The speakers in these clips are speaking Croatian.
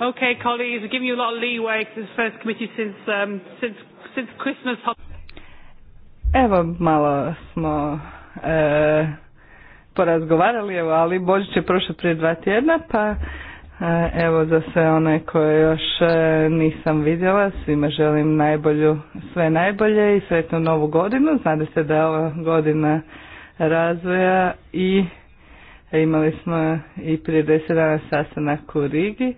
Okay, colleagues, I've given you a lot of leeway because the first committee since, um, since, since Christmas. Evo, malo smo e, porazgovarali, evo, ali Božić je prošao prije dva tjedna, pa e, evo za sve one koje još e, nisam vidjela, svima želim najbolju, sve najbolje i sretnu novu godinu. Znate se da je ova godina razvoja i e, imali smo i prije deset dana sastanak u Rigi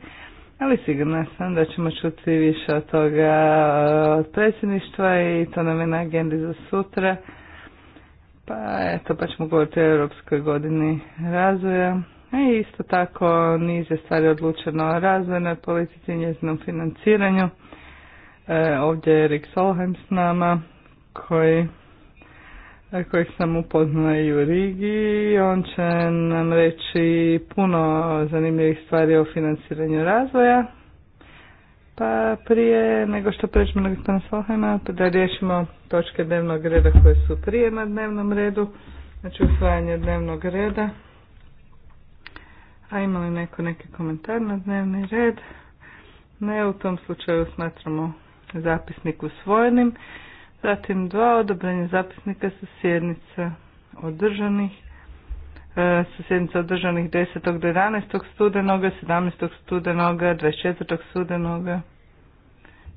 ali sigurna sam da ćemo čuti više od toga eh, od predsjedništva i to nam je na agendi za sutra. Pa eto, pa ćemo govoriti o Europskoj godini razvoja. I e, isto tako niz je stvari odlučeno o razvojnoj politici i njezinom financiranju. E, ovdje je Erik Solheim s nama koji kojeg sam upoznala i u Rigi. On će nam reći puno zanimljivih stvari o financiranju razvoja. Pa prije nego što pređemo na gospodina Solheima, da riješimo točke dnevnog reda koje su prije na dnevnom redu, znači usvajanje dnevnog reda. A ima li neko neki komentar na dnevni red? Ne, u tom slučaju smatramo zapisnik usvojenim. Zatim dva odobrenje zapisnika sa sjednice održanih sa sjednica održanih 10. E, do 11. studenoga, 17. studenoga, 24. studenoga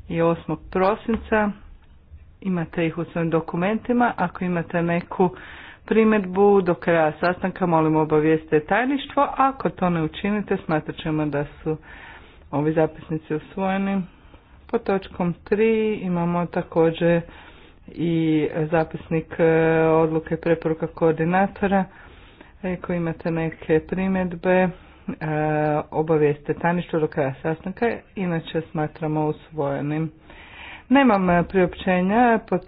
i 8. prosinca. Imate ih u svojim dokumentima. Ako imate neku primjedbu do kraja sastanka, molimo obavijeste tajništvo. Ako to ne učinite, smatrat ćemo da su ovi zapisnici usvojeni. Po točkom 3 imamo također i zapisnik e, odluke preporuka koordinatora. E, ako imate neke primjedbe, e, obavijeste tajništvo do kraja sastanka, inače smatramo usvojenim. Nemam priopćenja pod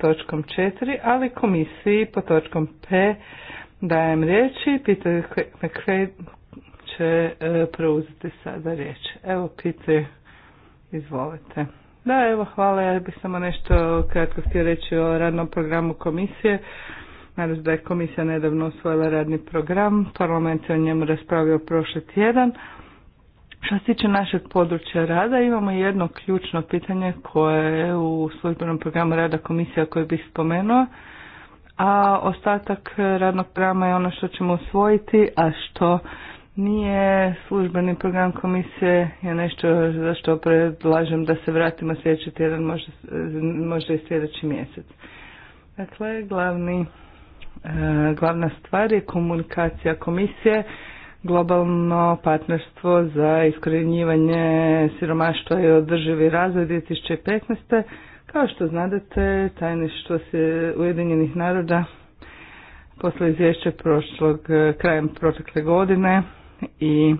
točkom 4, ali komisiji pod točkom P dajem riječi. Peter McFay će preuzeti sada riječ. Evo, Peter, izvolite. Da, evo hvala. Ja bih samo nešto kratko htio reći o radnom programu komisije. se da je komisija nedavno usvojila radni program, parlament je o njemu raspravio prošli tjedan. Što se tiče našeg područja rada, imamo jedno ključno pitanje koje je u službenom programu rada komisija koje bih spomenuo, a ostatak radnog programa je ono što ćemo usvojiti, a što nije službeni program komisije, je nešto za što predlažem da se vratimo sljedeći tjedan, možda, i sljedeći mjesec. Dakle, glavni, e, glavna stvar je komunikacija komisije, globalno partnerstvo za iskorjenjivanje siromaštva i održivi razvoj 2015. Kao što znadete, tajništvo se Ujedinjenih naroda posle izvješća prošlog, e, krajem protekle godine i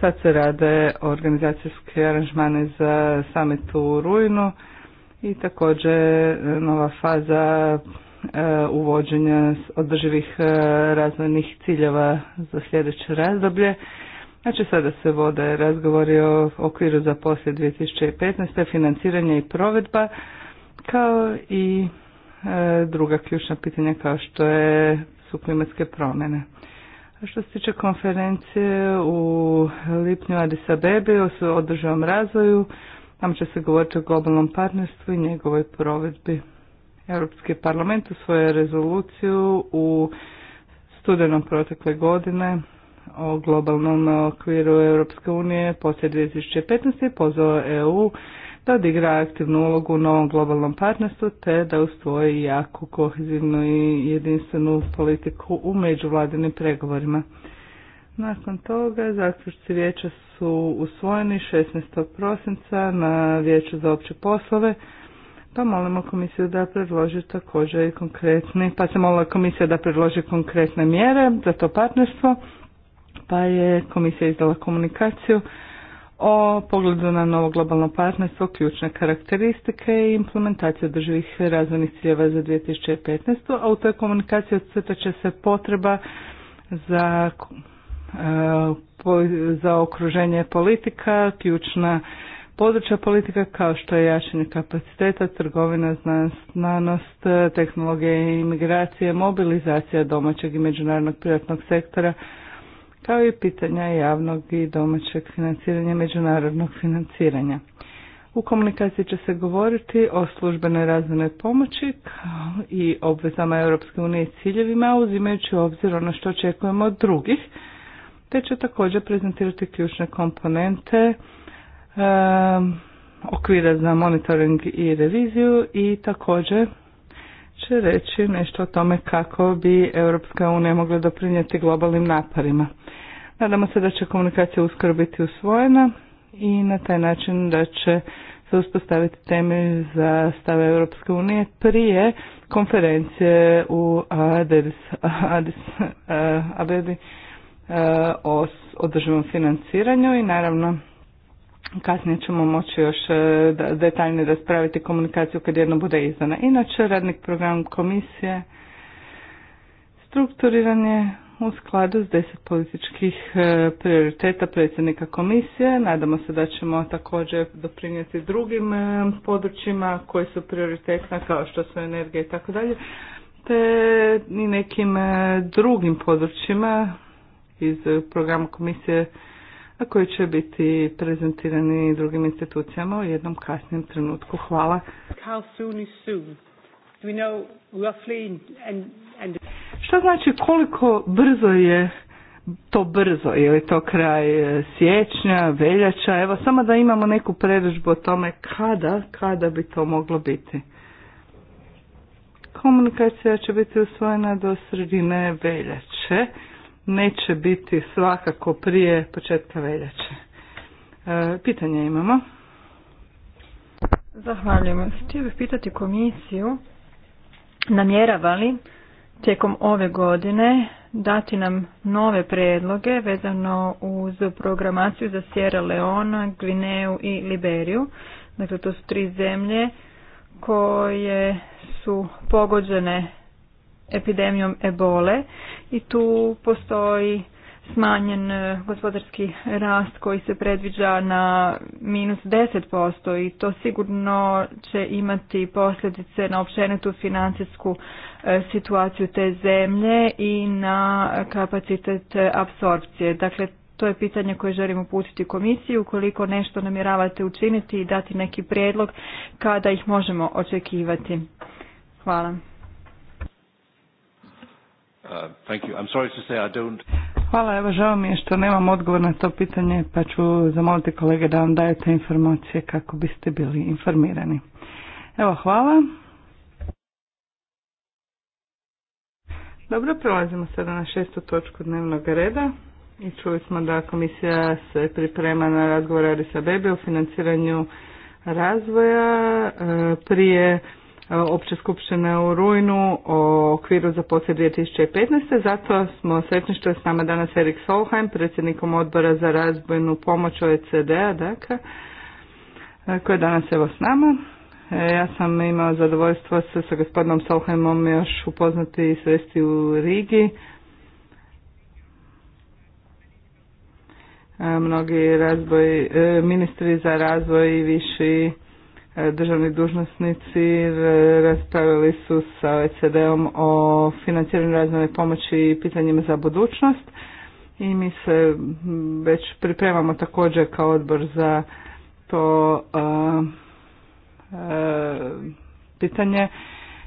sad se rade organizacijske aranžmane za summit u rujnu i također e, nova faza e, uvođenja održivih e, razvojnih ciljeva za sljedeće razdoblje. Znači sada se vode razgovori o okviru za poslije 2015. financiranje i provedba kao i druga ključna pitanja kao što je, su klimatske promjene. Što se tiče konferencije u lipnju Addis bebe o održavom razvoju, tamo će se govoriti o globalnom partnerstvu i njegovoj provedbi. Europski parlament u svoju rezoluciju u studenom protekle godine o globalnom okviru Europske unije poslije 2015. pozvao EU da odigra aktivnu ulogu u novom globalnom partnerstvu te da ustvoji jako kohezivnu i jedinstvenu politiku u međuvladinim pregovorima. Nakon toga zaključci vijeća su usvojeni 16. prosinca na vijeću za opće poslove, pa molimo komisiju da predloži također i konkretne, pa se molila komisija da predloži konkretne mjere za to partnerstvo, pa je komisija izdala komunikaciju o pogledu na novo globalno partnerstvo, ključne karakteristike i implementaciju održivih razvojnih ciljeva za 2015. A u toj komunikaciji će se potreba za, e, za okruženje politika, ključna područja politika kao što je jačanje kapaciteta, trgovina, znanost, tehnologije i imigracije, mobilizacija domaćeg i međunarodnog privatnog sektora, kao i pitanja javnog i domaćeg financiranja međunarodnog financiranja. U komunikaciji će se govoriti o službenoj razvojnoj pomoći kao i obvezama Europske unije ciljevima, uzimajući u obzir ono što očekujemo od drugih, te će također prezentirati ključne komponente ehm, okvira za monitoring i reviziju i također će reći nešto o tome kako bi Europska unija mogla doprinijeti globalnim naparima. Nadamo se da će komunikacija uskoro biti usvojena i na taj način da će se uspostaviti temelj za stave Europske unije prije konferencije u Adis, Adis eh, eh, o održivom financiranju i naravno Kasnije ćemo moći još e, detaljnije raspraviti komunikaciju kad jedno bude izdana. Inače, radnik program komisije strukturiran je u skladu s deset političkih e, prioriteta predsjednika komisije. Nadamo se da ćemo također doprinijeti drugim e, područjima koji su prioritetna kao što su energija i tako dalje, te i nekim drugim područjima iz programa komisije a koji će biti prezentirani drugim institucijama u jednom kasnijem trenutku. Hvala. Što znači koliko brzo je to brzo, je li to kraj e, siječnja, veljača, evo samo da imamo neku predožbu o tome kada, kada bi to moglo biti. Komunikacija će biti usvojena do sredine veljače neće biti svakako prije početka veljače. E, pitanje imamo. Zahvaljujem. Htio bih pitati komisiju namjerava li tijekom ove godine dati nam nove predloge vezano uz programaciju za Sierra Leona, Gvineju i Liberiju. Dakle, to su tri zemlje koje su pogođene epidemijom ebole i tu postoji smanjen e, gospodarski rast koji se predviđa na minus 10% i to sigurno će imati posljedice na općenitu financijsku e, situaciju te zemlje i na kapacitet e, apsorpcije. Dakle, to je pitanje koje želim uputiti komisiju, ukoliko nešto namjeravate učiniti i dati neki prijedlog kada ih možemo očekivati. Hvala. Uh, hvala, evo žao mi je što nemam odgovor na to pitanje, pa ću zamoliti kolege da vam daju te informacije kako biste bili informirani. Evo, hvala. Dobro, prelazimo sada na šestu točku dnevnog reda i čuli smo da komisija se priprema na razgovor Arisa Bebe o financiranju razvoja e, prije opće skupštine u rujnu o okviru za poslije 2015. Zato smo sretni što je s nama danas Erik Solheim, predsjednikom odbora za razvojnu pomoć OECD-a, dakle, koji je danas evo s nama. E, ja sam imao zadovoljstvo se sa gospodinom Solheimom još upoznati i sresti u Rigi. E, mnogi razvoj, e, ministri za razvoj i viši E, državni dužnosnici raspravili su sa OECD-om o financiranju razvojne pomoći i pitanjima za budućnost i mi se već pripremamo također kao odbor za to e, e, pitanje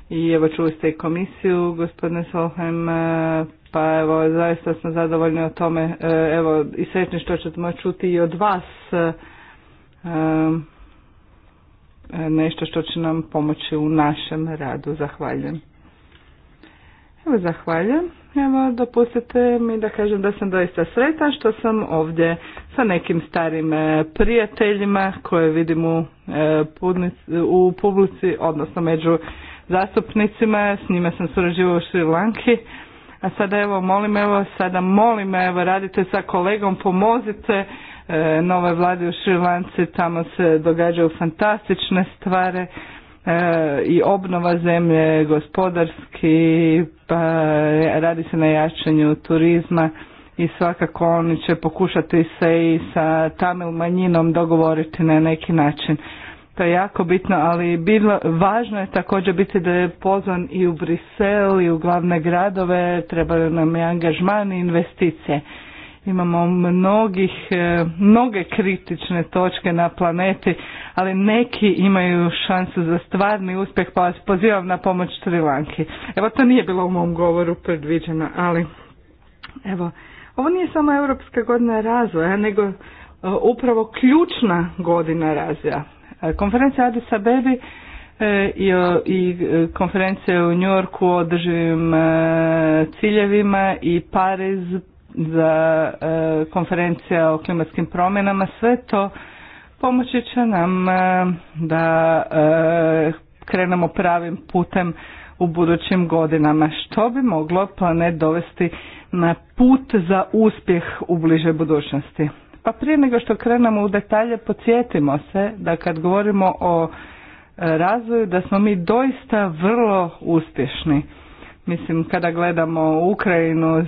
i evo čuli ste i komisiju gospodine Solheim pa evo zaista smo zadovoljni o tome evo i sretni što ćemo čuti i od vas nešto što će nam pomoći u našem radu. Zahvaljujem. Evo, zahvaljujem. Evo, dopustite mi da kažem da sam doista sretan što sam ovdje sa nekim starim e, prijateljima koje vidim u, e, u publici, odnosno među zastupnicima. S njima sam surađivao u Sri Lanki. A sada evo molim, evo sada molim, evo radite sa kolegom, pomozite E, nove vlade u Šrilanci, tamo se događaju fantastične stvari e, i obnova zemlje, gospodarski, pa radi se na jačanju turizma i svakako oni će pokušati se i sa Tamil manjinom dogovoriti na neki način. To je jako bitno, ali bilo, važno je također biti da je pozvan i u Brisel i u glavne gradove, trebaju nam i angažman i investicije imamo mnogih, e, mnoge kritične točke na planeti, ali neki imaju šansu za stvarni uspjeh, pa vas pozivam na pomoć Trilanki. Evo, to nije bilo u mom govoru predviđeno, ali evo, ovo nije samo Europska godina razvoja, nego e, upravo ključna godina razvoja. E, konferencija Adisa Bebi i, konferencija u Njorku o održivim ciljevima i Pariz za e, konferencija o klimatskim promjenama, sve to pomoći će nam e, da e, krenemo pravim putem u budućim godinama, što bi moglo planet dovesti na put za uspjeh u bližoj budućnosti. Pa prije nego što krenemo u detalje, podsjetimo se da kad govorimo o razvoju, da smo mi doista vrlo uspješni. Mislim, kada gledamo Ukrajinu,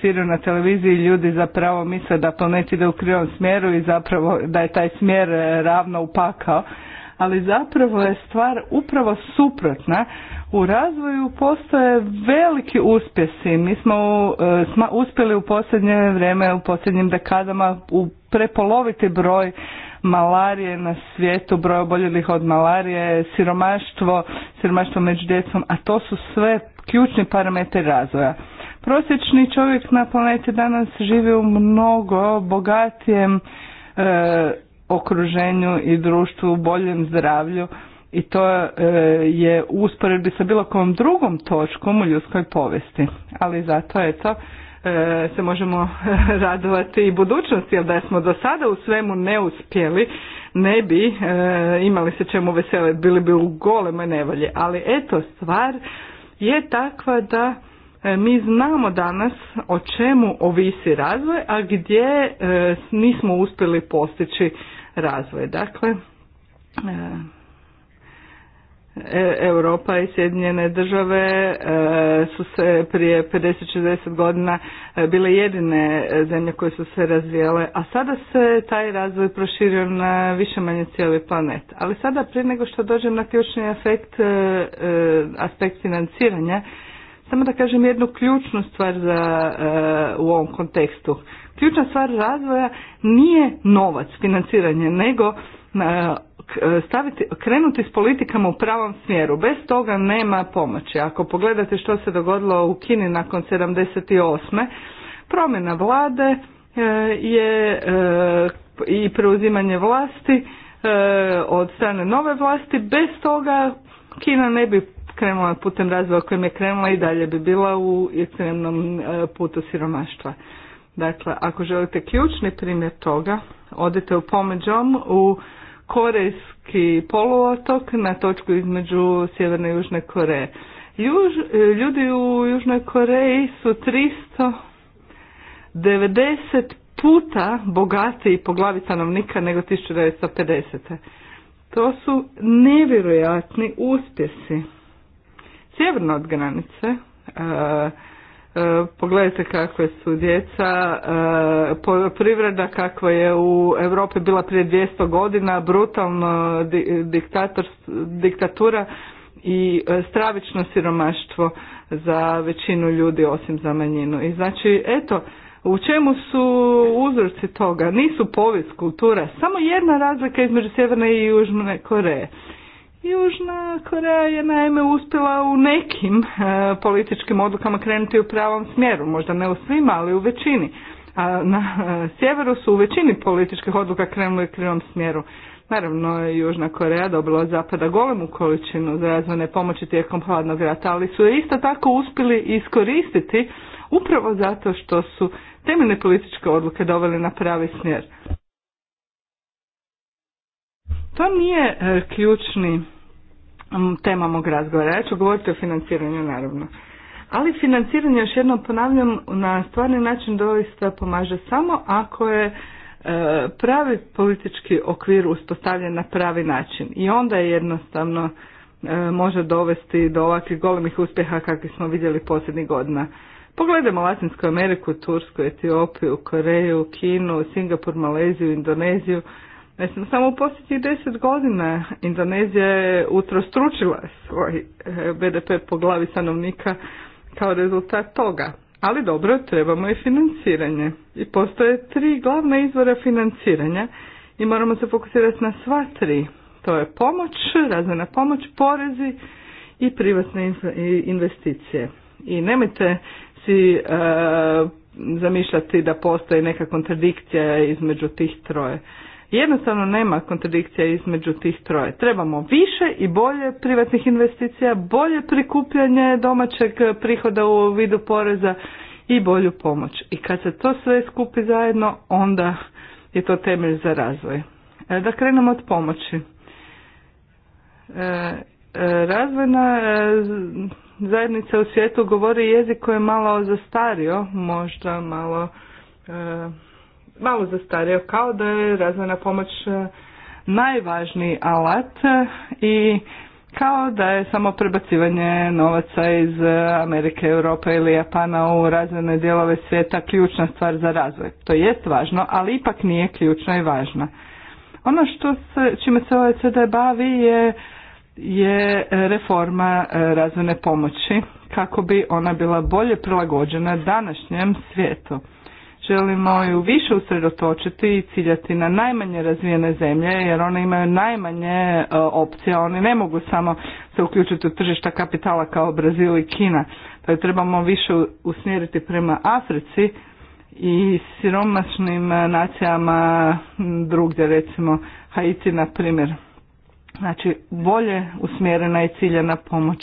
Siriju na televiziji, ljudi zapravo misle da planet ide u krivom smjeru i zapravo da je taj smjer e, ravno upakao. Ali zapravo je stvar upravo suprotna. U razvoju postoje veliki uspjesi. Mi smo e, uspjeli u posljednje vrijeme, u posljednjim dekadama prepoloviti broj malarije na svijetu, broj oboljelih od malarije, siromaštvo, siromaštvo među djecom, a to su sve ključni parametri razvoja. Prosječni čovjek na planeti danas živi u mnogo bogatijem e, okruženju i društvu, boljem zdravlju i to e, je usporedbi sa bilo kojom drugom točkom u ljudskoj povesti. Ali zato je to... E, se možemo radovati i budućnosti, jer da smo do sada u svemu ne uspjeli, ne bi e, imali se čemu veseliti, bili bi u golemoj nevolji. Ali eto, stvar je takva da e, mi znamo danas o čemu ovisi razvoj, a gdje nismo uspjeli postići razvoj. Dakle, E, Europa i Sjedinjene države e, su se prije 50-60 godina e, bile jedine zemlje koje su se razvijale, a sada se taj razvoj proširio na više manje cijeli planet. Ali sada prije nego što dođem na ključni efekt, aspekt financiranja, samo da kažem jednu ključnu stvar za, u ovom kontekstu. Ključna stvar razvoja nije novac, financiranje, nego E, staviti, krenuti s politikama u pravom smjeru. Bez toga nema pomoći. Ako pogledate što se dogodilo u Kini nakon 78. promjena vlade e, je e, i preuzimanje vlasti od strane nove vlasti. Bez toga Kina ne bi krenula putem razvoja kojim je krenula i dalje bi bila u ekstremnom putu siromaštva. Dakle, ako želite ključni primjer toga, odete u Pomeđom u Korejski poluotok na točku između Sjeverne i Južne Koreje. Juž, ljudi u Južnoj Koreji su 390 puta bogatiji po glavi stanovnika nego 1950. To su nevjerojatni uspjesi. Sjeverno od granice, e, E, pogledajte kakve su djeca, e, poljoprivreda kakva je u Europi bila prije 200 godina, brutalna diktator, diktatura i e, stravično siromaštvo za većinu ljudi osim za manjinu. I znači, eto, u čemu su uzroci toga? Nisu povijest, kultura, samo jedna razlika između Sjeverne i Južne Koreje. Južna Koreja je naime uspjela u nekim e, političkim odlukama krenuti u pravom smjeru, možda ne u svima, ali u većini. A na e, sjeveru su u većini političkih odluka krenuli u krivom smjeru. Naravno, Južna Koreja dobila od Zapada golemu količinu za pomoći tijekom hladnog rata, ali su je isto tako uspjeli iskoristiti upravo zato što su temeljne političke odluke doveli na pravi smjer. To nije e, ključni tema mog razgovora. Ja ću govoriti o financiranju naravno. Ali financiranje, još jednom ponavljam, na stvarni način doista pomaže samo ako je e, pravi politički okvir uspostavljen na pravi način. I onda je jednostavno e, može dovesti do ovakvih golemih uspjeha kakvi smo vidjeli posljednjih godina. Pogledajmo Latinsku Ameriku, Tursku, Etiopiju, Koreju, Kinu, Singapur, Maleziju, Indoneziju, znam samo u posljednjih deset godina Indonezija je utrostručila svoj eh, BDP po glavi stanovnika kao rezultat toga. Ali dobro, trebamo i financiranje. I postoje tri glavne izvora financiranja i moramo se fokusirati na sva tri. To je pomoć, razvojna pomoć, porezi i privatne investicije. I nemojte si e, zamišljati da postoji neka kontradikcija između tih troje. Jednostavno nema kontradikcija između tih troje. Trebamo više i bolje privatnih investicija, bolje prikupljanje domaćeg prihoda u vidu poreza i bolju pomoć. I kad se to sve skupi zajedno, onda je to temelj za razvoj. E, da krenemo od pomoći. E, e, razvojna zajednica u svijetu govori jezik koji je malo zastario, možda malo malo zastario, kao da je razvojna pomoć e, najvažniji alat e, i kao da je samo prebacivanje novaca iz e, Amerike, Europe ili Japana u razvojne dijelove svijeta ključna stvar za razvoj. To jest važno, ali ipak nije ključna i važna. Ono što se, čime se OECD bavi je, je reforma razvojne pomoći kako bi ona bila bolje prilagođena današnjem svijetu želimo ju više usredotočiti i ciljati na najmanje razvijene zemlje jer one imaju najmanje e, opcija, oni ne mogu samo se uključiti u tržišta kapitala kao Brazil i Kina. Pa trebamo više usmjeriti prema Africi i siromašnim e, nacijama drugdje recimo Haiti na primjer. Znači bolje usmjerena i ciljena pomoć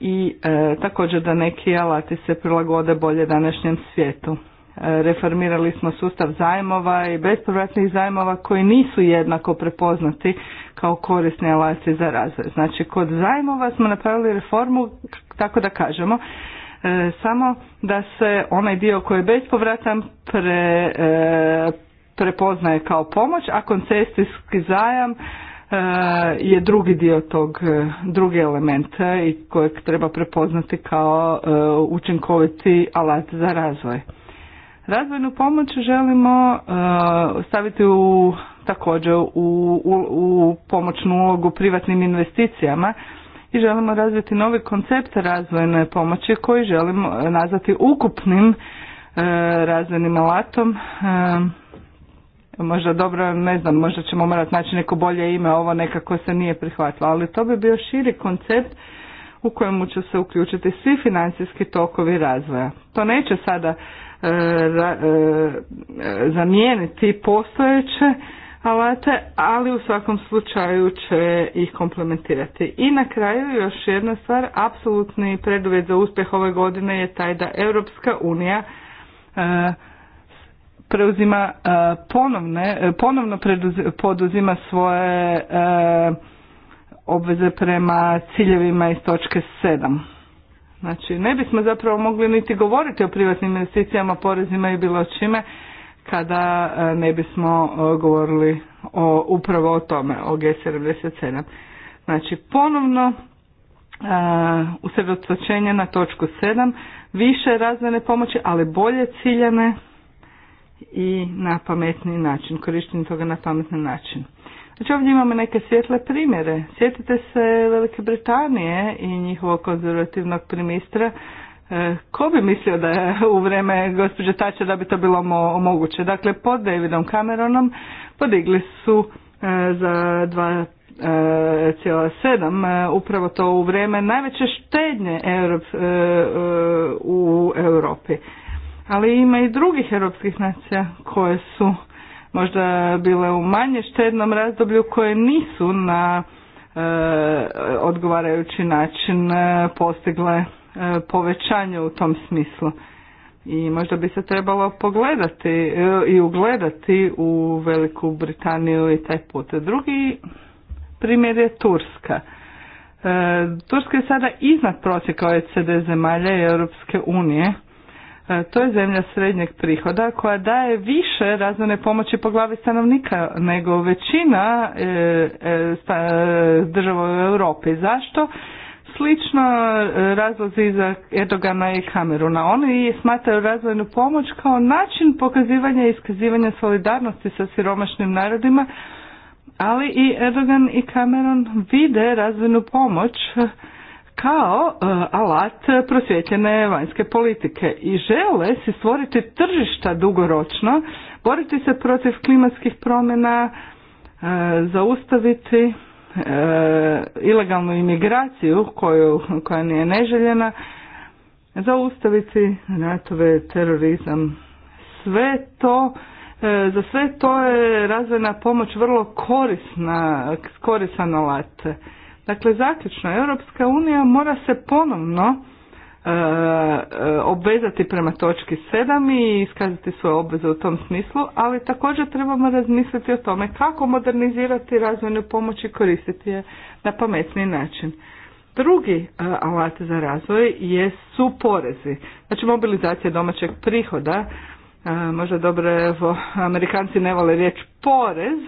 i e, također da neki alati se prilagode bolje današnjem svijetu reformirali smo sustav zajmova i bespovratnih zajmova koji nisu jednako prepoznati kao korisni alati za razvoj. Znači kod zajmova smo napravili reformu tako da kažemo e, samo da se onaj dio koji je bespovratan pre, e, prepoznaje kao pomoć, a koncesijski zajam e, je drugi dio tog, drugi element i kojeg treba prepoznati kao učinkoviti alat za razvoj. Razvojnu pomoć želimo uh, staviti u također u, u, pomoćnu ulogu privatnim investicijama i želimo razviti novi koncept razvojne pomoći koji želimo nazvati ukupnim uh, razvojnim alatom uh, možda dobro, ne znam, možda ćemo morati naći neko bolje ime, ovo nekako se nije prihvatilo, ali to bi bio širi koncept u kojemu će se uključiti svi financijski tokovi razvoja. To neće sada E, e, zamijeniti postojeće alate, ali u svakom slučaju će ih komplementirati. I na kraju još jedna stvar, apsolutni preduvjet za uspjeh ove godine je taj da Europska unija e, preuzima ponovne, ponovno poduzima svoje obveze prema ciljevima iz točke 7. Znači, ne bismo zapravo mogli niti govoriti o privatnim investicijama, porezima i bilo čime kada e, ne bismo e, govorili o, upravo o tome, o G77. Znači, ponovno e, usredotočenje na točku 7, više razvojne pomoći, ali bolje ciljane i na pametni način, korištenje toga na pametni način. Znači ovdje imamo neke svjetle primjere. Sjetite se Velike Britanije i njihovog konzervativnog primistra. E, ko bi mislio da je u vreme gospođe Tače da bi to bilo mo moguće? Dakle, pod Davidom Cameronom podigli su e, za dva 7 e, e, upravo to u vrijeme najveće štednje e, u Europi. Ali ima i drugih europskih nacija koje su možda bile u manje štednom razdoblju koje nisu na e, odgovarajući način e, postigle e, povećanje u tom smislu. I možda bi se trebalo pogledati i ugledati u Veliku Britaniju i taj put. Drugi primjer je Turska. Turska je sada iznad prosjeka OECD zemalja i Europske unije E, to je zemlja srednjeg prihoda koja daje više razvojne pomoći po glavi stanovnika nego većina e, e, država u Europi. Zašto? Slično razlozi za Erdogana i Kameruna. Oni smatraju razvojnu pomoć kao način pokazivanja i iskazivanja solidarnosti sa siromašnim narodima, ali i Erdogan i Cameron vide razvojnu pomoć kao e, alat prosvjetljene vanjske politike i žele si stvoriti tržišta dugoročno, boriti se protiv klimatskih promjena, e, zaustaviti e, ilegalnu imigraciju koju, koja nije neželjena, zaustaviti ratove, terorizam, sve to za sve to je razvojna pomoć vrlo korisna, korisan alat. Dakle, zaključno, Europska unija mora se ponovno e, e obvezati prema točki 7 i iskazati svoje obveze u tom smislu, ali također trebamo razmisliti o tome kako modernizirati razvojnu pomoć i koristiti je na pametniji način. Drugi e, alat za razvoj su porezi. Znači mobilizacija domaćeg prihoda, e, možda dobro Amerikanci ne vole riječ porez,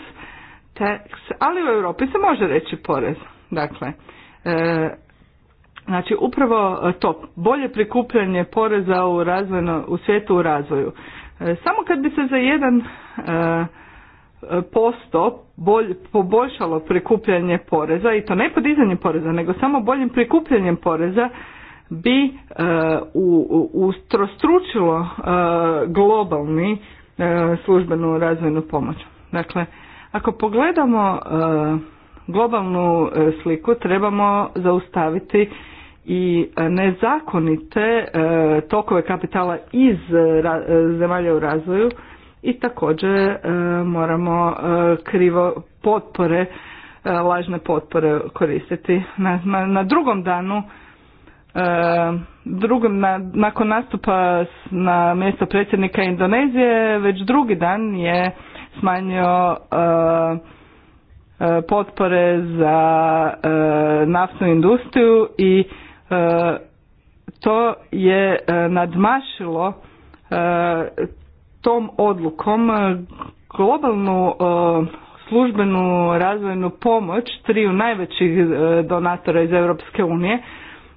ali u Europi se može reći porez. Dakle, e, znači upravo to bolje prikupljanje poreza u razvojno, u svijetu u razvoju. E, samo kad bi se za jedan e, posto bolj, poboljšalo prikupljanje poreza i to ne podizanje poreza nego samo boljim prikupljanjem poreza bi e, u, ustrostručilo e, globalni e, službenu razvojnu pomoć. Dakle, ako pogledamo globalnu e, sliku trebamo zaustaviti i e, nezakonite e, tokove kapitala iz zemalja u razvoju i također moramo krivo potpore, lažne potpore koristiti. Na, drugom danu na, nakon nastupa na mjesto predsjednika Indonezije već drugi dan je smanjio E, potpore za e, naftnu industriju i e, to je nadmašilo tom odlukom globalnu službenu razvojnu pomoć triju najvećih donatora iz Europske unije.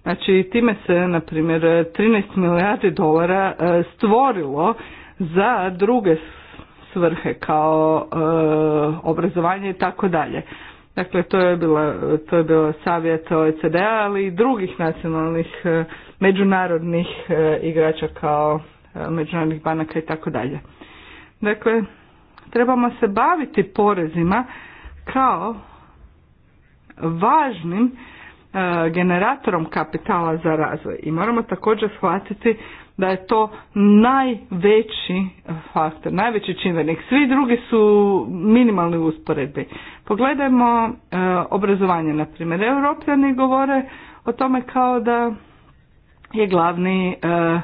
Znači time se na primjer 13 milijardi dolara stvorilo za druge svrhe kao e, obrazovanje i tako dalje. Dakle, to je bila, to je bilo savjet OECD-a, ali i drugih nacionalnih, e, međunarodnih e, igrača kao međunarodnih banaka i tako dalje. Dakle, trebamo se baviti porezima kao važnim generatorom kapitala za razvoj. I moramo također shvatiti da je to najveći eh, faktor, najveći čimbenik. Svi drugi su minimalni usporedbi. Pogledajmo eh, obrazovanje, na primjer. Europljani govore o tome kao da je glavni eh,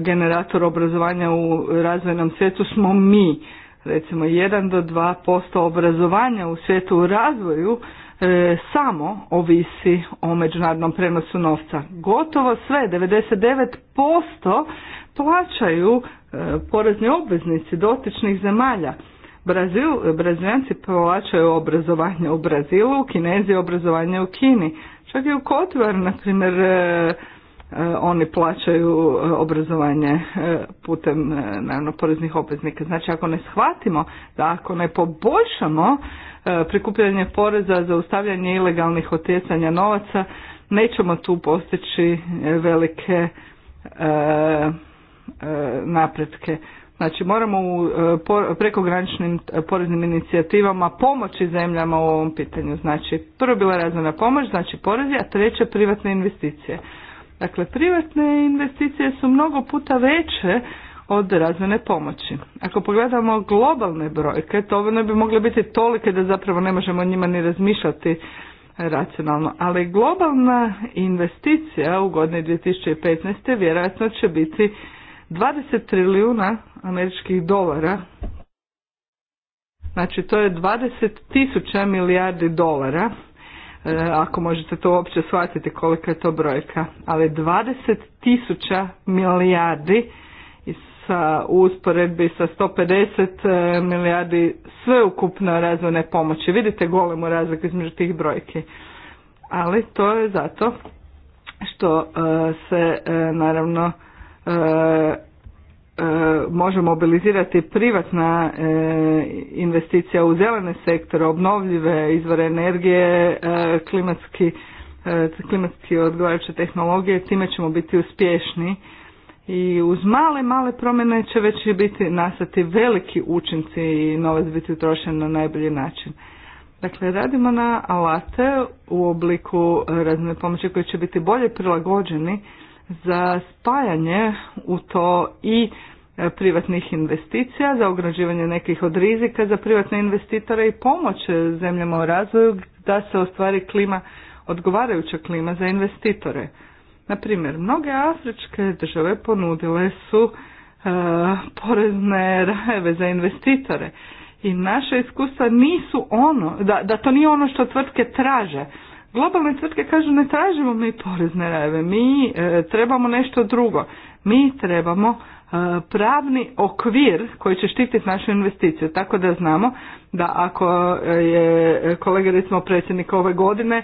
generator obrazovanja u razvojnom svijetu smo mi. Recimo 1 do 2% obrazovanja u svijetu u razvoju E, samo ovisi o međunarodnom prenosu novca. Gotovo sve, 99% plaćaju e, porezni obveznici dotičnih zemalja. Brazil, Brazilijanci plaćaju obrazovanje u Brazilu, Kinezi obrazovanje u Kini. Čak i u Kotvar, na primjer, e, oni plaćaju obrazovanje putem naravno poreznih obveznika. Znači ako ne shvatimo da ako ne poboljšamo E, prikupljanje poreza, za zaustavljanje ilegalnih otjecanja novaca, nećemo tu postići e, velike e, napretke. Znači moramo u prekograničnim poreznim inicijativama pomoći zemljama u ovom pitanju. Znači prvo bila razvojna pomoć, znači porezi, a treće privatne investicije. Dakle, privatne investicije su mnogo puta veće od razvojne pomoći. Ako pogledamo globalne brojke, to ne bi mogle biti tolike da zapravo ne možemo njima ni razmišljati racionalno, ali globalna investicija u godini 2015. vjerojatno će biti 20 trilijuna američkih dolara. Znači to je 20 tisuća milijardi dolara, e, ako možete to uopće shvatiti kolika je to brojka, ali 20 tisuća milijardi sa usporedbi sa 150 e, milijardi sveukupno razvojne pomoći. Vidite golemu razliku između tih brojki. Ali to je zato što e, se e, naravno može mobilizirati privatna investicija u zelene sektore, obnovljive izvore energije, klimatski, klimatski odgovarajuće tehnologije, time ćemo biti uspješni i uz male, male promjene će već biti nastati veliki učinci i novac biti utrošen na najbolji način. Dakle, radimo na alate u obliku razne pomoći koji će biti bolje prilagođeni za spajanje u to i e, privatnih investicija, za ograđivanje nekih od rizika za privatne investitore i pomoć zemljama u razvoju da se ostvari klima, odgovarajuća klima za investitore. Na primjer, mnoge afričke države ponudile su e, porezne rajeve za investitore i naša iskustva nisu ono, da, da to nije ono što tvrtke traže. Globalne tvrtke kažu ne tražimo mi porezne rajeve, mi e, trebamo nešto drugo. Mi trebamo pravni okvir koji će štititi našu investiciju. Tako da znamo da ako e, je kolega recimo predsjednik ove godine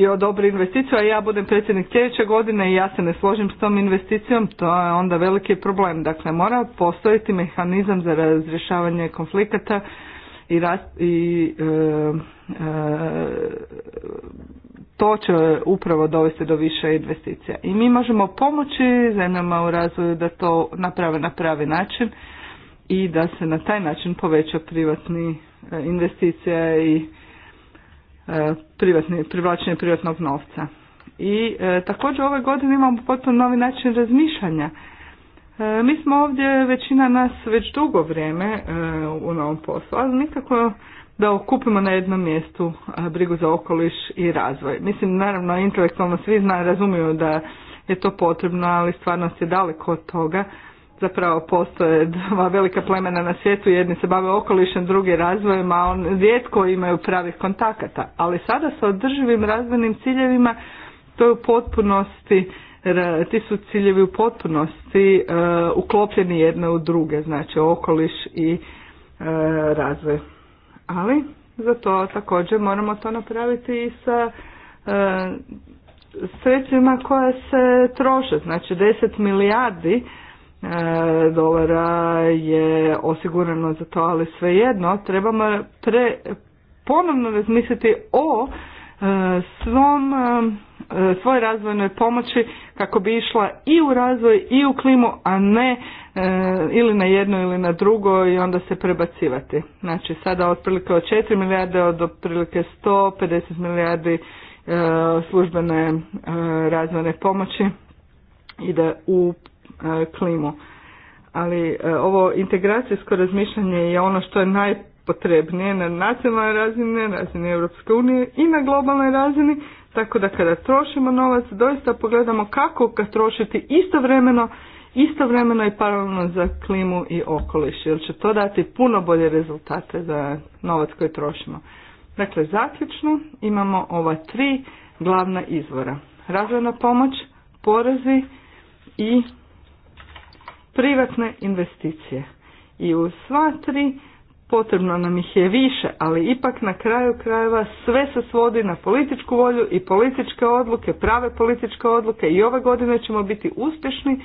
i e, odobri investiciju, a ja budem predsjednik sljedeće godine i ja se ne složim s tom investicijom, to je onda veliki problem. Dakle, mora postojiti mehanizam za razrješavanje konflikata i, i e, to će upravo dovesti do više investicija. I mi možemo pomoći zemljama u razvoju da to naprave na pravi način i da se na taj način poveća privatni e, investicija i e, privatni, privlačenje privatnog novca. I e, također ove godine imamo potpuno novi način razmišljanja. E, mi smo ovdje, većina nas već dugo vrijeme u novom poslu, ali nikako da okupimo na jednom mjestu e, brigu za okoliš i razvoj. Mislim, naravno, intelektualno svi zna, razumiju da je to potrebno, ali stvarnost je daleko od toga. Zapravo postoje dva velika plemena na svijetu, jedni se bave okolišem, drugi razvojem, a on rijetko imaju pravih kontakata. Ali sada sa održivim razvojnim ciljevima to je u potpunosti ti su ciljevi u potpunosti e, uklopljeni jedne u druge, znači okoliš i e, razvoj ali za to također moramo to napraviti i sa e, sredstvima koja se troše. Znači 10 milijardi e, dolara je osigurano za to, ali svejedno trebamo pre, ponovno razmisliti o e, svom E, svoje razvojnoj pomoći kako bi išla i u razvoj i u klimu, a ne e, ili na jedno ili na drugo i onda se prebacivati. Znači sada otprilike od 4 milijarde od otprilike 150 milijardi e, službene razvojne pomoći ide u klimu. Ali ovo integracijsko razmišljanje je ono što je najpotrebnije na nacionalnoj razini, na razini Europske unije i na globalnoj razini tako da kada trošimo novac, doista pogledamo kako ga trošiti istovremeno, istovremeno i paralelno za klimu i okoliš, jer će to dati puno bolje rezultate za novac koji trošimo. Dakle, zaključno imamo ova tri glavna izvora. Razvojna pomoć, porezi i privatne investicije. I u sva tri potrebno nam ih je više, ali ipak na kraju krajeva sve se svodi na političku volju i političke odluke, prave političke odluke i ove godine ćemo biti uspješni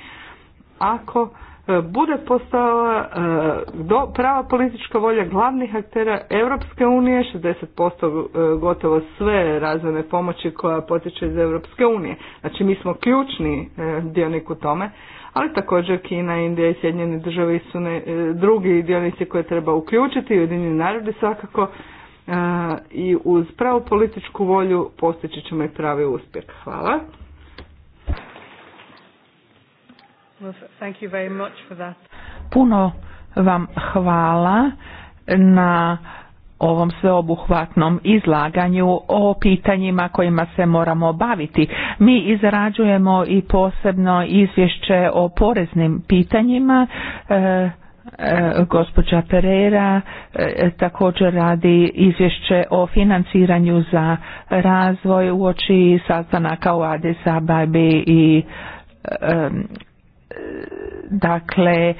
ako e, bude postala e, do, prava politička volja glavnih aktera Europske unije, 60% e, gotovo sve razvojne pomoći koja potiče iz Europske unije. Znači mi smo ključni dionik u tome, ali također Kina, Indija i Sjedinjene države su ne, e, drugi dionici koje treba uključiti i Ujedinjeni narodi svakako e, i uz pravu političku volju postići ćemo i pravi uspjeh. Hvala. Puno vam hvala na ovom sveobuhvatnom izlaganju o pitanjima kojima se moramo baviti. Mi izrađujemo i posebno izvješće o poreznim pitanjima. E, e gospođa Pereira e, također radi izvješće o financiranju za razvoj uoči sastanaka u Adisa babi i e, Dakle, e,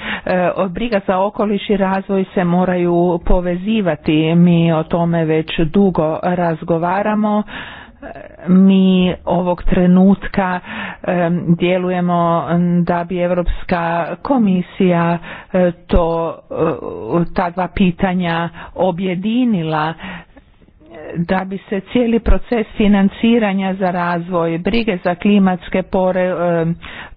briga za okoliš i razvoj se moraju povezivati. Mi o tome već dugo razgovaramo e, mi ovog trenutka e, djelujemo da bi Europska komisija to ta dva pitanja objedinila da bi se cijeli proces financiranja za razvoj, brige za klimatske e,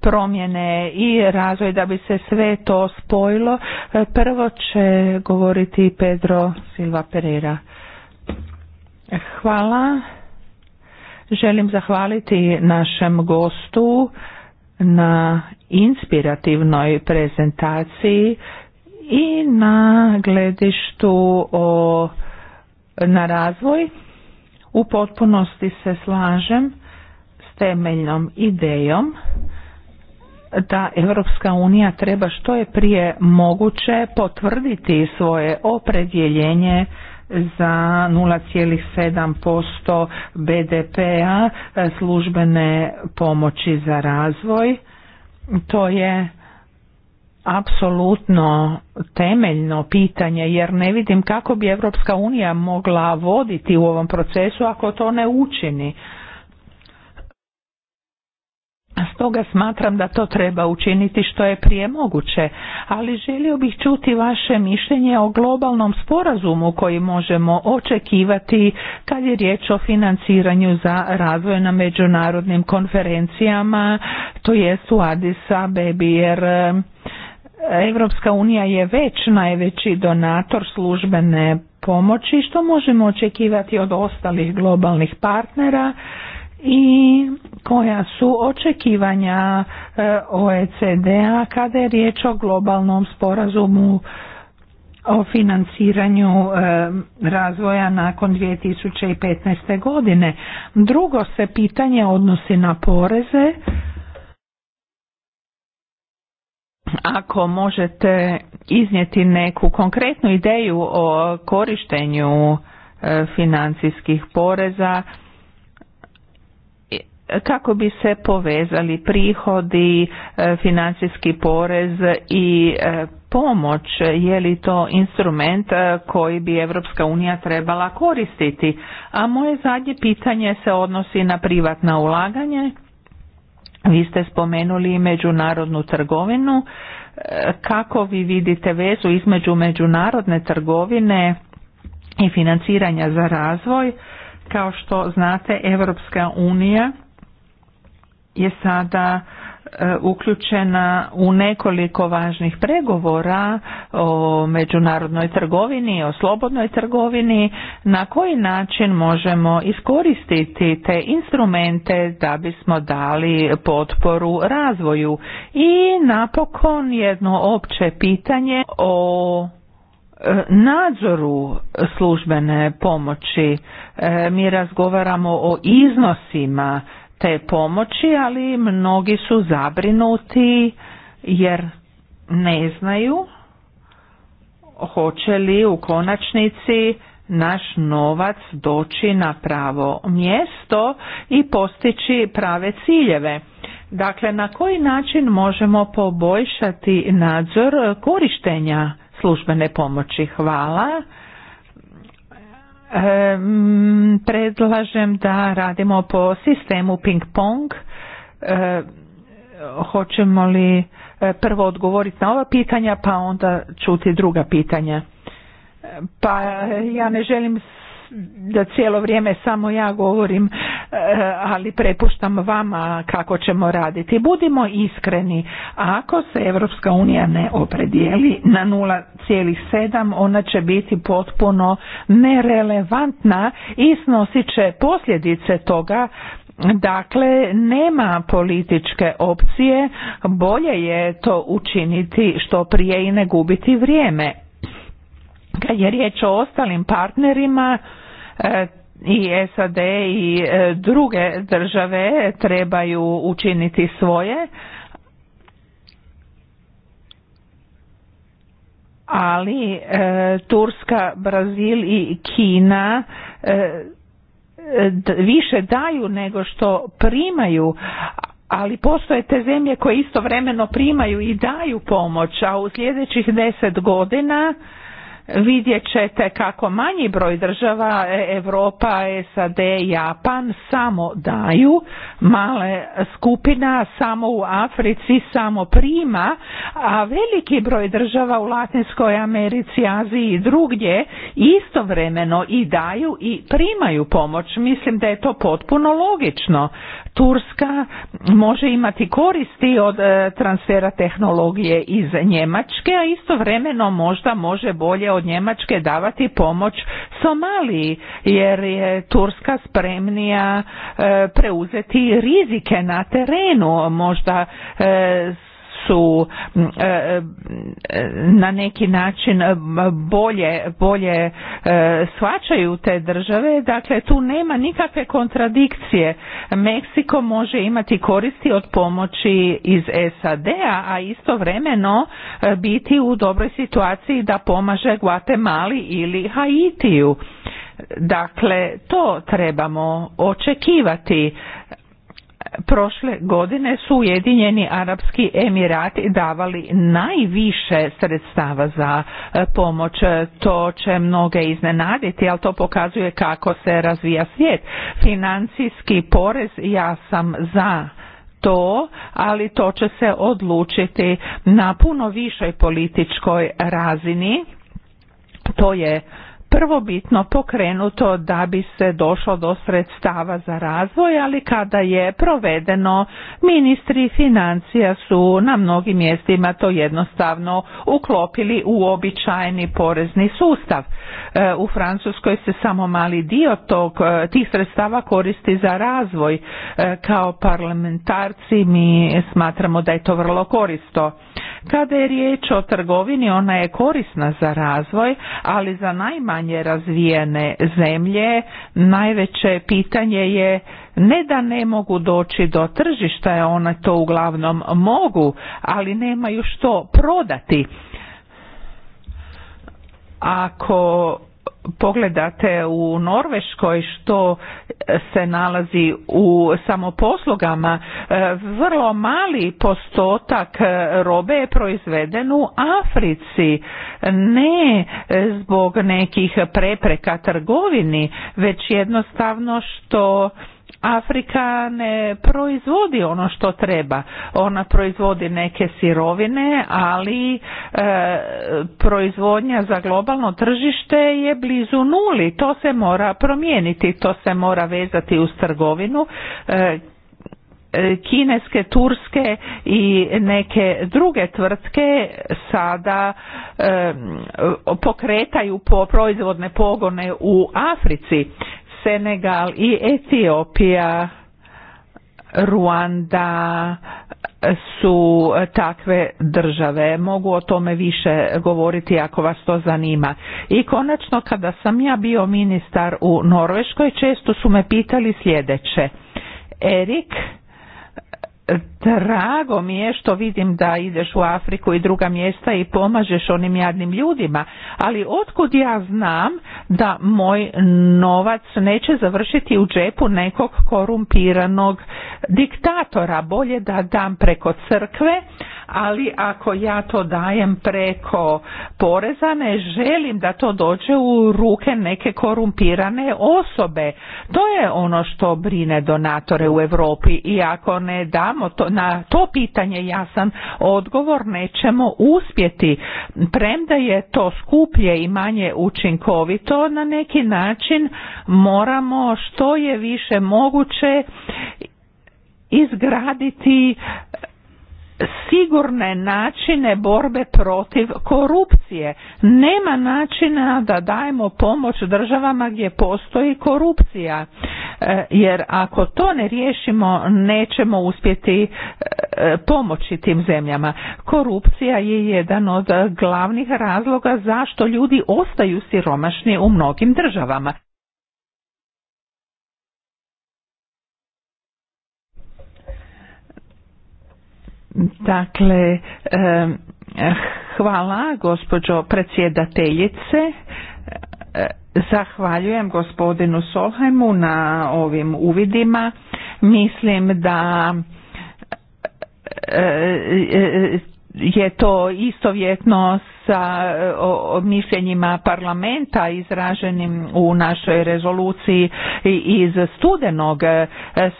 promjene i razvoj, da bi se sve to spojilo, e, prvo će govoriti Pedro Silva Pereira. Hvala. Želim zahvaliti našem gostu na inspirativnoj prezentaciji i na gledištu o na razvoj. U potpunosti se slažem s temeljnom idejom da Europska unija treba što je prije moguće potvrditi svoje opredjeljenje za 0,7% BDP-a službene pomoći za razvoj. To je apsolutno temeljno pitanje jer ne vidim kako bi Europska unija mogla voditi u ovom procesu ako to ne učini. Stoga smatram da to treba učiniti što je prije moguće, ali želio bih čuti vaše mišljenje o globalnom sporazumu koji možemo očekivati kad je riječ o financiranju za razvoj na međunarodnim konferencijama, to jest u Addis Abebi, jer Evropska unija je već najveći donator službene pomoći što možemo očekivati od ostalih globalnih partnera i koja su očekivanja e, OECD-a kada je riječ o globalnom sporazumu o financiranju e, razvoja nakon 2015. godine. Drugo se pitanje odnosi na poreze ako možete iznijeti neku konkretnu ideju o korištenju e, financijskih poreza kako bi se povezali prihodi, e, financijski porez i e, pomoć, je li to instrument koji bi Europska unija trebala koristiti. A moje zadnje pitanje se odnosi na privatna ulaganje vi ste spomenuli međunarodnu trgovinu. E, kako vi vidite vezu između međunarodne trgovine i financiranja za razvoj? Kao što znate, Europska unija je sada E, uključena u nekoliko važnih pregovora o međunarodnoj trgovini, o slobodnoj trgovini, na koji način možemo iskoristiti te instrumente da bismo dali potporu razvoju. I napokon jedno opće pitanje o e, nadzoru službene pomoći. E, mi razgovaramo o iznosima te pomoći, ali mnogi su zabrinuti jer ne znaju hoće li u konačnici naš novac doći na pravo mjesto i postići prave ciljeve. Dakle, na koji način možemo poboljšati nadzor korištenja službene pomoći? Hvala predlažem da radimo po sistemu ping-pong. E, hoćemo li e, prvo odgovoriti na ova pitanja pa onda čuti druga pitanja? E, pa ja ne želim da cijelo vrijeme samo ja govorim, e, ali prepuštam vama kako ćemo raditi. Budimo iskreni, ako se Europska unija ne opredijeli na 0,7, ona će biti potpuno nerelevantna i snosit će posljedice toga Dakle, nema političke opcije, bolje je to učiniti što prije i ne gubiti vrijeme. Kad je riječ o ostalim partnerima, i SAD i e, druge države trebaju učiniti svoje, ali e, Turska, Brazil i Kina e, više daju nego što primaju, ali postoje te zemlje koje istovremeno primaju i daju pomoć, a u sljedećih deset godina vidjet ćete kako manji broj država, Europa, SAD, Japan, samo daju male skupina, samo u Africi, samo prima, a veliki broj država u Latinskoj Americi, Aziji i drugdje istovremeno i daju i primaju pomoć. Mislim da je to potpuno logično. Turska može imati koristi od e, transfera tehnologije iz Njemačke, a istovremeno možda može bolje od Njemačke davati pomoć Somaliji jer je Turska spremnija e, preuzeti rizike na terenu možda e, su mm, e, e, na neki način e, bolje, bolje shvaćaju te države, dakle tu nema nikakve kontradikcije. Meksiko može imati koristi od pomoći iz SAD-a, a istovremeno biti u dobroj situaciji da pomaže Guatemali ili Haitiju. Dakle, to trebamo očekivati, Prošle godine su Ujedinjeni Arapski Emirati davali najviše sredstava za e, pomoć. To će mnoge iznenaditi, ali to pokazuje kako se razvija svijet. Financijski porez ja sam za to, ali to će se odlučiti na puno višoj političkoj razini. To je prvobitno pokrenuto da bi se došlo do sredstava za razvoj, ali kada je provedeno ministri financija su na mnogim mjestima to jednostavno uklopili u običajni porezni sustav. E, u Francuskoj se samo mali dio tog, e, tih sredstava koristi za razvoj. E, kao parlamentarci mi smatramo da je to vrlo koristo. Kada je riječ o trgovini, ona je korisna za razvoj, ali za najmanje razvijene zemlje najveće pitanje je ne da ne mogu doći do tržišta, one to uglavnom mogu, ali nemaju što prodati ako pogledate u Norveškoj što se nalazi u samoposlugama, e, vrlo mali postotak e, robe je proizveden u Africi, ne e, zbog nekih prepreka trgovini, već jednostavno što Afrika ne proizvodi ono što treba. Ona proizvodi neke sirovine, ali e, proizvodnja za globalno tržište je blizu nuli. To se mora promijeniti, to se mora vezati uz trgovinu. E, kineske, turske i neke druge tvrtke sada e, pokretaju proizvodne pogone u Africi. Senegal i Etiopija, Ruanda eh, su eh, takve države. Mogu o tome više govoriti ako vas to zanima. I konačno kada sam ja bio ministar u Norveškoj često su me pitali sljedeće. Erik, drago mi je što vidim da ideš u Afriku i druga mjesta i pomažeš onim jadnim ljudima, ali otkud ja znam da moj novac neće završiti u džepu nekog korumpiranog diktatora, bolje da dam preko crkve, ali ako ja to dajem preko poreza ne želim da to dođe u ruke neke korumpirane osobe. To je ono što brine donatore u Europi i ako ne damo to, na to pitanje jasan odgovor nećemo uspjeti. Premda je to skuplje i manje učinkovito na neki način moramo što je više moguće izgraditi sigurne načine borbe protiv korupcije. Nema načina da dajemo pomoć državama gdje postoji korupcija. E, jer ako to ne riješimo, nećemo uspjeti e, pomoći tim zemljama. Korupcija je jedan od glavnih razloga zašto ljudi ostaju siromašni u mnogim državama. Dakle, hvala gospođo predsjedateljice. Zahvaljujem gospodinu Solheimu na ovim uvidima. Mislim da je to istovjetno sa e, mišljenjima parlamenta izraženim u našoj rezoluciji iz studenog. E,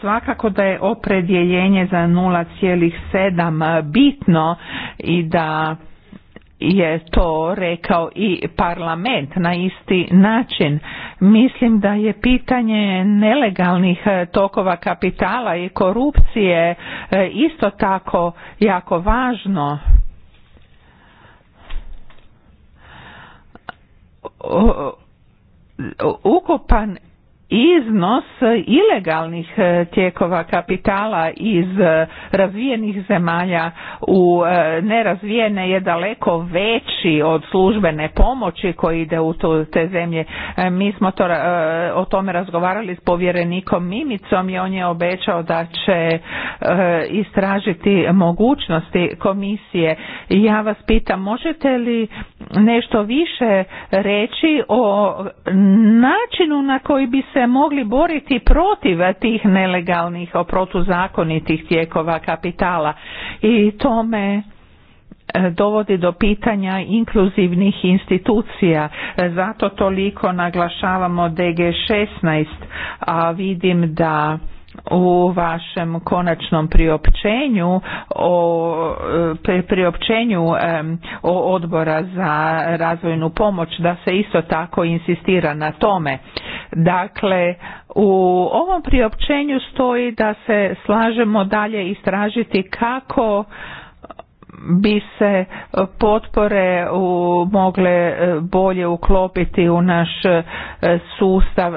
svakako da je opredjeljenje za 0,7 bitno i da je to rekao i parlament na isti način. Mislim da je pitanje nelegalnih e, tokova kapitala i korupcije e, isto tako jako važno. Ukupan iznos ilegalnih e, tijekova kapitala iz e, razvijenih zemalja u e, nerazvijene je daleko veći od službene pomoći koji ide u te zemlje. Mi smo to, o tome razgovarali s povjerenikom Mimicom i on je obećao da će istražiti mogućnosti komisije. Ja vas pitam, možete li nešto više reći o načinu na koji bi se se mogli boriti protiv tih nelegalnih, protuzakonitih tijekova kapitala i tome e, dovodi do pitanja inkluzivnih institucija. E, zato toliko naglašavamo DG16, a vidim da u vašem konačnom priopćenju o priopćenju odbora za razvojnu pomoć da se isto tako insistira na tome. Dakle, u ovom priopćenju stoji da se slažemo dalje istražiti kako bi se e, potpore u, e, mogle e, bolje uklopiti u naš sustav.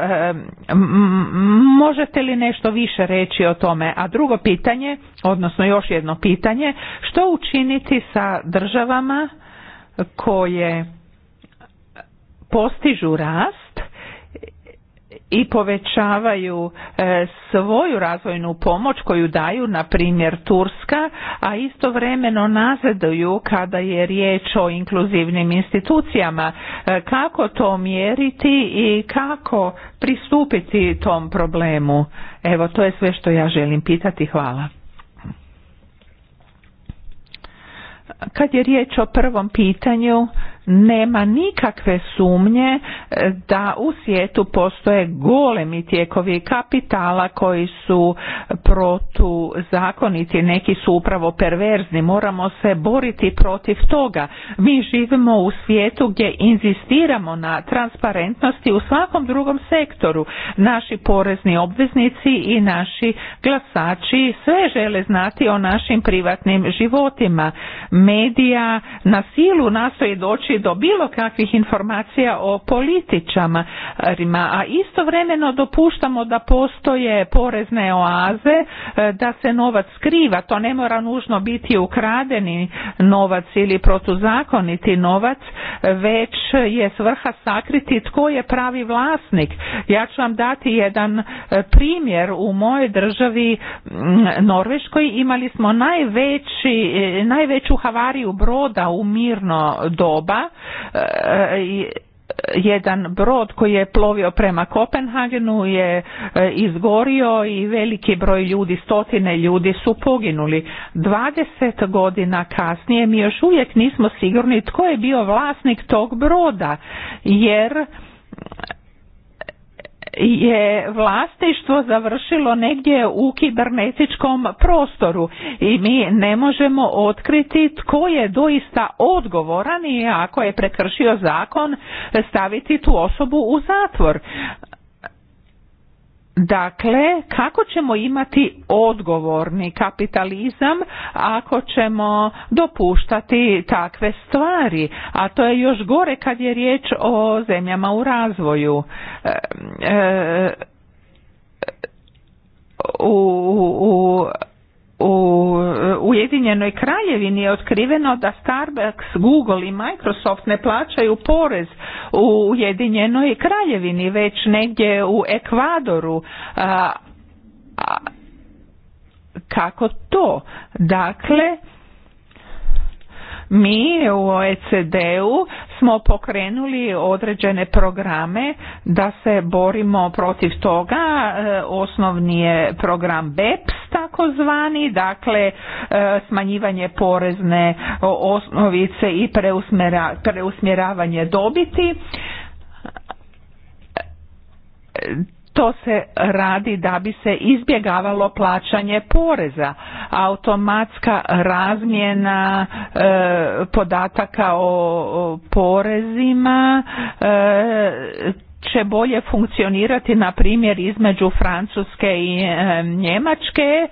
Možete li nešto više reći o tome? A drugo pitanje, odnosno još jedno pitanje, što učiniti sa državama koje postižu rast i povećavaju e, svoju razvojnu pomoć koju daju na primjer Turska, a istovremeno nazaduju kada je riječ o inkluzivnim institucijama. E, kako to mjeriti i kako pristupiti tom problemu? Evo, to je sve što ja želim pitati. Hvala. Kad je riječ o prvom pitanju, nema nikakve sumnje e, da u svijetu postoje golemi tijekovi kapitala koji su protuzakoniti, neki su upravo perverzni. Moramo se boriti protiv toga. Mi živimo u svijetu gdje inzistiramo na transparentnosti u svakom drugom sektoru. Naši porezni obveznici i naši glasači sve žele znati o našim privatnim životima. Medija na silu nastoji doći doći do bilo kakvih informacija o političarima, a istovremeno dopuštamo da postoje porezne oaze, e, da se novac skriva, to ne mora nužno biti ukradeni novac ili protuzakoniti novac, već je svrha sakriti tko je pravi vlasnik. Ja ću vam dati jedan e, primjer u mojoj državi Norveškoj imali smo najveći, e, najveću havariju broda u mirno doba E, e, e, jedan brod koji je plovio prema Kopenhagenu je izgorio i veliki broj ljudi, stotine ljudi su poginuli. 20 godina kasnije mi još uvijek nismo sigurni tko je bio vlasnik tog broda jer je vlasništvo završilo negdje u kibernetičkom prostoru i mi ne možemo otkriti tko je doista odgovoran i ako je prekršio zakon staviti tu osobu u zatvor Dakle, kako ćemo imati odgovorni kapitalizam ako ćemo dopuštati takve stvari, a to je još gore kad je riječ o zemljama u razvoju. E, e, u, u u Ujedinjenoj kraljevini je otkriveno da Starbucks, Google i Microsoft ne plaćaju porez u Ujedinjenoj kraljevini, već negdje u Ekvadoru. kako to? Dakle, mi u OECD-u smo pokrenuli određene programe da se borimo protiv toga. E, osnovni je program BEPS takozvani, dakle e, smanjivanje porezne osnovice i preusmjeravanje dobiti to se radi da bi se izbjegavalo plaćanje poreza. Automatska razmjena e, podataka o, porezima e, će bolje funkcionirati na primjer između Francuske i e, Njemačke,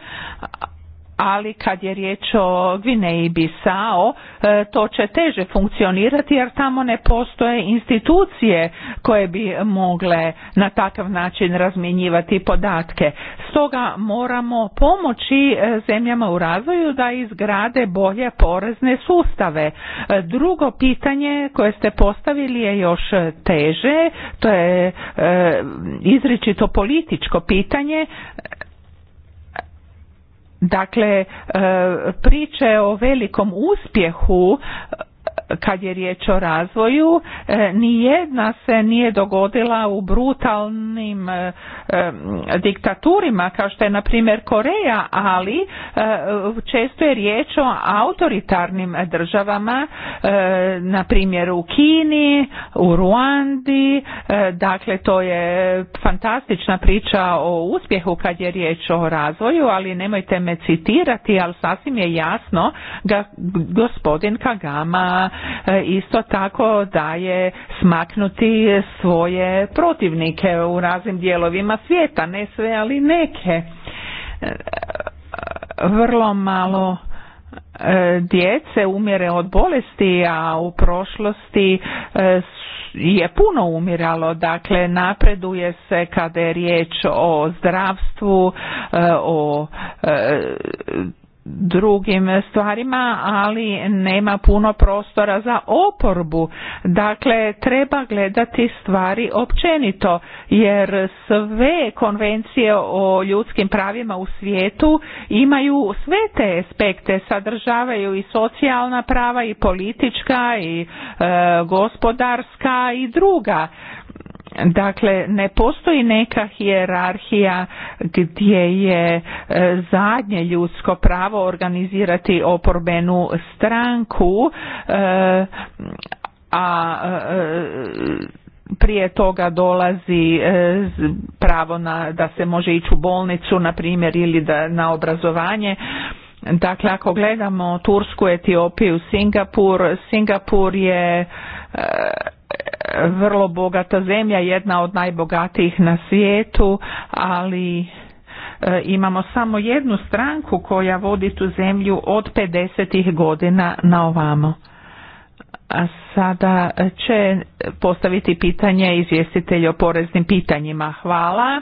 ali kad je riječ o i Bisao, e, to će teže funkcionirati jer tamo ne postoje institucije koje bi mogle na takav način razmjenjivati podatke. Stoga moramo pomoći e, zemljama u razvoju da izgrade bolje porezne sustave. E, drugo pitanje koje ste postavili je još teže, to je izričito političko pitanje Dakle, e, priče o velikom uspjehu kad je riječ o razvoju, e, jedna se nije dogodila u brutalnim e, e, diktaturima kao što je na primjer Koreja, ali često je riječ o autoritarnim državama, na primjer u Kini, u Ruandi, dakle to je fantastična priča o uspjehu kad je riječ o razvoju, ali nemojte me citirati, ali sasvim je jasno da gospodin Kagama E, isto tako daje smaknuti svoje protivnike u raznim dijelovima svijeta, ne sve ali neke. E, vrlo malo e, djece umire od bolesti, a u prošlosti je puno umiralo, dakle napreduje se kada je riječ o zdravstvu, o drugim stvarima, ali nema puno prostora za oporbu. Dakle, treba gledati stvari općenito, jer sve konvencije o ljudskim pravima u svijetu imaju sve te aspekte, sadržavaju i socijalna prava i politička i e, gospodarska i druga. Dakle, ne postoji neka hijerarhija gdje je e, zadnje ljudsko pravo organizirati oporbenu stranku, e, a e, prije toga dolazi pravo na, da se može ići u bolnicu, na primjer, ili da, na obrazovanje. Dakle, ako gledamo Tursku, Etiopiju, Singapur, Singapur je vrlo bogata zemlja, jedna od najbogatijih na svijetu, ali e, imamo samo jednu stranku koja vodi tu zemlju od 50. godina na ovamo. A sada će postaviti pitanje izvjestitelj o poreznim pitanjima. Hvala.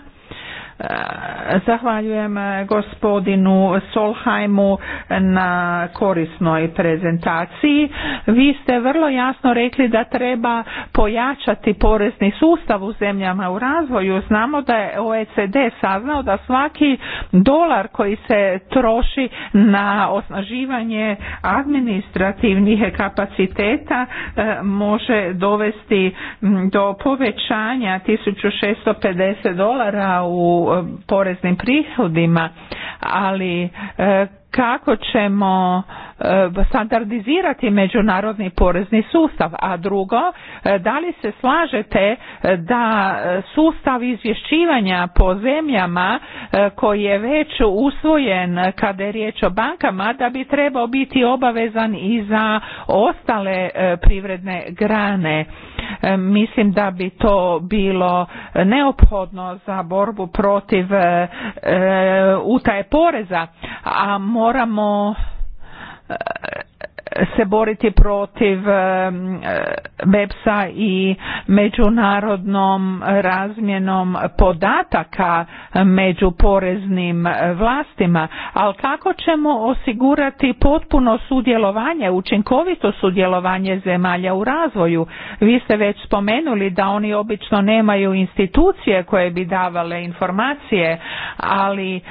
Zahvaljujem eh, gospodinu Solheimu na korisnoj prezentaciji. Vi ste vrlo jasno rekli da treba pojačati porezni sustav u zemljama u razvoju. Znamo da je OECD saznao da svaki dolar koji se troši na osnaživanje administrativnih kapaciteta eh, može dovesti mm, do povećanja 1650 dolara u poreznim prihodima, ali e, kako ćemo E, standardizirati međunarodni porezni sustav. A drugo, e, da li se slažete e, da sustav izvješćivanja po zemljama koji je već usvojen kada je riječ o bankama da bi trebao biti obavezan i za ostale privredne grane. Mislim da bi to bilo neophodno za borbu protiv utaje poreza, a moramo na eh, se boriti protiv e, beps i međunarodnom razmjenom podataka među poreznim vlastima, ali kako ćemo osigurati potpuno sudjelovanje, učinkovito sudjelovanje zemalja u razvoju? Vi ste već spomenuli da oni obično nemaju institucije koje bi davale informacije, ali e,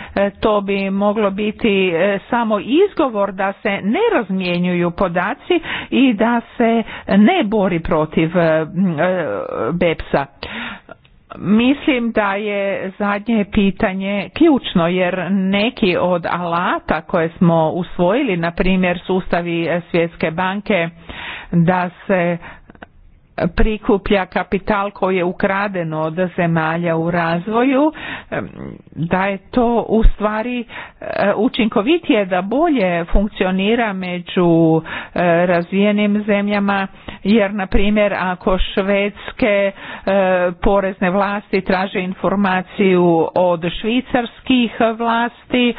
to bi moglo biti e, samo izgovor da se ne razmjenjuju podaci i da se ne bori protiv e, e, BEPS-a. Mislim da je zadnje pitanje ključno jer neki od alata koje smo usvojili, na primjer sustavi Svjetske banke da se prikuplja kapital koji je ukraden od zemalja u razvoju, da je to u stvari e, učinkovitije da bolje funkcionira među e, razvijenim zemljama, jer na primjer ako švedske e, porezne vlasti traže informaciju od švicarskih vlasti,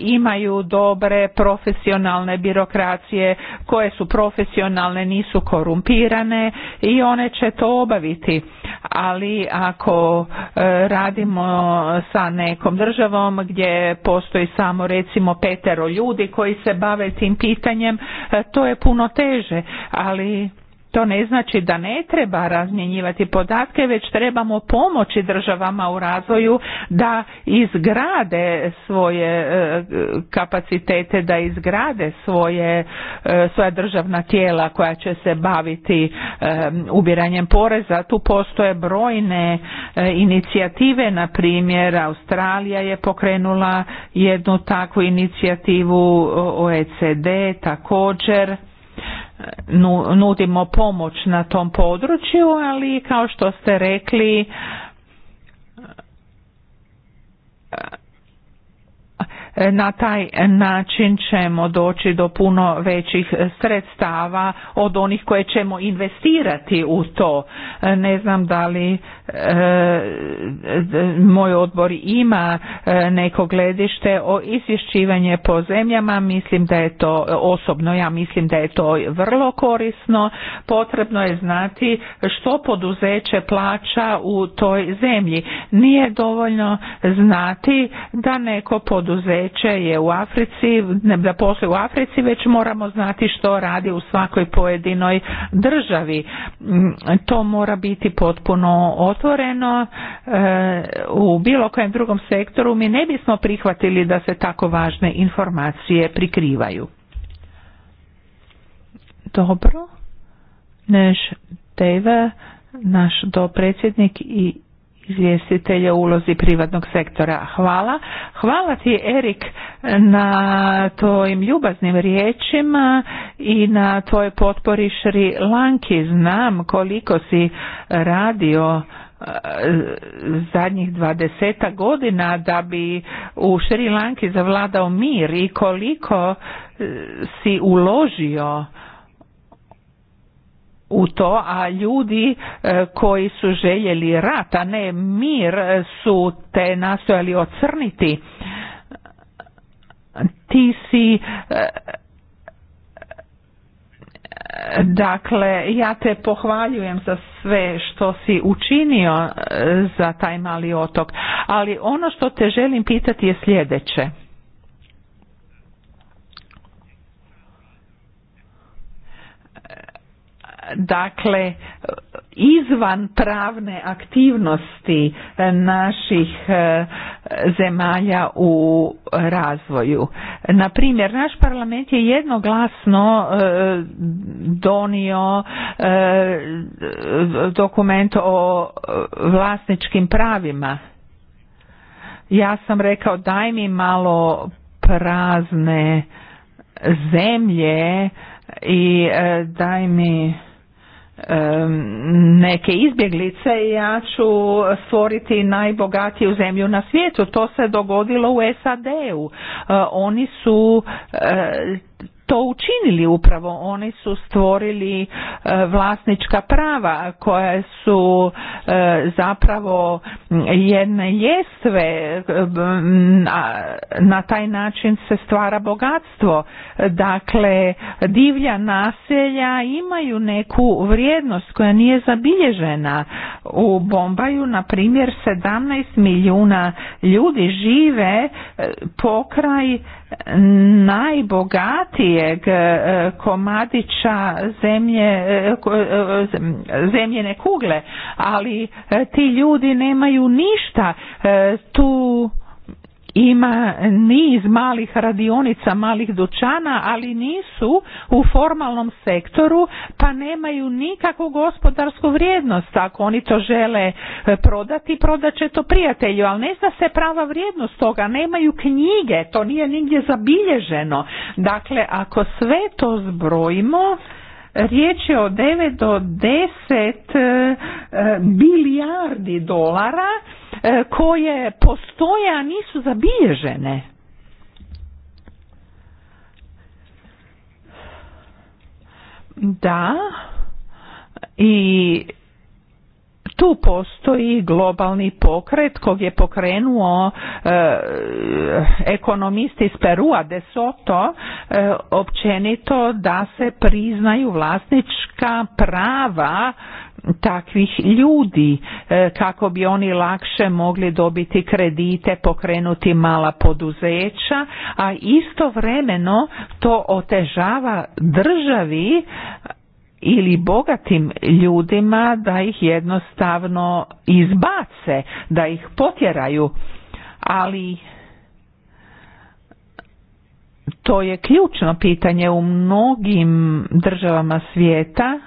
imaju dobre profesionalne birokracije koje su profesionalne, nisu korumpirane i i one će to obaviti. Ali ako e, radimo sa nekom državom gdje postoji samo recimo petero ljudi koji se bave tim pitanjem, e, to je puno teže, ali to ne znači da ne treba razmjenjivati podatke, već trebamo pomoći državama u razvoju da izgrade svoje e, kapacitete, da izgrade svoje, e, svoja državna tijela koja će se baviti e, ubiranjem poreza. Tu postoje brojne inicijative, na primjer Australija je pokrenula jednu takvu inicijativu, OECD također nudimo pomoć na tom području, ali kao što ste rekli E, na taj način ćemo doći do puno većih sredstava od onih koje ćemo investirati u to. E, ne znam da li e, moj odbor ima neko gledište o izvješćivanje po zemljama, mislim da je to osobno, ja mislim da je to vrlo korisno. Potrebno je znati što poduzeće plaća u toj zemlji. Nije dovoljno znati da neko poduzeće poduzeće je u Africi, ne da u Africi, već moramo znati što radi u svakoj pojedinoj državi. Mm, to mora biti potpuno otvoreno. E, u bilo kojem drugom sektoru mi ne bismo prihvatili da se tako važne informacije prikrivaju. Dobro. Neš Teve, naš dopredsjednik i izvjestitelja u ulozi privatnog sektora. Hvala. Hvala ti Erik na tvojim ljubaznim riječima i na tvojoj potpori Šri Lanki. Znam koliko si radio e, zadnjih 20 godina da bi u Šri Lanki zavladao mir i koliko e, si uložio u to, a ljudi e, koji su željeli rat, a ne mir, e, su te nastojali ocrniti. Ti si e, Dakle, ja te pohvaljujem za sve što si učinio za taj mali otok, ali ono što te želim pitati je sljedeće. dakle izvan pravne aktivnosti e, naših e, zemalja u razvoju. Na primjer, naš parlament je jednoglasno e, donio dokument o vlasničkim pravima. Ja sam rekao daj mi malo prazne zemlje i daj mi neke izbjeglice ja ću stvoriti najbogatiju zemlju na svijetu. To se dogodilo u SAD-u. E, oni su e, to učinili upravo oni su stvorili e, vlasnička prava koja su e, zapravo jedne jestve na taj način se stvara bogatstvo dakle divlja naselja imaju neku vrijednost koja nije zabilježena u Bombaju na primjer 17 milijuna ljudi žive e, pokraj najbogatijeg e, komadića zemlje, e, e, zemljene kugle, ali ti ljudi nemaju ništa. Tu ima niz malih radionica, malih dućana, ali nisu u formalnom sektoru pa nemaju nikakvu gospodarsku vrijednost. Ako oni to žele e, prodati, prodat će to prijatelju, ali ne zna se prava vrijednost toga, nemaju knjige, to nije nigdje zabilježeno. Dakle, ako sve to zbrojimo, riječ je o 9 do 10 e, e, bilijardi dolara, E, koje postoje, a nisu zabilježene. Da, i tu postoji globalni pokret kog je pokrenuo e, ekonomist iz Perua de Soto e, općenito da se priznaju vlasnička prava takvih ljudi e, kako bi oni lakše mogli dobiti kredite, pokrenuti mala poduzeća, a isto vremeno to otežava državi ili bogatim ljudima da ih jednostavno izbace, da ih potjeraju. Ali to je ključno pitanje u mnogim državama svijeta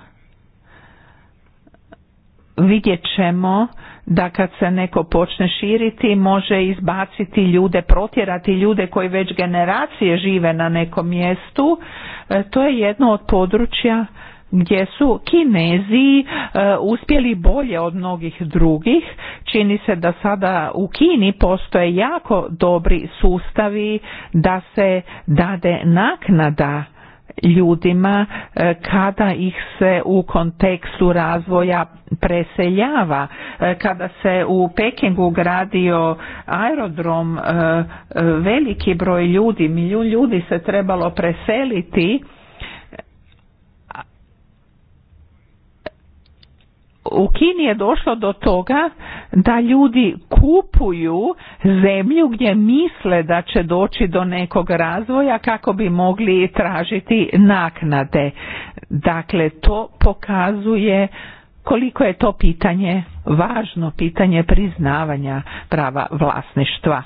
vidjet ćemo da kad se neko počne širiti može izbaciti ljude, protjerati ljude koji već generacije žive na nekom mjestu. E, to je jedno od područja gdje su Kinezi e, uspjeli bolje od mnogih drugih. Čini se da sada u Kini postoje jako dobri sustavi da se dade naknada ljudima e, kada ih se u kontekstu razvoja preseljava. E, kada se u Pekingu gradio aerodrom e, veliki broj ljudi, milijun ljudi se trebalo preseliti u Kini je došlo do toga da ljudi kupuju zemlju gdje misle da će doći do nekog razvoja kako bi mogli tražiti naknade. Dakle, to pokazuje koliko je to pitanje važno, pitanje priznavanja prava vlasništva.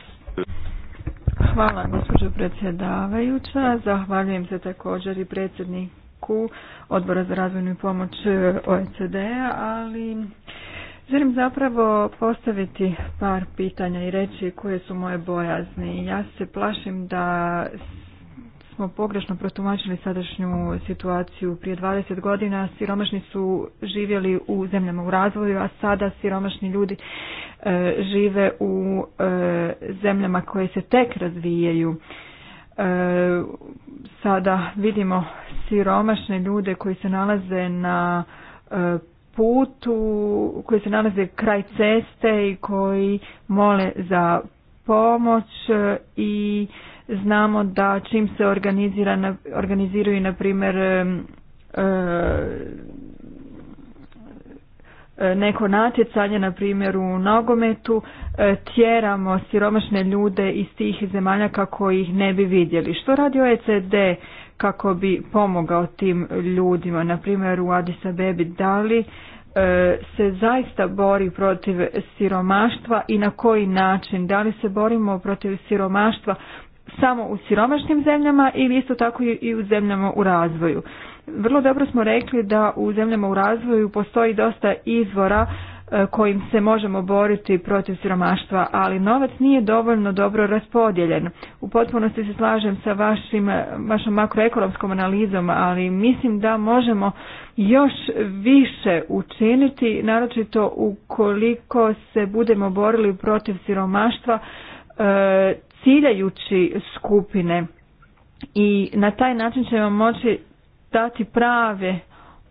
Hvala gospođo predsjedavajuća, zahvaljujem se također i predsjednik ku Odbora za razvojnu pomoć e, OECD-a, ali želim zapravo postaviti par pitanja i reći koje su moje bojazni. Ja se plašim da smo pogrešno protumačili sadašnju situaciju. Prije 20 godina siromašni su živjeli u zemljama u razvoju, a sada siromašni ljudi e, žive u e, zemljama koje se tek razvijaju. sada vidimo siromašne ljude koji se nalaze na e, putu, koji se nalaze kraj ceste i koji mole za pomoć e, i znamo da čim se organizira, organiziraju na primjer e, neko natjecanje, na primjer u nogometu, tjeramo siromašne ljude iz tih zemalja kako ih ne bi vidjeli. Što radi OECD kako bi pomogao tim ljudima, na primjer u Addis Abebi, da li e, se zaista bori protiv siromaštva i na koji način? Da li se borimo protiv siromaštva samo u siromašnim zemljama ili isto tako i u zemljama u razvoju? Vrlo dobro smo rekli da u zemljama u razvoju postoji dosta izvora E, kojim se možemo boriti protiv siromaštva, ali novac nije dovoljno dobro raspodijeljen. U potpunosti se slažem sa vašim, vašom makroekonomskom analizom, ali mislim da možemo još više učiniti, naročito ukoliko se budemo borili protiv siromaštva e, ciljajući skupine i na taj način ćemo moći dati prave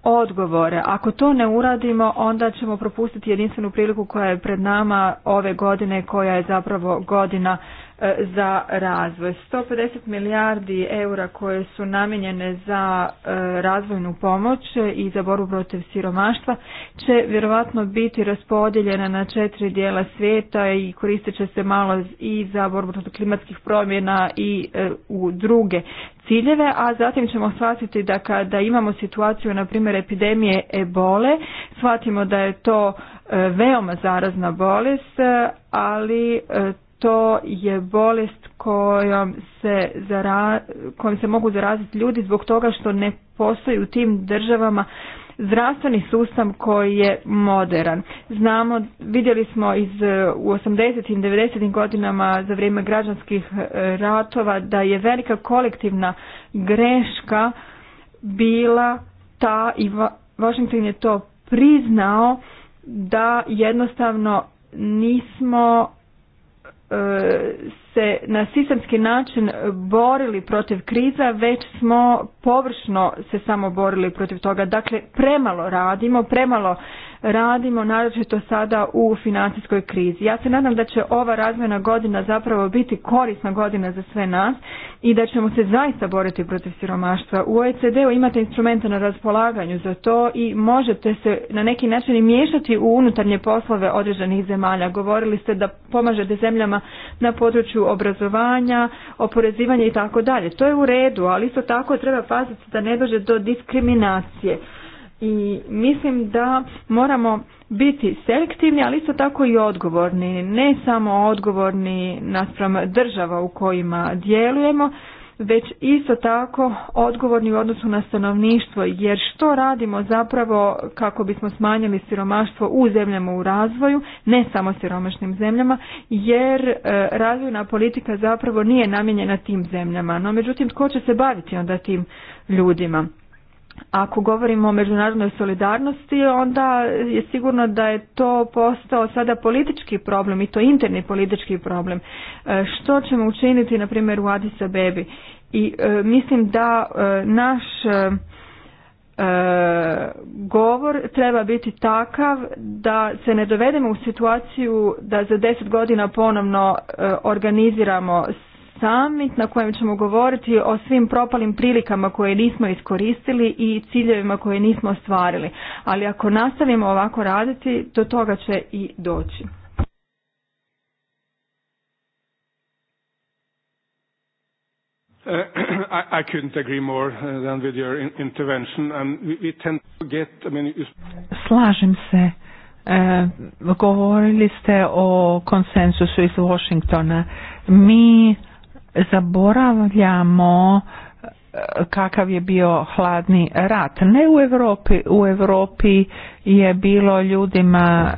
odgovore. Ako to ne uradimo, onda ćemo propustiti jedinstvenu priliku koja je pred nama ove godine, koja je zapravo godina za razvoj. 150 milijardi eura koje su namijenjene za e, razvojnu pomoć i za borbu protiv siromaštva će vjerovatno biti raspodijeljena na četiri dijela svijeta i koristit će se malo i za borbu protiv klimatskih promjena i e, u druge ciljeve, a zatim ćemo shvatiti da kada imamo situaciju, na primjer, epidemije ebole, shvatimo da je to e, veoma zarazna bolest, ali to je bolest kojom se, zara, kojom se mogu zaraziti ljudi zbog toga što ne postoji u tim državama zdravstveni sustav koji je moderan. Znamo, vidjeli smo iz, e, u 80. i 90. godinama za vrijeme građanskih e, ratova da je velika kolektivna greška bila ta i Washington je to priznao da jednostavno nismo e se na sistemski način borili protiv kriza, već smo površno se samo borili protiv toga. Dakle, premalo radimo, premalo radimo, naročito sada u financijskoj krizi. Ja se nadam da će ova razmjena godina zapravo biti korisna godina za sve nas i da ćemo se zaista boriti protiv siromaštva. U OECD-u imate instrumente na raspolaganju za to i možete se na neki način i miješati u unutarnje poslove određenih zemalja. Govorili ste da pomažete zemljama na području obrazovanja, oporezivanja i tako dalje. To je u redu, ali isto tako treba paziti da ne dođe do diskriminacije. I mislim da moramo biti selektivni, ali isto tako i odgovorni, ne samo odgovorni naspram država u kojima djelujemo, već isto tako odgovorni u odnosu na stanovništvo, jer što radimo zapravo kako bismo smanjili siromaštvo u zemljama u razvoju, ne samo siromašnim zemljama, jer e, razvojna politika zapravo nije namijenjena tim zemljama. No međutim, tko će se baviti onda tim ljudima? Ako govorimo o međunarodnoj solidarnosti, onda je sigurno da je to postao sada politički problem i to interni politički problem. E, što ćemo učiniti, na primjer, u Addis Bebi? I e, mislim da e, naš govor treba biti takav da se ne dovedemo u situaciju da za deset godina ponovno organiziramo summit na kojem ćemo govoriti o svim propalim prilikama koje nismo iskoristili i ciljevima koje nismo ostvarili. Ali ako nastavimo ovako raditi, do toga će i doći. I Slažem se. Uh, govorili ste o konsensusu iz Washingtona. Mi zaboravljamo e, kakav je bio hladni rat. Ne u Europi, u Europi je bilo ljudima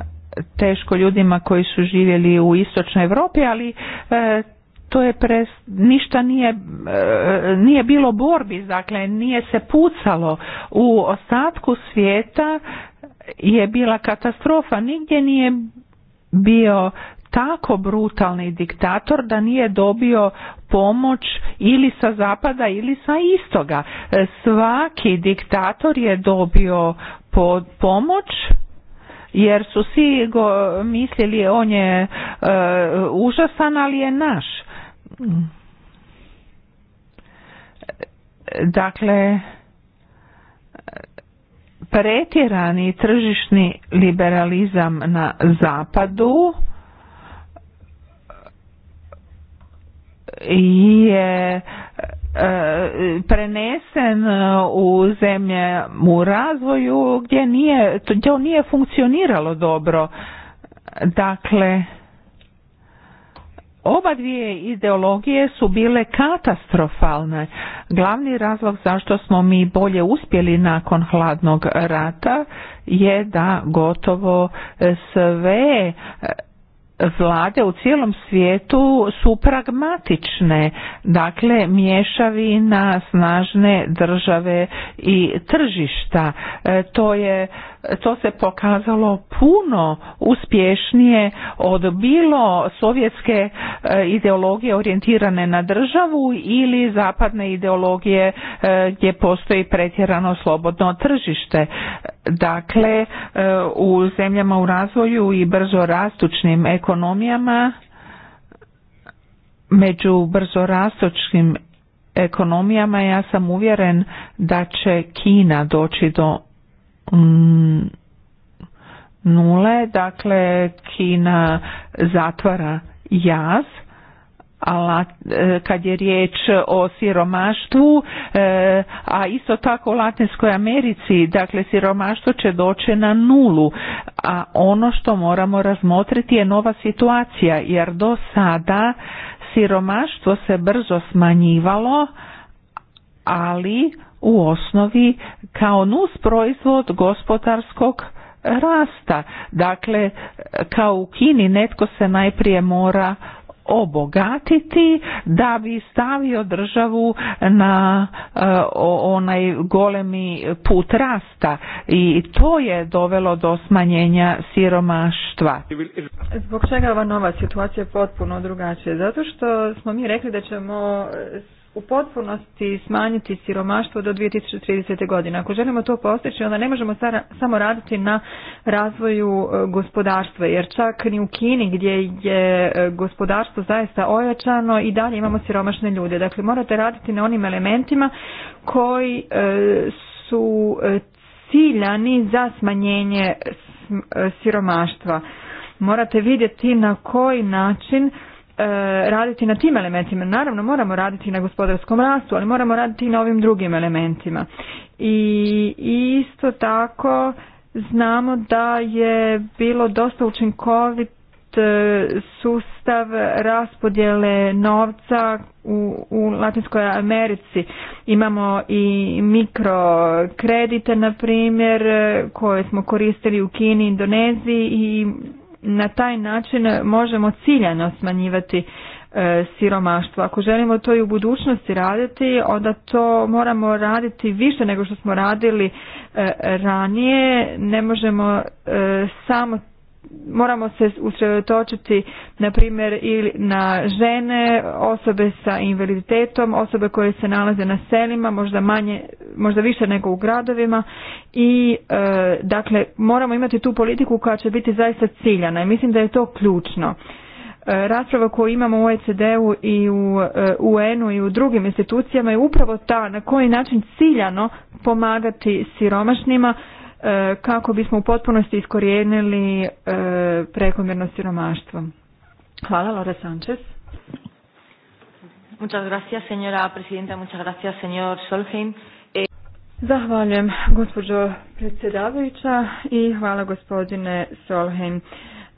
teško ljudima koji su živjeli u istočnoj Europi, ali e, to je pre, ništa nije, e, nije bilo borbi, dakle nije se pucalo. U ostatku svijeta je bila katastrofa, nigdje nije bio tako brutalni diktator da nije dobio pomoć ili sa zapada ili sa istoga. E, svaki diktator je dobio pomoć jer su svi go mislili on je e, užasan ali je naš. Dakle pretjerani tržišni liberalizam na zapadu je e, prenesen e, u zemlje u razvoju gdje nije, to nije funkcioniralo dobro. Dakle, Oba dvije ideologije su bile katastrofalne. Glavni razlog zašto smo mi bolje uspjeli nakon hladnog rata je da gotovo sve vlade u cijelom svijetu su pragmatične, dakle mješavi na snažne države i tržišta. E, to, je, to se pokazalo puno uspješnije od bilo sovjetske e, ideologije orijentirane na državu ili zapadne ideologije e, gdje postoji pretjerano slobodno tržište. Dakle, e, u zemljama u razvoju i brzo rastučnim ekonomijama, među brzo rastućim ekonomijama ja sam uvjeren da će Kina doći do nule, dakle Kina zatvara jaz alat, e, kad je riječ o siromaštvu, e, a isto tako u Latinskoj Americi, dakle siromaštvo će doći na nulu, a ono što moramo razmotriti je nova situacija, jer do sada siromaštvo se brzo smanjivalo, ali u osnovi kao nus proizvod gospodarskog rasta. Dakle, kao u Kini netko se najprije mora obogatiti da bi stavio državu na e, onaj golemi put rasta i to je dovelo do smanjenja siromaštva. Zbog čega ova nova situacija je potpuno drugačija? Zato što smo mi rekli da ćemo u potpunosti smanjiti siromaštvo do 2030. godine. Ako želimo to postići, onda ne možemo samo raditi na razvoju e, gospodarstva, jer čak ni u Kini gdje je e, gospodarstvo zaista ojačano i dalje imamo siromašne ljude. Dakle, morate raditi na onim elementima koji e, su ciljani za smanjenje siromaštva. Morate vidjeti na koji način E, raditi na tim elementima. Naravno moramo raditi na gospodarskom rastu, ali moramo raditi i na ovim drugim elementima. I isto tako znamo da je bilo dosta učinkovit e, sustav raspodjele novca u, u Latinskoj Americi. Imamo i mikrokredite, na primjer, e, koje smo koristili u Kini, Indoneziji i na taj način možemo ciljano smanjivati e, siromaštvo. Ako želimo to i u budućnosti raditi, onda to moramo raditi više nego što smo radili e, ranije. Ne možemo e, samo moramo se usredotočiti na primjer ili na žene, osobe sa invaliditetom, osobe koje se nalaze na selima, možda manje, možda više nego u gradovima i e, dakle moramo imati tu politiku koja će biti zaista ciljana i mislim da je to ključno. E, rasprava koju imamo u OECD-u i u e, UN-u i u drugim institucijama je upravo ta na koji način ciljano pomagati siromašnima E, kako bismo u potpunosti iskorijenili e, prekomjerno siromaštvo. Hvala, Laura Sanchez. Muchas gracias, señora presidenta. Muchas gracias, señor Solheim. Eh, Zahvaljujem, gospođo predsjedavajuća i hvala gospodine Solheim.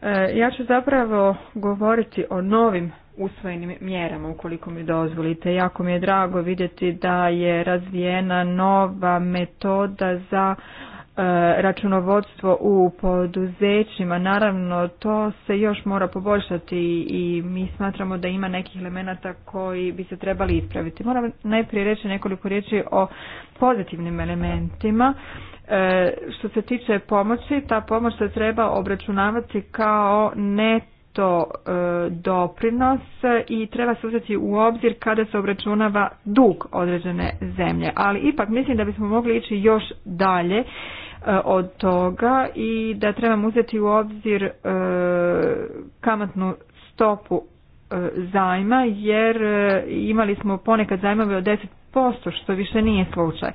E, ja ću zapravo govoriti o novim usvojenim mjerama, ukoliko mi dozvolite. Jako mi je drago vidjeti da je razvijena nova metoda za E, računovodstvo u poduzećima. Naravno, to se još mora poboljšati i mi smatramo da ima nekih elemenata koji bi se trebali ispraviti. Moram najprije reći nekoliko riječi o pozitivnim elementima. E, što se tiče pomoći, ta pomoć se treba obračunavati kao neto e, doprinos i treba se uzeti u obzir kada se obračunava dug određene zemlje. Ali ipak mislim da bismo mogli ići još dalje E, od toga i da trebamo uzeti u obzir e, kamatnu stopu e, zajma jer imali smo ponekad zajmove od 10% što više nije slučaj.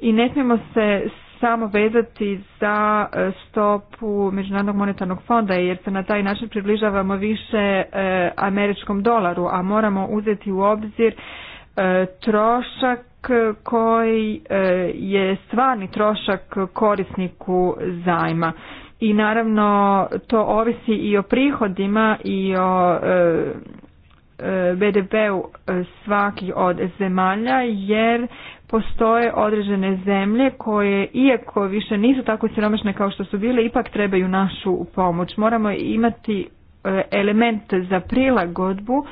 I ne smijemo se samo vezati za stopu Međunarodnog monetarnog fonda jer se na taj način približavamo više američkom dolaru, a moramo uzeti u obzir trošak koji e, je stvarni trošak korisniku zajma i naravno to ovisi i o prihodima i o e, e, BDP-u svaki od zemalja jer postoje određene zemlje koje iako više nisu tako siromašne kao što su bile ipak trebaju našu pomoć. Moramo imati element za prilagodbu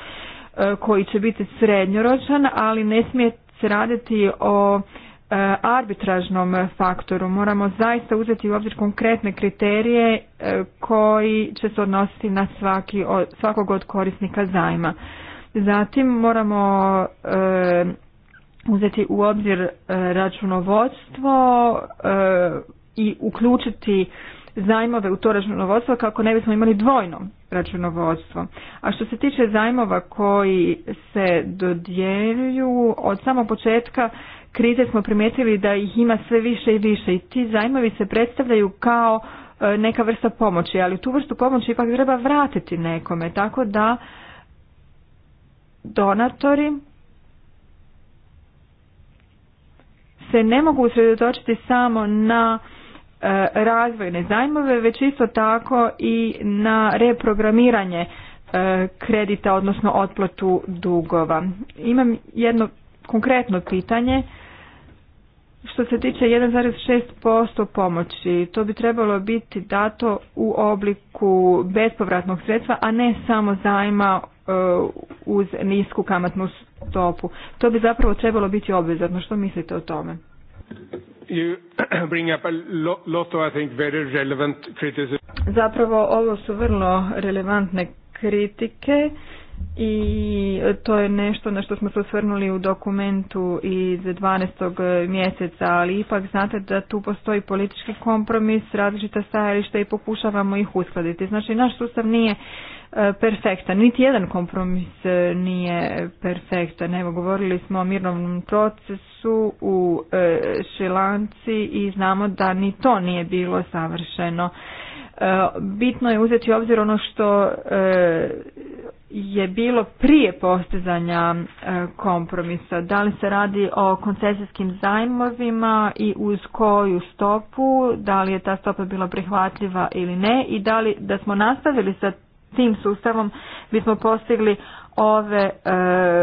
koji će biti srednjoročan, ali ne smije se raditi o e, arbitražnom faktoru. Moramo zaista uzeti u obzir konkretne kriterije e, koji će se odnositi na svaki, svakog od korisnika zajma. Zatim moramo e, uzeti u obzir računovodstvo i uključiti zajmove u to računovodstvo kako ne bismo imali dvojno računovodstvo. A što se tiče zajmova koji se dodjeljuju, od samog početka krize smo primijetili da ih ima sve više i više i ti zajmovi se predstavljaju kao e, neka vrsta pomoći, ali tu vrstu pomoći ipak treba vratiti nekome, tako da donatori se ne mogu usredotočiti samo na E, razvojne zajmove, već isto tako i na reprogramiranje e, kredita, odnosno otplatu dugova. Imam jedno konkretno pitanje. Što se tiče 1,6% pomoći, to bi trebalo biti dato u obliku bespovratnog sredstva, a ne samo zajma e, uz nisku kamatnu stopu. To bi zapravo trebalo biti obvezatno. Što mislite o tome? Zapravo ovo su vrlo relevantne kritike i to je nešto na što smo se osvrnuli u dokumentu iz 12. mjeseca, ali ipak znate da tu postoji politički kompromis, različita stajališta i pokušavamo ih uskladiti. Znači naš sustav nije perfekta. Niti jedan kompromis e, nije perfektan. Evo, govorili smo o mirnom procesu u e, Šilanci i znamo da ni to nije bilo savršeno. E, bitno je uzeti obzir ono što je bilo prije postizanja kompromisa. Da li se radi o koncesijskim zajmovima i uz koju stopu, da li je ta stopa bila prihvatljiva ili ne i da li da smo nastavili sa tim sustavom bismo postigli ove e,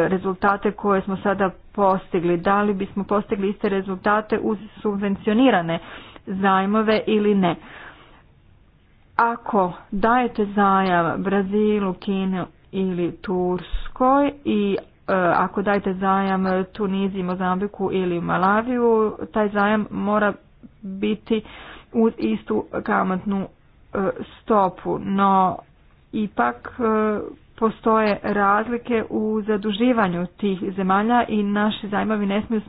rezultate koje smo sada postigli. Da li bismo postigli iste rezultate uz subvencionirane zajmove ili ne? Ako dajete zajam Brazilu, Kinu ili Turskoj i e, ako dajete zajam Tuniziji, Mozambiku ili Malaviju, taj zajam mora biti uz istu kamatnu e, stopu, no ipak e, postoje razlike u zaduživanju tih zemalja i naši zajmovi ne smiju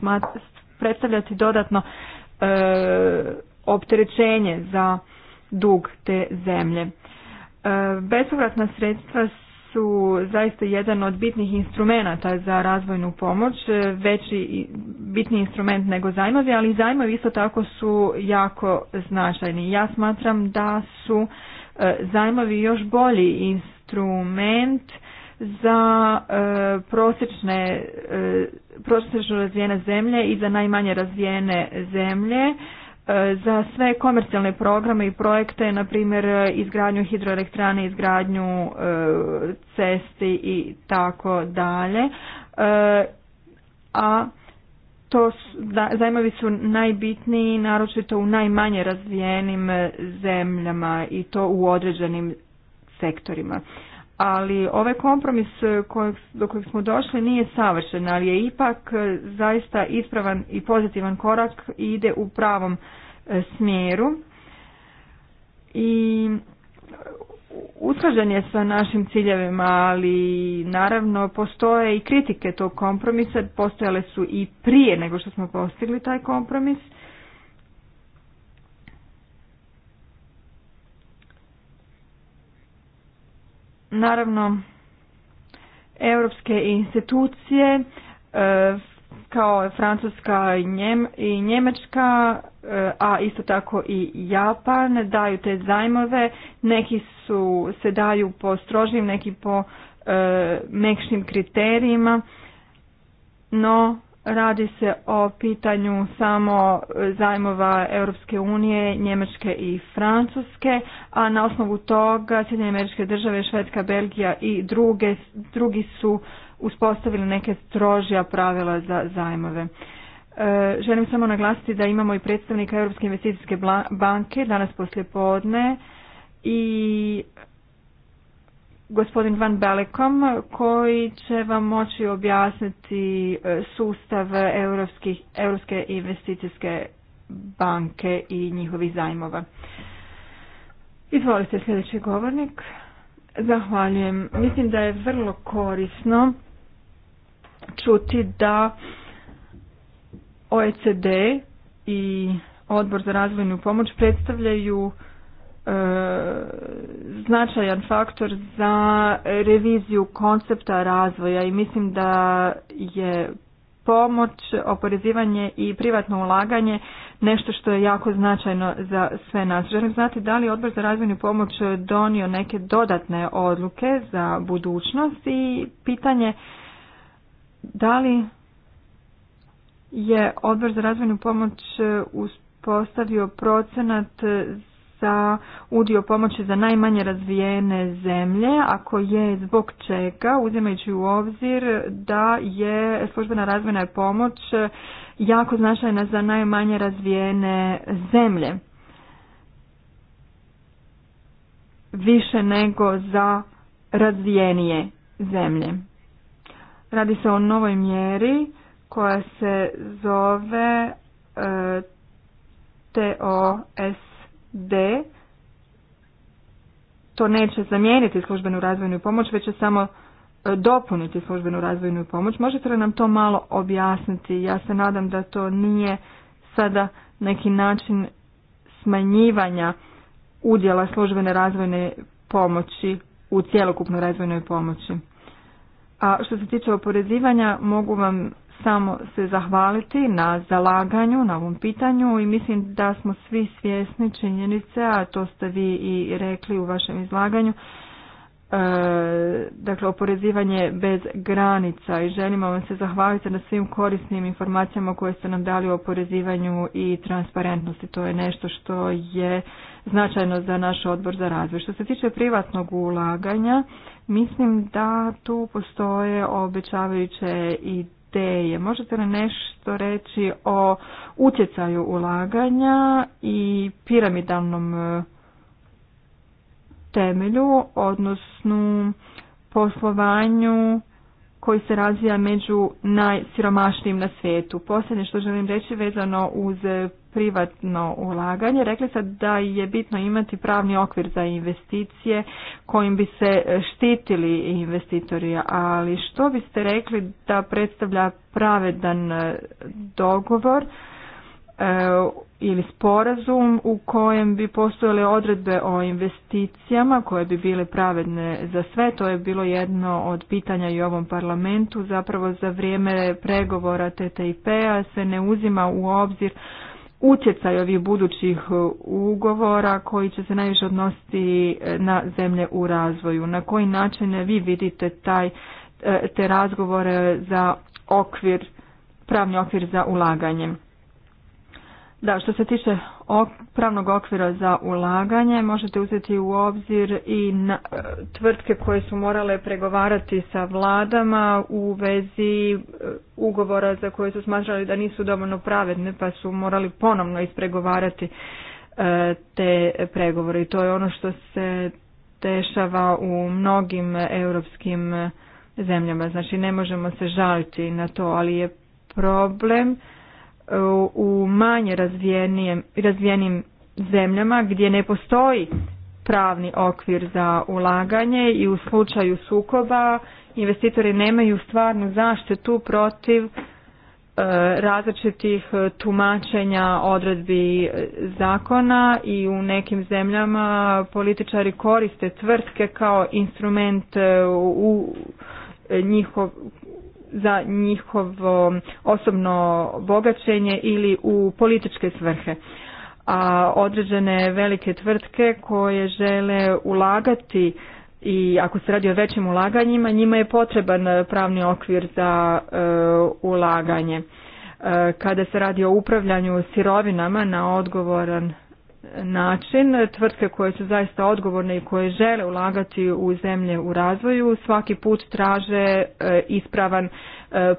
predstavljati dodatno e, opterećenje za dug te zemlje. E, bespovratna sredstva su zaista jedan od bitnih instrumenata za razvojnu pomoć, e, veći bitni instrument nego zajmovi, ali zajmovi isto tako su jako značajni. Ja smatram da su E, zajmovi još bolji instrument za e, e, prosječno razvijene zemlje i za najmanje razvijene zemlje za sve komercijalne programe i projekte, na primjer izgradnju hidroelektrane, izgradnju cesti i tako dalje. A to zajmovi su najbitniji naročito u najmanje razvijenim e, zemljama i to u određenim sektorima. Ali ovaj kompromis e, kojeg, do kojeg smo došli nije savršen, ali je ipak e, zaista ispravan i pozitivan korak i ide u pravom smjeru. I usklađen je sa našim ciljevima, ali naravno postoje i kritike tog kompromisa, postojale su i prije nego što smo postigli taj kompromis. Naravno, europske institucije eh, kao Francuska i Njemačka, e, a isto tako i Japan daju te zajmove. Neki su, se daju po strožim, neki po e, kriterijima, no radi se o pitanju samo zajmova Europske unije, Njemačke i Francuske, a na osnovu toga Sjedinje američke države, Švedska, Belgija i druge, drugi su uspostavili neke strožija pravila za zajmove. E, želim samo naglasiti da imamo i predstavnika Europske investicijske banke danas poslije podne i gospodin Van Belekom koji će vam moći objasniti e, sustav Europskih, Europske investicijske banke i njihovih zajmova. Izvolite sljedeći govornik. Zahvaljujem. Mislim da je vrlo korisno čuti da OECD i Odbor za razvojnu pomoć predstavljaju e, značajan faktor za reviziju koncepta razvoja i mislim da je pomoć, oporezivanje i privatno ulaganje nešto što je jako značajno za sve nas. Želim znati da li Odbor za razvojnu pomoć donio neke dodatne odluke za budućnost i pitanje da li je odbor za razvojnu pomoć e, uspostavio procenat za udio pomoći za najmanje razvijene zemlje, ako je zbog čega, uzimajući u obzir da je službena razvojna pomoć jako značajna za najmanje razvijene zemlje. Više nego za razvijenije zemlje. Radi se o novoj mjeri koja se zove e, TOSD. To neće zamijeniti službenu razvojnu pomoć, već će samo e, dopuniti službenu razvojnu pomoć. Možete li nam to malo objasniti? Ja se nadam da to nije sada neki način smanjivanja udjela službene razvojne pomoći u cjelokupnoj razvojnoj pomoći. A što se tiče oporezivanja, mogu vam samo se zahvaliti na zalaganju, na ovom pitanju i mislim da smo svi svjesni činjenice, a to ste vi i rekli u vašem izlaganju, E, dakle oporezivanje bez granica i želimo vam se zahvaliti na svim korisnim informacijama koje ste nam dali o oporezivanju i transparentnosti. To je nešto što je značajno za naš odbor za razvoj. Što se tiče privatnog ulaganja, mislim da tu postoje obećavajuće ideje. Možete li nešto reći o utjecaju ulaganja i piramidalnom temelju, odnosno poslovanju koji se razvija među najsiromašnijim na svijetu. Posljednje što želim reći vezano uz privatno ulaganje, rekli ste da je bitno imati pravni okvir za investicije kojim bi se štitili investitori, ali što biste rekli da predstavlja pravedan dogovor E, ili sporazum u kojem bi postojale odredbe o investicijama koje bi bile pravedne za sve. To je bilo jedno od pitanja i ovom parlamentu. Zapravo za vrijeme pregovora TTIP-a se ne uzima u obzir utjecaj ovih budućih ugovora koji će se najviše odnositi na zemlje u razvoju. Na koji način vi vidite taj, e, te razgovore za okvir, pravni okvir za ulaganje? Da, što se tiče pravnog okvira za ulaganje, možete uzeti u obzir i na, e, tvrtke koje su morale pregovarati sa vladama u vezi e, ugovora za koje su smatrali da nisu dovoljno pravedne, pa su morali ponovno ispregovarati e, te pregovore. I to je ono što se dešava u mnogim europskim zemljama. Znači, ne možemo se žaliti na to, ali je problem u manje razvijenim zemljama gdje ne postoji pravni okvir za ulaganje i u slučaju sukoba investitori nemaju stvarnu zaštitu protiv e, različitih e, tumačenja odredbi e, zakona i u nekim zemljama političari koriste tvrtke kao instrument u njihov, za njihovo osobno bogaćenje ili u političke svrhe a određene velike tvrtke koje žele ulagati i ako se radi o većim ulaganjima njima je potreban pravni okvir za e, ulaganje e, kada se radi o upravljanju sirovinama na odgovoran način. Tvrtke koje su zaista odgovorne i koje žele ulagati u zemlje u razvoju svaki put traže e, ispravan e,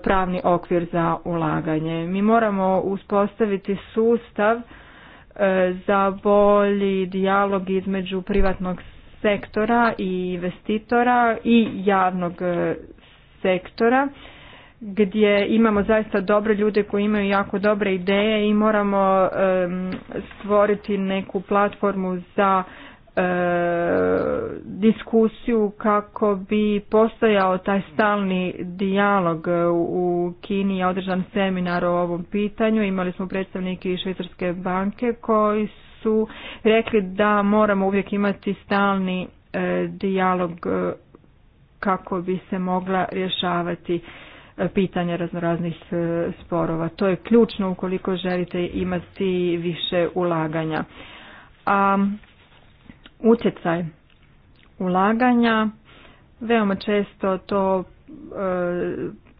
pravni okvir za ulaganje. Mi moramo uspostaviti sustav e, za bolji dijalog između privatnog sektora i investitora i javnog sektora gdje imamo zaista dobre ljude koji imaju jako dobre ideje i moramo stvoriti neku platformu za e, diskusiju kako bi postojao taj stalni dijalog e, u Kini je održan seminar o ovom pitanju imali smo predstavnike švicarske banke koji su rekli da moramo uvijek imati stalni e, dijalog kako bi se mogla rješavati pitanja raznoraznih e, sporova. To je ključno ukoliko želite imati više ulaganja. A utjecaj ulaganja veoma često to e,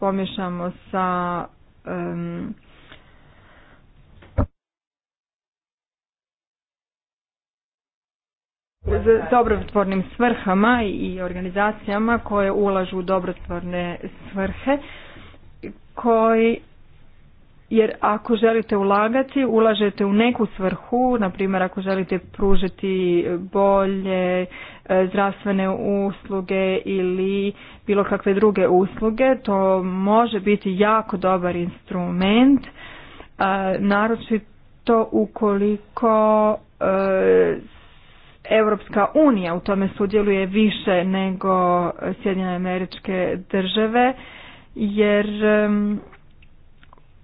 pomješamo sa dobrotvornim svrhama i organizacijama koje ulažu u dobrotvorne svrhe koji jer ako želite ulagati, ulažete u neku svrhu, na primjer ako želite pružiti bolje e, zdravstvene usluge ili bilo kakve druge usluge, to može biti jako dobar instrument, e, naročito ukoliko Europska unija u tome sudjeluje više nego Sjedinjene američke države jer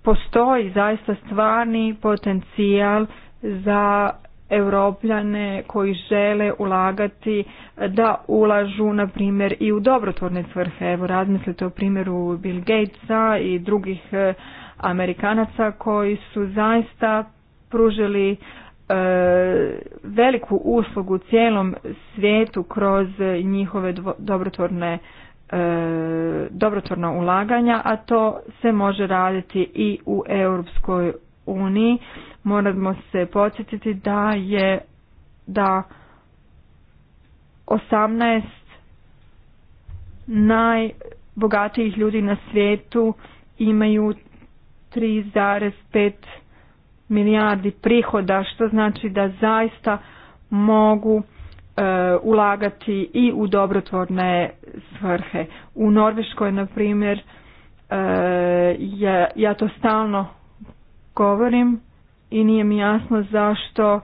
postoji zaista stvarni potencijal za europljane koji žele ulagati da ulažu na primjer i u dobrotvorne svrhe. Evo razmislite o primjeru Bill Gatesa i drugih eh, Amerikanaca koji su zaista pružili eh, veliku uslugu cijelom svijetu kroz njihove dvo, dobrotvorne E, dobrotvorna ulaganja, a to se može raditi i u Europskoj uniji. Moramo se podsjetiti da je da 18 najbogatijih ljudi na svijetu imaju 3,5 milijardi prihoda, što znači da zaista mogu E, ulagati i u dobrotvorne svrhe. U Norveškoj, na primjer, e, ja, ja to stalno govorim i nije mi jasno zašto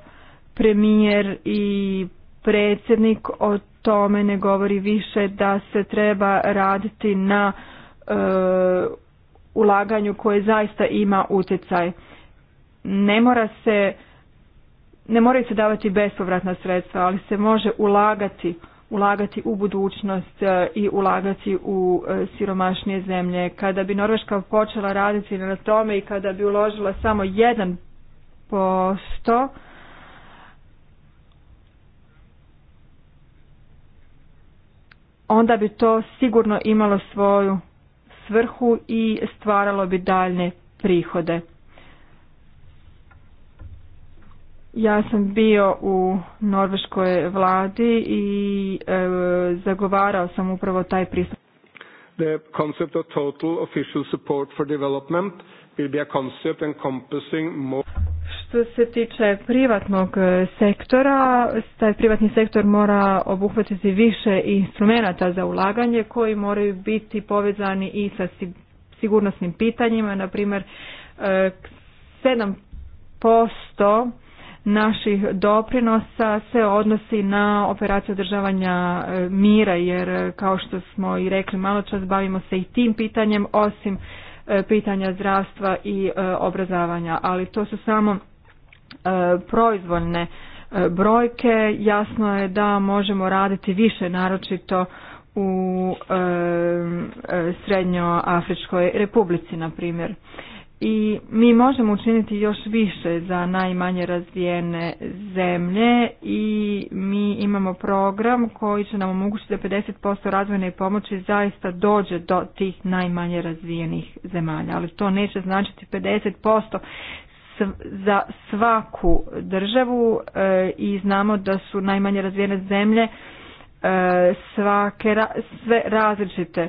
premijer i predsjednik o tome ne govori više da se treba raditi na e, ulaganju koje zaista ima utjecaj. Ne mora se ne moraju se davati bespovratna sredstva, ali se može ulagati ulagati u budućnost e, i ulagati u e, siromašnije zemlje. Kada bi Norveška počela raditi na tome i kada bi uložila samo 1%, onda bi to sigurno imalo svoju svrhu i stvaralo bi daljne prihode. Ja sam bio u norveškoj vladi i e, zagovarao sam upravo taj pristup. The concept of total official support for development will be a concept encompassing more što se tiče privatnog e, sektora, taj privatni sektor mora obuhvatiti više instrumenata za ulaganje koji moraju biti povezani i sa sigurnosnim pitanjima, na primjer 7% e, naših doprinosa se odnosi na operaciju održavanja e, mira jer e, kao što smo i rekli malo čas bavimo se i tim pitanjem osim e, pitanja zdravstva i obrazavanja, ali to su samo proizvoljne brojke. Jasno je da možemo raditi više, naročito u Srednjoafričkoj republici, na primjer i mi možemo učiniti još više za najmanje razvijene zemlje i mi imamo program koji će nam omogućiti da 50% razvojne pomoći zaista dođe do tih najmanje razvijenih zemalja, ali to neće značiti 50% za svaku državu e, i znamo da su najmanje razvijene zemlje e, svake sve različite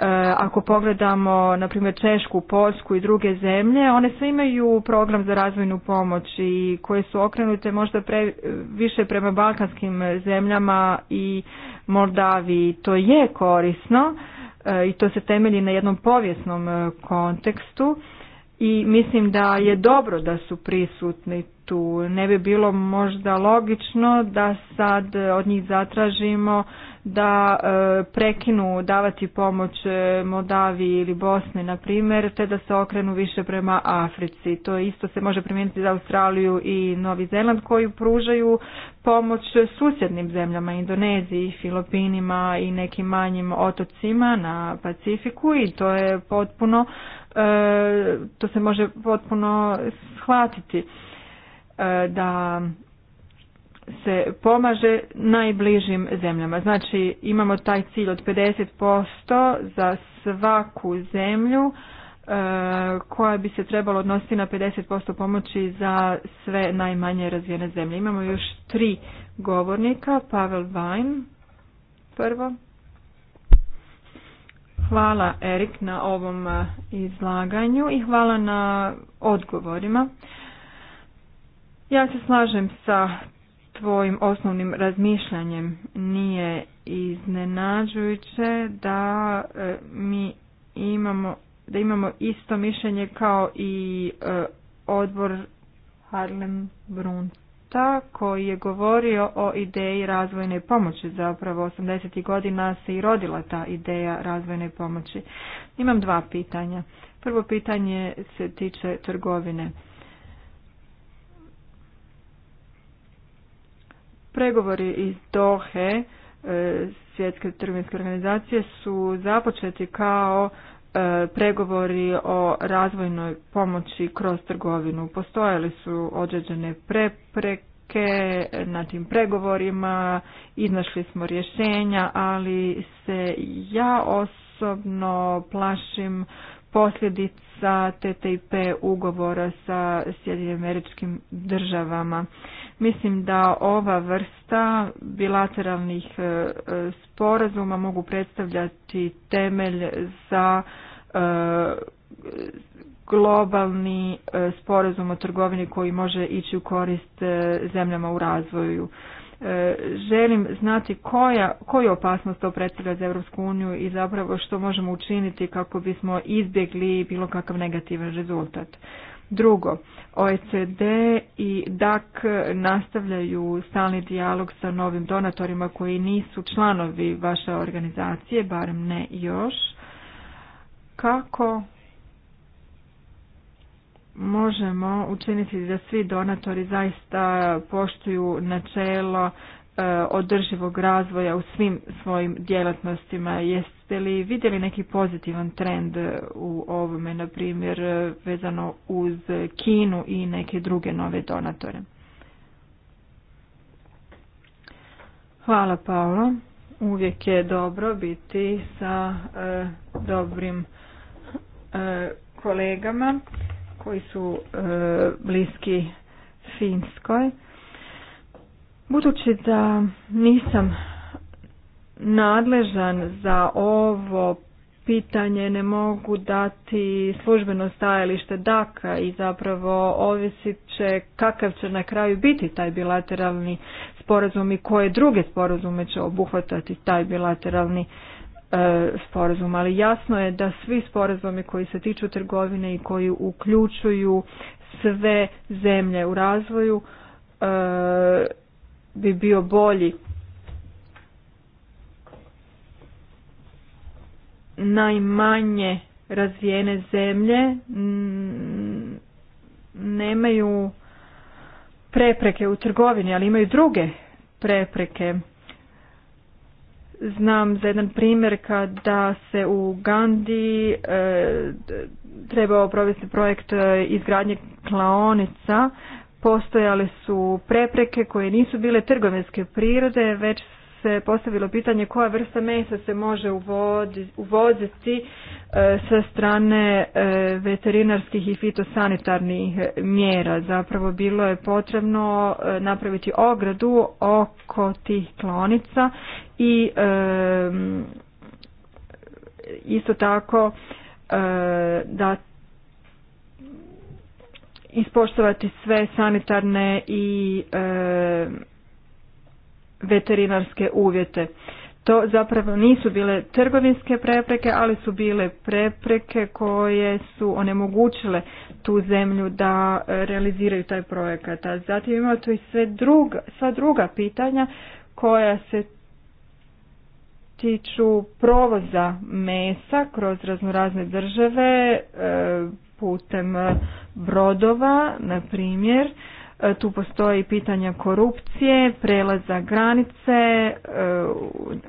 E, ako pogledamo na primjer Češku, Poljsku i druge zemlje, one sve imaju program za razvojnu pomoć i koje su okrenute možda pre, više prema balkanskim zemljama i Moldaviji. To je korisno e, i to se temelji na jednom povijesnom e, kontekstu i mislim da je dobro da su prisutni tu. Ne bi bilo možda logično da sad od njih zatražimo da e, prekinu davati pomoć e, Modavi ili Bosni, na primjer, te da se okrenu više prema Africi. To isto se može primijeniti za Australiju i Novi Zeland koji pružaju pomoć susjednim zemljama, Indoneziji, Filipinima i nekim manjim otocima na Pacifiku i to je potpuno E, to se može potpuno shvatiti e, da se pomaže najbližim zemljama. Znači imamo taj cilj od 50% za svaku zemlju e, koja bi se trebalo odnositi na 50% pomoći za sve najmanje razvijene zemlje. Imamo još tri govornika. Pavel Vajn, prvo. Hvala Erik na ovom eh, izlaganju i hvala na odgovorima. Ja se slažem sa tvojim osnovnim razmišljanjem. Nije iznenađujuće da eh, mi imamo da imamo isto mišljenje kao i eh, odbor Harlem Brunt ta koji je govorio o ideji razvojne pomoći. Zapravo 80. godina se i rodila ta ideja razvojne pomoći. Imam dva pitanja. Prvo pitanje se tiče trgovine. Pregovori iz Dohe e, Svjetske trgovinske organizacije su započeti kao E, pregovori o razvojnoj pomoći kroz trgovinu. Postojali su određene prepreke na tim pregovorima, iznašli smo rješenja, ali se ja osobno plašim posljedica TTIP ugovora sa Sjedinim američkim državama. Mislim da ova vrsta bilateralnih e, sporazuma mogu predstavljati temelj za globalni e, sporazum o trgovini koji može ići u korist e, zemljama u razvoju. E, želim znati koja, koju opasnost to predstavlja za Europsku uniju i zapravo što možemo učiniti kako bismo izbjegli bilo kakav negativan rezultat. Drugo, OECD i DAC nastavljaju stalni dijalog sa novim donatorima koji nisu članovi vaše organizacije, barem ne još kako možemo učiniti da svi donatori zaista poštuju načelo e, održivog razvoja u svim svojim djelatnostima. Jeste li vidjeli neki pozitivan trend u ovome, na primjer, vezano uz Kinu i neke druge nove donatore? Hvala Paolo. Uvijek je dobro biti sa e, dobrim E, kolegama koji su e, bliski Finskoj. Budući da nisam nadležan za ovo pitanje, ne mogu dati službeno stajalište DAKA i zapravo ovisit će kakav će na kraju biti taj bilateralni sporazum i koje druge sporazume će obuhvatati taj bilateralni E, sporazum, ali jasno je da svi sporazumi koji se tiču trgovine i koji uključuju sve zemlje u razvoju e, bi bio bolji. Najmanje razvijene zemlje nemaju prepreke u trgovini, ali imaju druge prepreke Znam za jedan primjer kada se u Gandiji e, trebao provesti projekt e, izgradnje klaonica, postojale su prepreke koje nisu bile trgovinske prirode, već se postavilo pitanje koja vrsta mesa se može uvoziti e, sa strane veterinarskih i fitosanitarnih mjera. Zapravo bilo je potrebno napraviti ogradu oko tih klonica i isto tako e, da ispoštovati sve sanitarne i veterinarske uvjete. To zapravo nisu bile trgovinske prepreke, ali su bile prepreke koje su onemogućile tu zemlju da e, realiziraju taj projekat. A zatim imamo tu i sve druga, sva druga pitanja koja se tiču provoza mesa kroz razne države e, putem e, brodova, na primjer. E, tu postoji pitanja korupcije, prelaza granice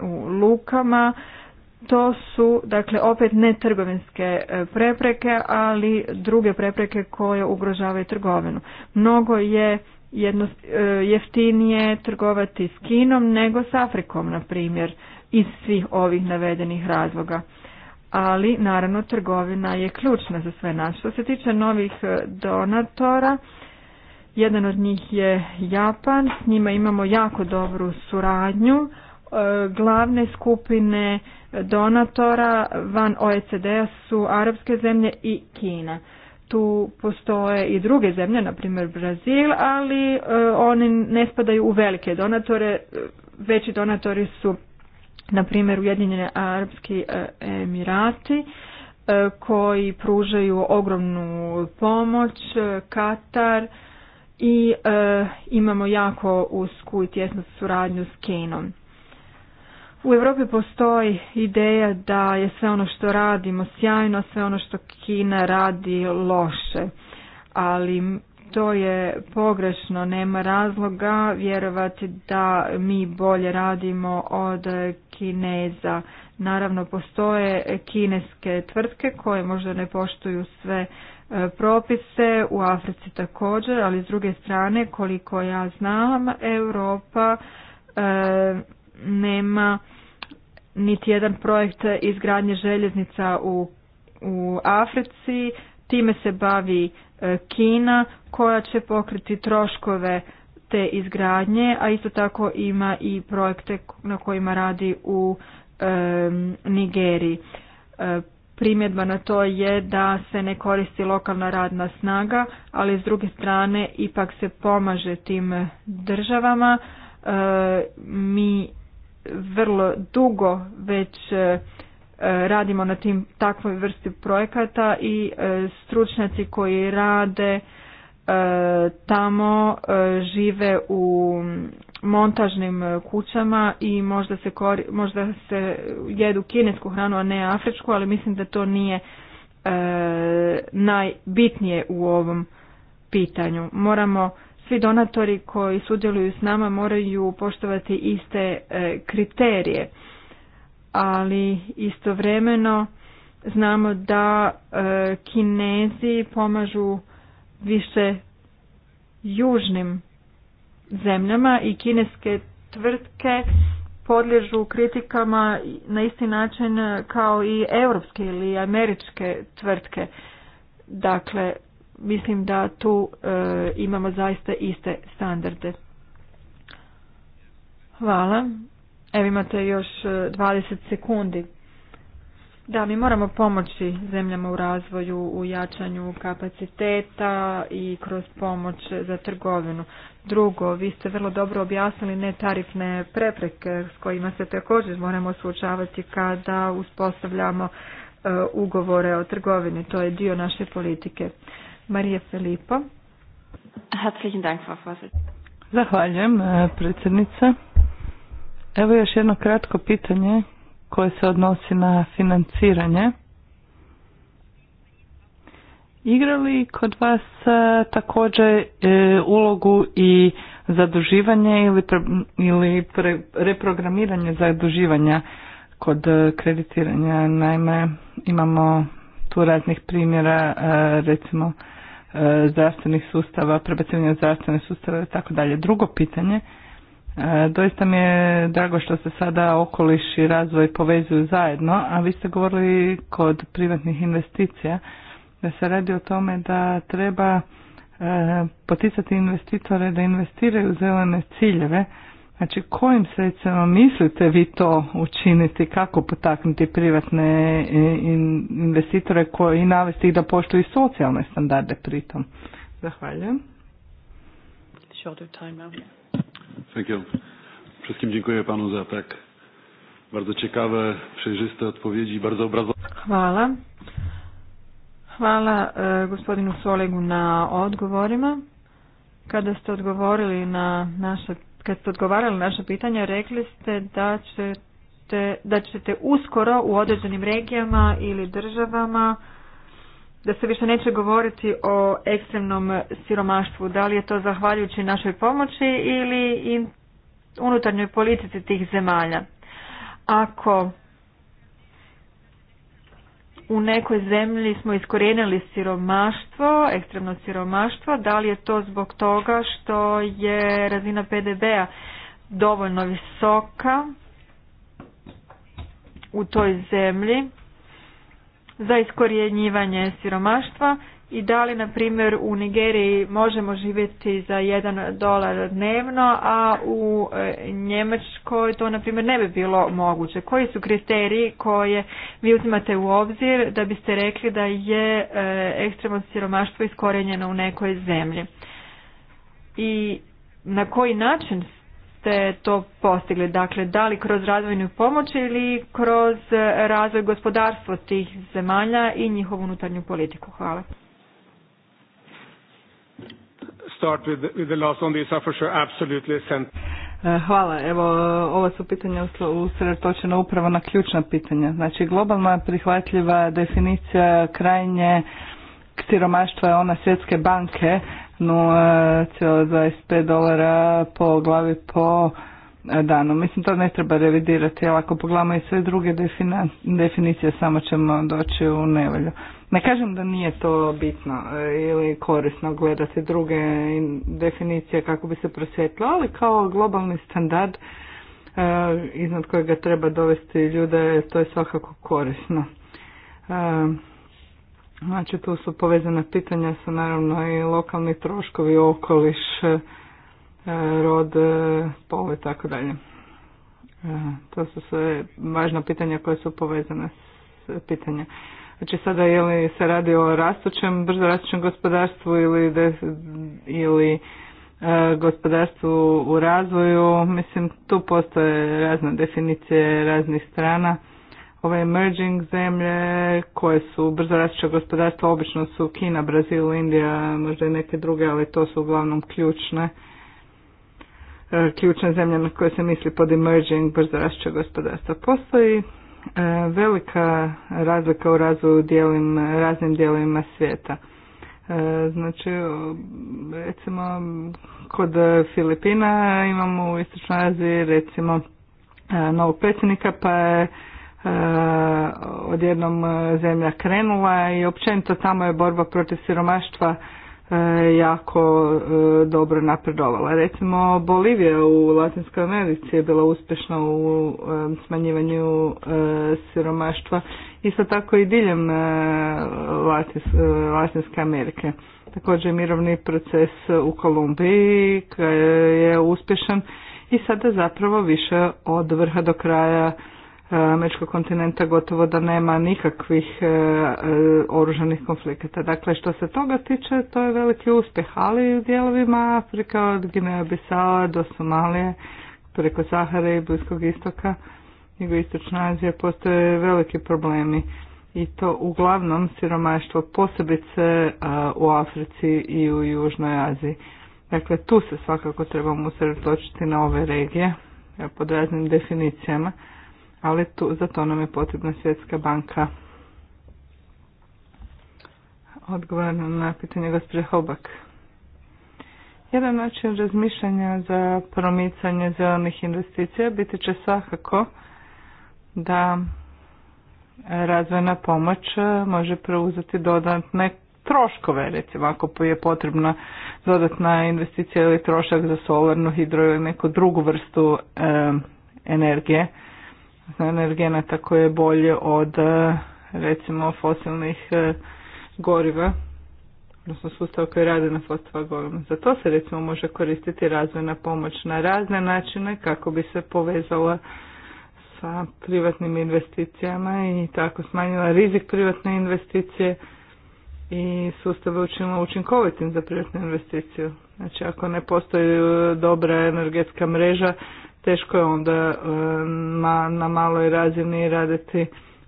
u lukama. To su, dakle, opet ne trgovinske prepreke, ali druge prepreke koje ugrožavaju trgovinu. Mnogo je jeftinije trgovati s Kinom nego s Afrikom, na primjer iz svih ovih navedenih razloga. Ali, naravno, trgovina je ključna za sve nas. Što se tiče novih e, donatora, jedan od njih je Japan, s njima imamo jako dobru suradnju. E, glavne skupine donatora van OECD-a su arapske zemlje i Kina. Tu postoje i druge zemlje, na primjer Brazil, ali e, oni ne spadaju u velike donatore. Veći donatori su na primjer Ujedinjene Arabski e, Emirati e, koji pružaju ogromnu pomoć, e, Katar i imamo jako usku i tjesnu suradnju s Kinom. U Europi postoji ideja da je sve ono što radimo sjajno, sve ono što Kina radi loše. Ali to je pogrešno, nema razloga vjerovati da mi bolje radimo od Kineza. Naravno, postoje kineske tvrtke koje možda ne poštuju sve e, propise, u Africi također, ali s druge strane, koliko ja znam, Europa e, nema niti jedan projekt izgradnje željeznica u, u Africi, Time se bavi e, Kina koja će pokriti troškove te izgradnje, a isto tako ima i projekte na kojima radi u e, Nigeriji. E, primjedba na to je da se ne koristi lokalna radna snaga, ali s druge strane ipak se pomaže tim državama. mi vrlo dugo već E, radimo na tim takvoj vrsti projekata i e, stručnjaci koji rade e, tamo žive u montažnim kućama i možda se, kori, možda se jedu kinesku hranu, a ne afričku, ali mislim da to nije najbitnije u ovom pitanju. Moramo svi donatori koji sudjeluju s nama moraju poštovati iste kriterije ali istovremeno znamo da e, Kinezi pomažu više južnim zemljama i kineske tvrtke podliježu kritikama na isti način kao i europske ili američke tvrtke. Dakle, mislim da tu e, imamo zaista iste standarde. Hvala. Evo imate još 20 e, sekundi. Da, mi moramo pomoći zemljama u razvoju, u jačanju kapaciteta i kroz pomoć za trgovinu. Drugo, vi ste vrlo dobro objasnili netarifne prepreke s kojima se također moramo suočavati kada uspostavljamo e, ugovore o trgovini. To je dio naše politike. Marija Filipo. Zahvaljujem, e, predsjednica. Evo još jedno kratko pitanje koje se odnosi na financiranje. Igra li kod vas e, također e, ulogu i zaduživanje ili, ili reprogramiranje zaduživanja kod e, kreditiranja? Naime, imamo tu raznih primjera, recimo zdravstvenih sustava, prebacivanja zdravstvenih sustava i tako dalje. Drugo pitanje, E, doista mi je drago što se sada okoliš i razvoj povezuju zajedno, a vi ste govorili kod privatnih investicija da se radi o tome da treba e, poticati investitore da investiraju u zelene ciljeve. Znači kojim sredstvima mislite vi to učiniti, kako potaknuti privatne e, investitore koji navesti ih da poštuju socijalne standarde pritom? Zahvaljujem. Thank you. Wszystkim dziękuję panu za tak bardzo ciekawe, przejrzyste odpowiedzi, bardzo obrazowe. Hvala. Hvala e, gospodinu Solegu na odgovorima. Kada ste odgovorili na naše, kad ste odgovarali na naše pitanja, rekli ste da ćete, da ćete uskoro u određenim regijama ili državama da se više neće govoriti o ekstremnom siromaštvu. Da li je to zahvaljujući našoj pomoći ili i unutarnjoj politici tih zemalja? Ako u nekoj zemlji smo iskorijenili siromaštvo, ekstremno siromaštvo, da li je to zbog toga što je razina PDB-a dovoljno visoka u toj zemlji za iskorjenjivanje siromaštva i da li, na primjer, u Nigeriji možemo živjeti za jedan dolar dnevno, a u e, Njemačkoj to, na primjer, ne bi bilo moguće. Koji su kriteriji koje vi uzimate u obzir da biste rekli da je e, ekstremno siromaštvo iskorjenjeno u nekoj zemlji? I na koji način ste to postigli? Dakle, da li kroz razvojnu pomoć ili kroz e, razvoj gospodarstva tih zemalja i njihovu unutarnju politiku? Hvala. Start Hvala. Evo, ova su pitanja usredotočena upravo na ključna pitanja. Znači, globalna prihvatljiva definicija krajnje siromaštva je ona svjetske banke, 0,25 dolara po glavi po eh, danu. Mislim, to ne treba revidirati, ali ako pogledamo i sve druge definicije, samo ćemo doći u nevolju. Ne kažem da nije to bitno eh, ili korisno gledati druge definicije kako bi se prosvjetilo, ali kao globalni standard eh, iznad kojega treba dovesti ljude, to je svakako korisno. Znači tu su povezana pitanja su naravno i lokalni troškovi, okoliš, e, rod, e, pol i tako dalje. E, to su sve važna pitanja koja su povezana s pitanja. Znači sada je li se radi o rastućem, brzo rastućem gospodarstvu ili, de, ili gospodarstvu u razvoju, mislim tu postoje razne definicije raznih strana ove emerging zemlje koje su brzo različitog gospodarstva, obično su Kina, Brazil, Indija, možda i neke druge, ali to su uglavnom ključne e, ključne zemlje na koje se misli pod emerging brzo različitog gospodarstva. Postoji e, velika razlika u razvoju dijelim, raznim dijelovima svijeta. E, znači, recimo, kod Filipina imamo u Istočnoj Aziji, recimo, novog predsjednika, pa je E, odjednom e, zemlja krenula i općenito tamo je borba protiv siromaštva e, jako dobro napredovala. Recimo Bolivija u Latinskoj Americi je bila uspješna u smanjivanju siromaštva, isto tako i diljem Latinske Amerike. Također mirovni proces u Kolumbiji je uspješan i sada zapravo više od vrha do kraja Američkog kontinenta gotovo da nema nikakvih e, e, oružanih konflikata. Dakle, što se toga tiče, to je veliki uspjeh, ali u dijelovima Afrika od Gineja Bisao do Somalije, preko Sahare i Bliskog istoka, jugoistočna Azija, postoje veliki problemi i to uglavnom siromaštvo posebice e, u Africi i u Južnoj Aziji. Dakle, tu se svakako trebamo usredotočiti na ove regije pod raznim definicijama ali tu, za to nam je potrebna svjetska banka. Odgovor na pitanje gospođe Hobak. Jedan način razmišljanja za promicanje zelenih investicija biti će svakako da razvojna pomoć e, može preuzeti dodatne troškove, recimo ako je potrebna dodatna investicija ili trošak za solarnu, hidro ili neku drugu vrstu e, energije energenata koje je bolje od e, recimo fosilnih e, goriva, odnosno sustava koji rade na fosilnih goriva. Za to se recimo može koristiti razvojna pomoć na razne načine kako bi se povezala sa privatnim investicijama i tako smanjila rizik privatne investicije i sustave učinila učinkovitim za privatnu investiciju. Znači ako ne postoji e, dobra energetska mreža, teško je onda na, e, na maloj razini raditi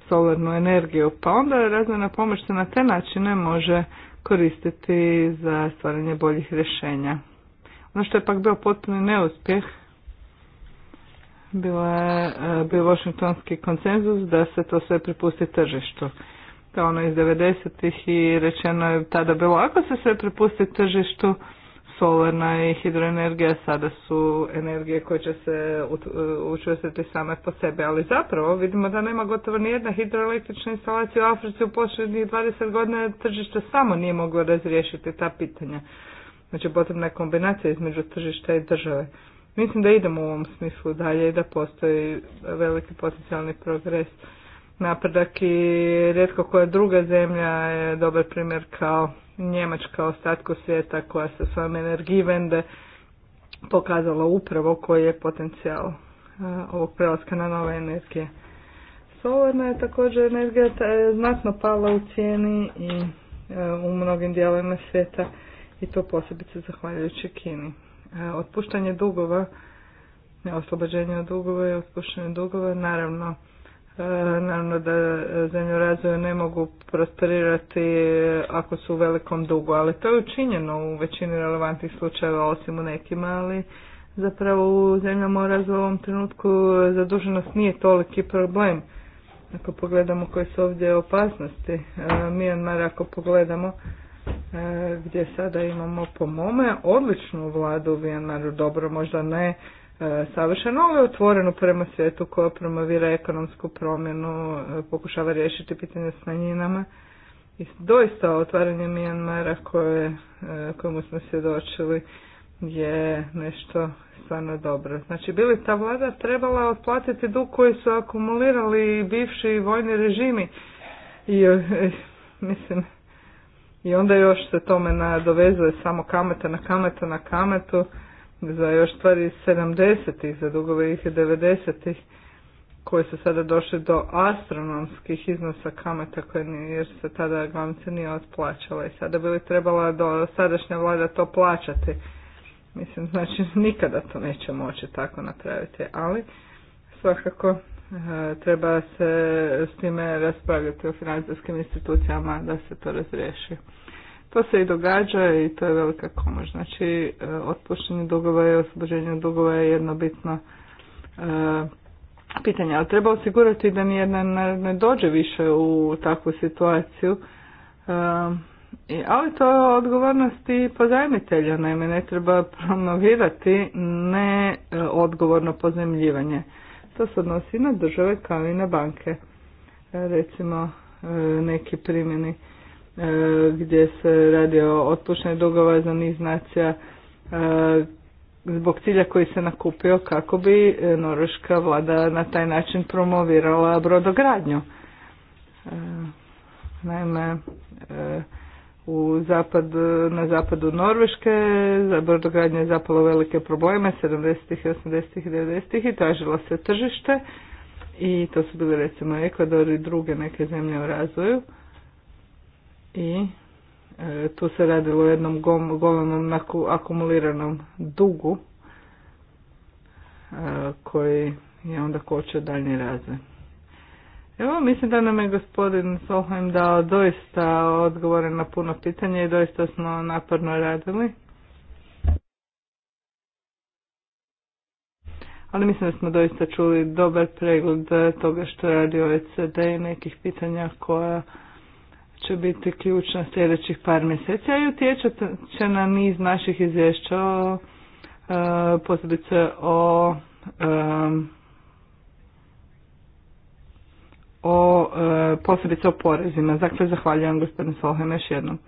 solarnu energiju. Pa onda razvojna pomoć se na te načine može koristiti za stvaranje boljih rješenja. Ono što je pak bio potpuni neuspjeh bila je, e, bio Washingtonski konsenzus da se to sve prepusti tržištu. To ono iz 90 i rečeno je tada bilo ako se sve prepusti tržištu solarna i hidroenergija sada su energije koje će se e, učvrstiti same po sebe, ali zapravo vidimo da nema gotovo ni jedna hidroelektrična instalacija u Africi u posljednjih 20 godina tržište samo nije moglo razriješiti ta pitanja. Znači potrebna je kombinacija između tržišta i države. Mislim da idemo u ovom smislu dalje i da postoji veliki potencijalni progres napredak i rijetko koja druga zemlja je dobar primjer kao Njemačka ostatku svijeta koja se svojom energivende pokazala upravo koji je potencijal e, ovog prelaska na nove energije. Solarna je također energija znatno pala u cijeni i e, u mnogim dijelovima svijeta i to posebice zahvaljujući Kini. E, otpuštanje dugova, oslobađenje od dugova i otpuštanje dugova, naravno E, naravno da zemlju ne mogu prosperirati e, ako su u velikom dugu, ali to je učinjeno u većini relevantnih slučajeva, osim u nekima, ali zapravo u zemljama u u ovom trenutku zaduženost nije toliki problem. Ako pogledamo koje su ovdje opasnosti, e, Mijanmar ako pogledamo gdje sada imamo po mome odličnu vladu u Mijanmaru, dobro možda ne E, savršeno, ovo je otvoreno prema svijetu koja promovira ekonomsku promjenu, e, pokušava riješiti pitanje s manjinama. I doista otvaranje Mijanmara koje, e, kojemu smo svjedočili je nešto stvarno dobro. Znači, bili ta vlada trebala otplatiti dug koji su akumulirali bivši vojni režimi. I, mislim, i onda još se tome nadovezuje samo kamata na kamata na kamatu za još stvari 70-ih, za dugove ih 90-ih koji su sada došli do astronomskih iznosa kamata koje nije, jer se tada glavnica nije otplaćala i sada bi li trebala do sadašnja vlada to plaćati. Mislim, znači nikada to neće moći tako napraviti, ali svakako e, treba se s time raspravljati u financijskim institucijama da se to razriješi. To se i događa i to je velika komoć. Znači, e, otpuštenje dugova i oslobođenje dugova je jedno bitno e, pitanje. Ali treba osigurati da nijedna ne dođe više u takvu situaciju. E, ali to je odgovornost i pozajmitelja. Naime, ne treba promovirati neodgovorno pozemljivanje. To se odnosi na države kao i na banke. Recimo, neki primjeni E, gdje se radi o otpuštenju dugova za niz nacija e, zbog cilja koji se nakupio kako bi e, norveška vlada na taj način promovirala brodogradnju. Naime, u zapad, na zapadu Norveške za brodogradnje je zapalo velike probleme 70-ih, 80-ih, 90-ih i tražilo se tržište i to su bili recimo Ekvador i druge neke zemlje u razvoju i e, tu se radilo o jednom golemom akumuliranom dugu e, koji je onda kočio daljnji razvoj. Evo, mislim da nam je gospodin Solheim dao doista odgovore na puno pitanja i doista smo naporno radili. Ali mislim da smo doista čuli dobar pregled toga što radi OECD i nekih pitanja koja će biti ključna sljedećih par mjeseci, i utječe će na niz naših izvješća o e, posebice o e, o e, posebice o porezima. Dakle, zahvaljujem gospodinu Solheim još jednom.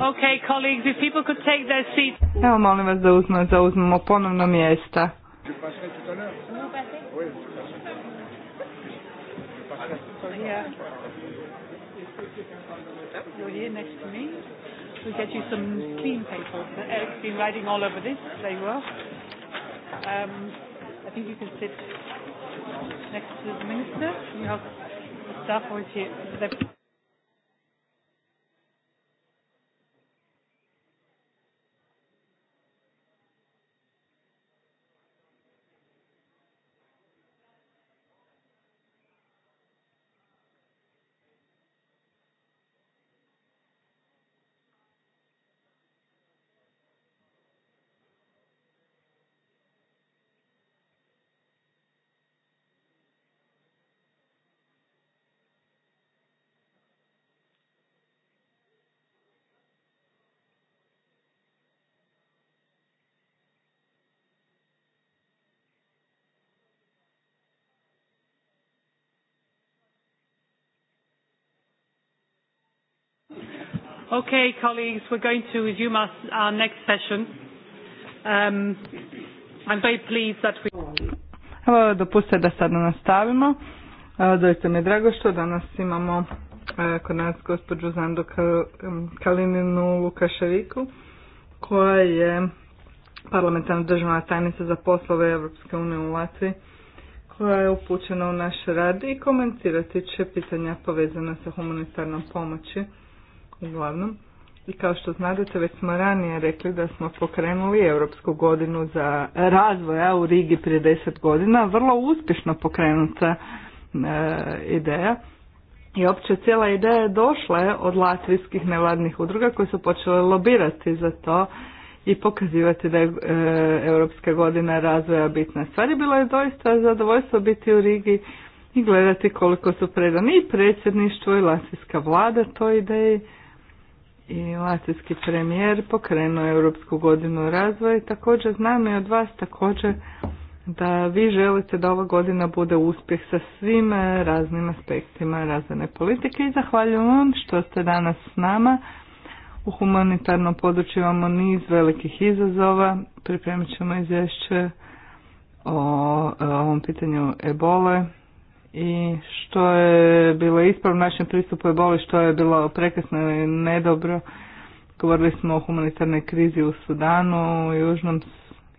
Okay, colleagues, if people could take their seats. Evo molim vas da da uzmemo ponovno mjesta. you some um, I think can sit next to the minister. You have Okay, colleagues, we're going to resume our, our next session. Um, I'm very pleased that we... Evo, dopustite da sada nastavimo. Doista mi je drago što danas imamo e, kod nas gospođu Zandu Kalininu Lukaševiku, koja je parlamentarna državna tajnica za poslove Evropske unije u Latviji, koja je upućena u naš rad i komentirati će pitanja povezana sa humanitarnom pomoći uglavnom. I kao što znate, već smo ranije rekli da smo pokrenuli Europsku godinu za razvoja u Rigi prije deset godina, vrlo uspješno pokrenuta e, ideja. I opće cijela ideja je došla e, od latvijskih nevladnih udruga koji su počele lobirati za to i pokazivati da je e, Europska godina razvoja bitna stvar. je bilo je doista zadovoljstvo biti u Rigi i gledati koliko su predani i predsjedništvo i latvijska vlada toj ideji i latvijski premijer pokrenuo Europsku godinu razvoja i također znam i od vas također da vi želite da ova godina bude uspjeh sa svim e, raznim aspektima razvojne politike i zahvaljujem vam što ste danas s nama. U humanitarnom području imamo niz velikih izazova, pripremit ćemo izvješće o e, ovom pitanju ebole, i što je bilo ispravno našem pristupu je boli, što je bilo prekasno i nedobro. Govorili smo o humanitarnoj krizi u Sudanu, u Južnom,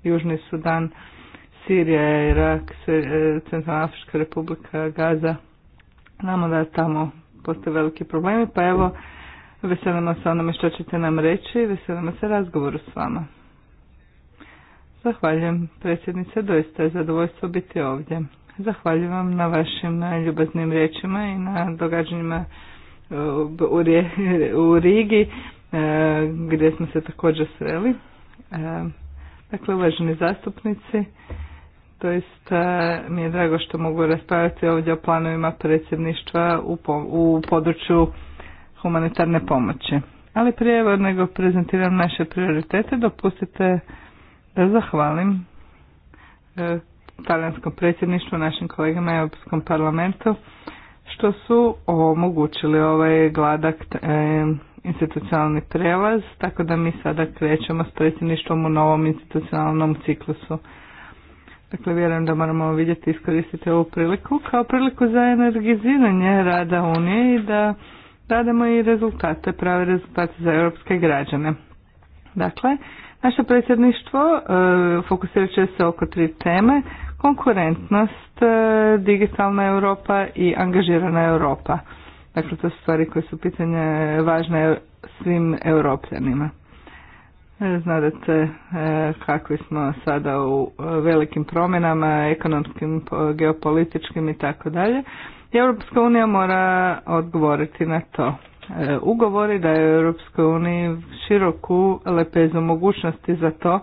Južni Sudan, Sirija, Irak, e, Centralna Afrička republika, Gaza. Znamo da tamo postoje veliki problemi, pa evo, veselimo se onome što ćete nam reći i veselimo se razgovoru s vama. Zahvaljujem, predsjednice, doista je zadovoljstvo biti ovdje. Zahvaljujem vam na vašim ljubaznim riječima i na događanjima uh, u Rigi uh, gdje smo se također sreli. Uh, dakle, uvaženi zastupnici, doista mi je drago što mogu raspravljati ovdje o planovima predsjedništva u području humanitarne pomoći. Ali prije nego prezentiram naše prioritete, dopustite da zahvalim talijanskom predsjedništvu, našim kolegama u Europskom parlamentu, što su omogućili ovaj gladak e, institucionalni prelaz, tako da mi sada krećemo s predsjedništvom u novom institucionalnom ciklusu. Dakle, vjerujem da moramo vidjeti i iskoristiti ovu priliku kao priliku za energiziranje rada Unije i da dademo i rezultate, prave rezultate za europske građane. Dakle, naše predsjedništvo e, fokusirat će se oko tri teme – konkurentnost, e, digitalna Europa i angažirana Europa. Dakle, to su stvari koje su pitanje važne svim europljanima. E, Znate e, kakvi smo sada u velikim promjenama, ekonomskim, geopolitičkim i tako dalje. Europska unija mora odgovoriti na to. Ugovori da je Europskoj uniji široku lepezu mogućnosti za to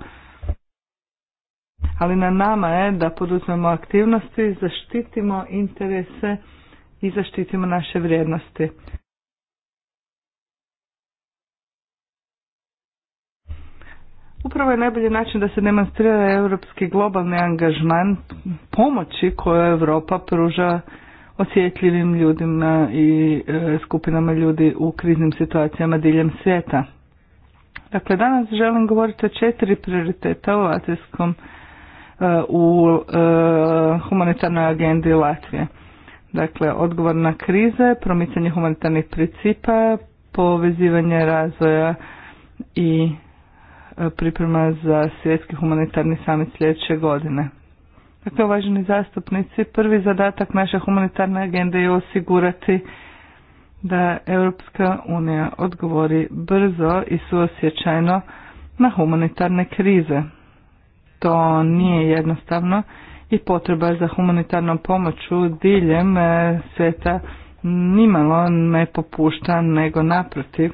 ali na nama je da poduzmemo aktivnosti, zaštitimo interese i zaštitimo naše vrijednosti. Upravo je najbolji način da se demonstrira europski globalni angažman pomoći koju Europa pruža osjetljivim ljudima i e, skupinama ljudi u kriznim situacijama diljem svijeta. Dakle, danas želim govoriti o četiri prioriteta u svijetu u e, humanitarnoj agendi Latvije. Dakle, odgovor na krize, promicanje humanitarnih principa, povezivanje razvoja i e, priprema za svjetski humanitarni samit sljedeće godine. Dakle, uvaženi zastupnici, prvi zadatak naše humanitarne agende je osigurati da Europska unija odgovori brzo i suosjećajno na humanitarne krize to nije jednostavno i potreba za humanitarnom pomoću diljem e, svijeta nimalo ne popušta nego naprotiv.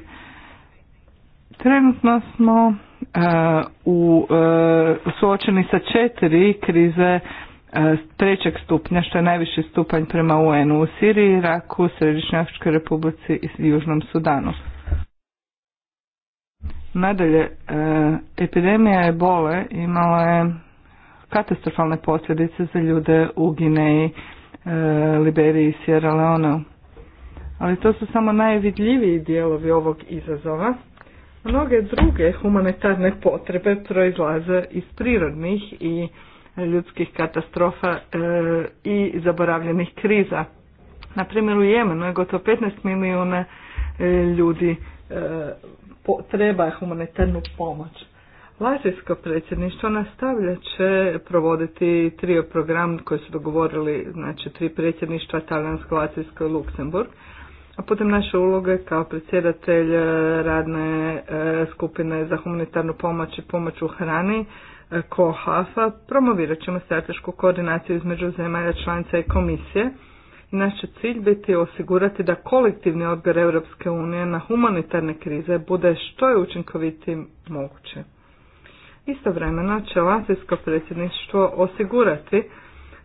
Trenutno smo e, u e, suočeni sa četiri krize trećeg stupnja, što je najviši stupanj prema UN-u u Siriji, Iraku, Središnjoj Afričkoj Republici i Južnom Sudanu. Nadalje, e, epidemija ebole imala je katastrofalne posljedice za ljude u Gineji, e, Liberiji i Sierra Leone. Ali to su samo najvidljiviji dijelovi ovog izazova. Mnoge druge humanitarne potrebe proizlaze iz prirodnih i ljudskih katastrofa e, i zaboravljenih kriza. Na primjer u Jemenu je gotovo 15 milijuna ljudi treba humanitarnu pomoć. Latvijsko predsjedništvo nastavlja će provoditi trio program koji su dogovorili, znači tri predsjedništva, Talijansko, Latvijsko i Luksemburg. A potom naše uloge kao predsjedatelj e, radne e, skupine za humanitarnu pomoć i pomoć u hrani e, KOHAFA promovirat ćemo stratešku koordinaciju između zemalja članica i komisije naš će cilj biti osigurati da kolektivni odgovor Europske unije na humanitarne krize bude što je učinkovitiji moguće. Istovremeno će latvijsko predsjedništvo osigurati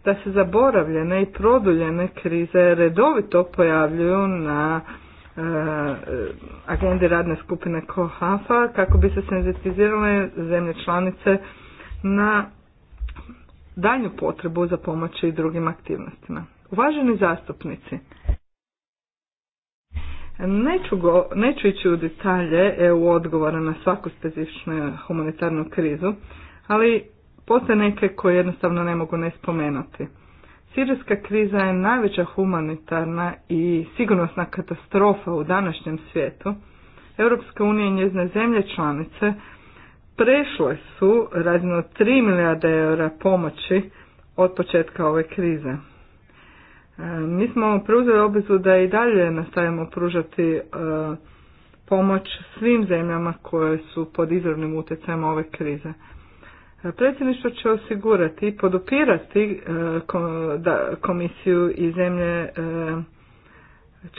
da se zaboravljene i produljene krize redovito pojavljuju na eh, agendi radne skupine Kohafa kako bi se senzitizirale zemlje članice na daljnju potrebu za pomoći i drugim aktivnostima. Uvaženi zastupnici, Neću, go, neću ići u detalje EU odgovora na svaku specifičnu humanitarnu krizu, ali postoje neke koje jednostavno ne mogu ne spomenuti. Sirijska kriza je najveća humanitarna i sigurnosna katastrofa u današnjem svijetu. Europska unija i njezne zemlje članice prešle su razino 3 milijarde eura pomoći od početka ove krize. E, mi smo preuzeli obvezu da i dalje nastavimo pružati e, pomoć svim zemljama koje su pod izravnim utjecajem ove krize. E, predsjedništvo će osigurati i podupirati komisiju i zemlje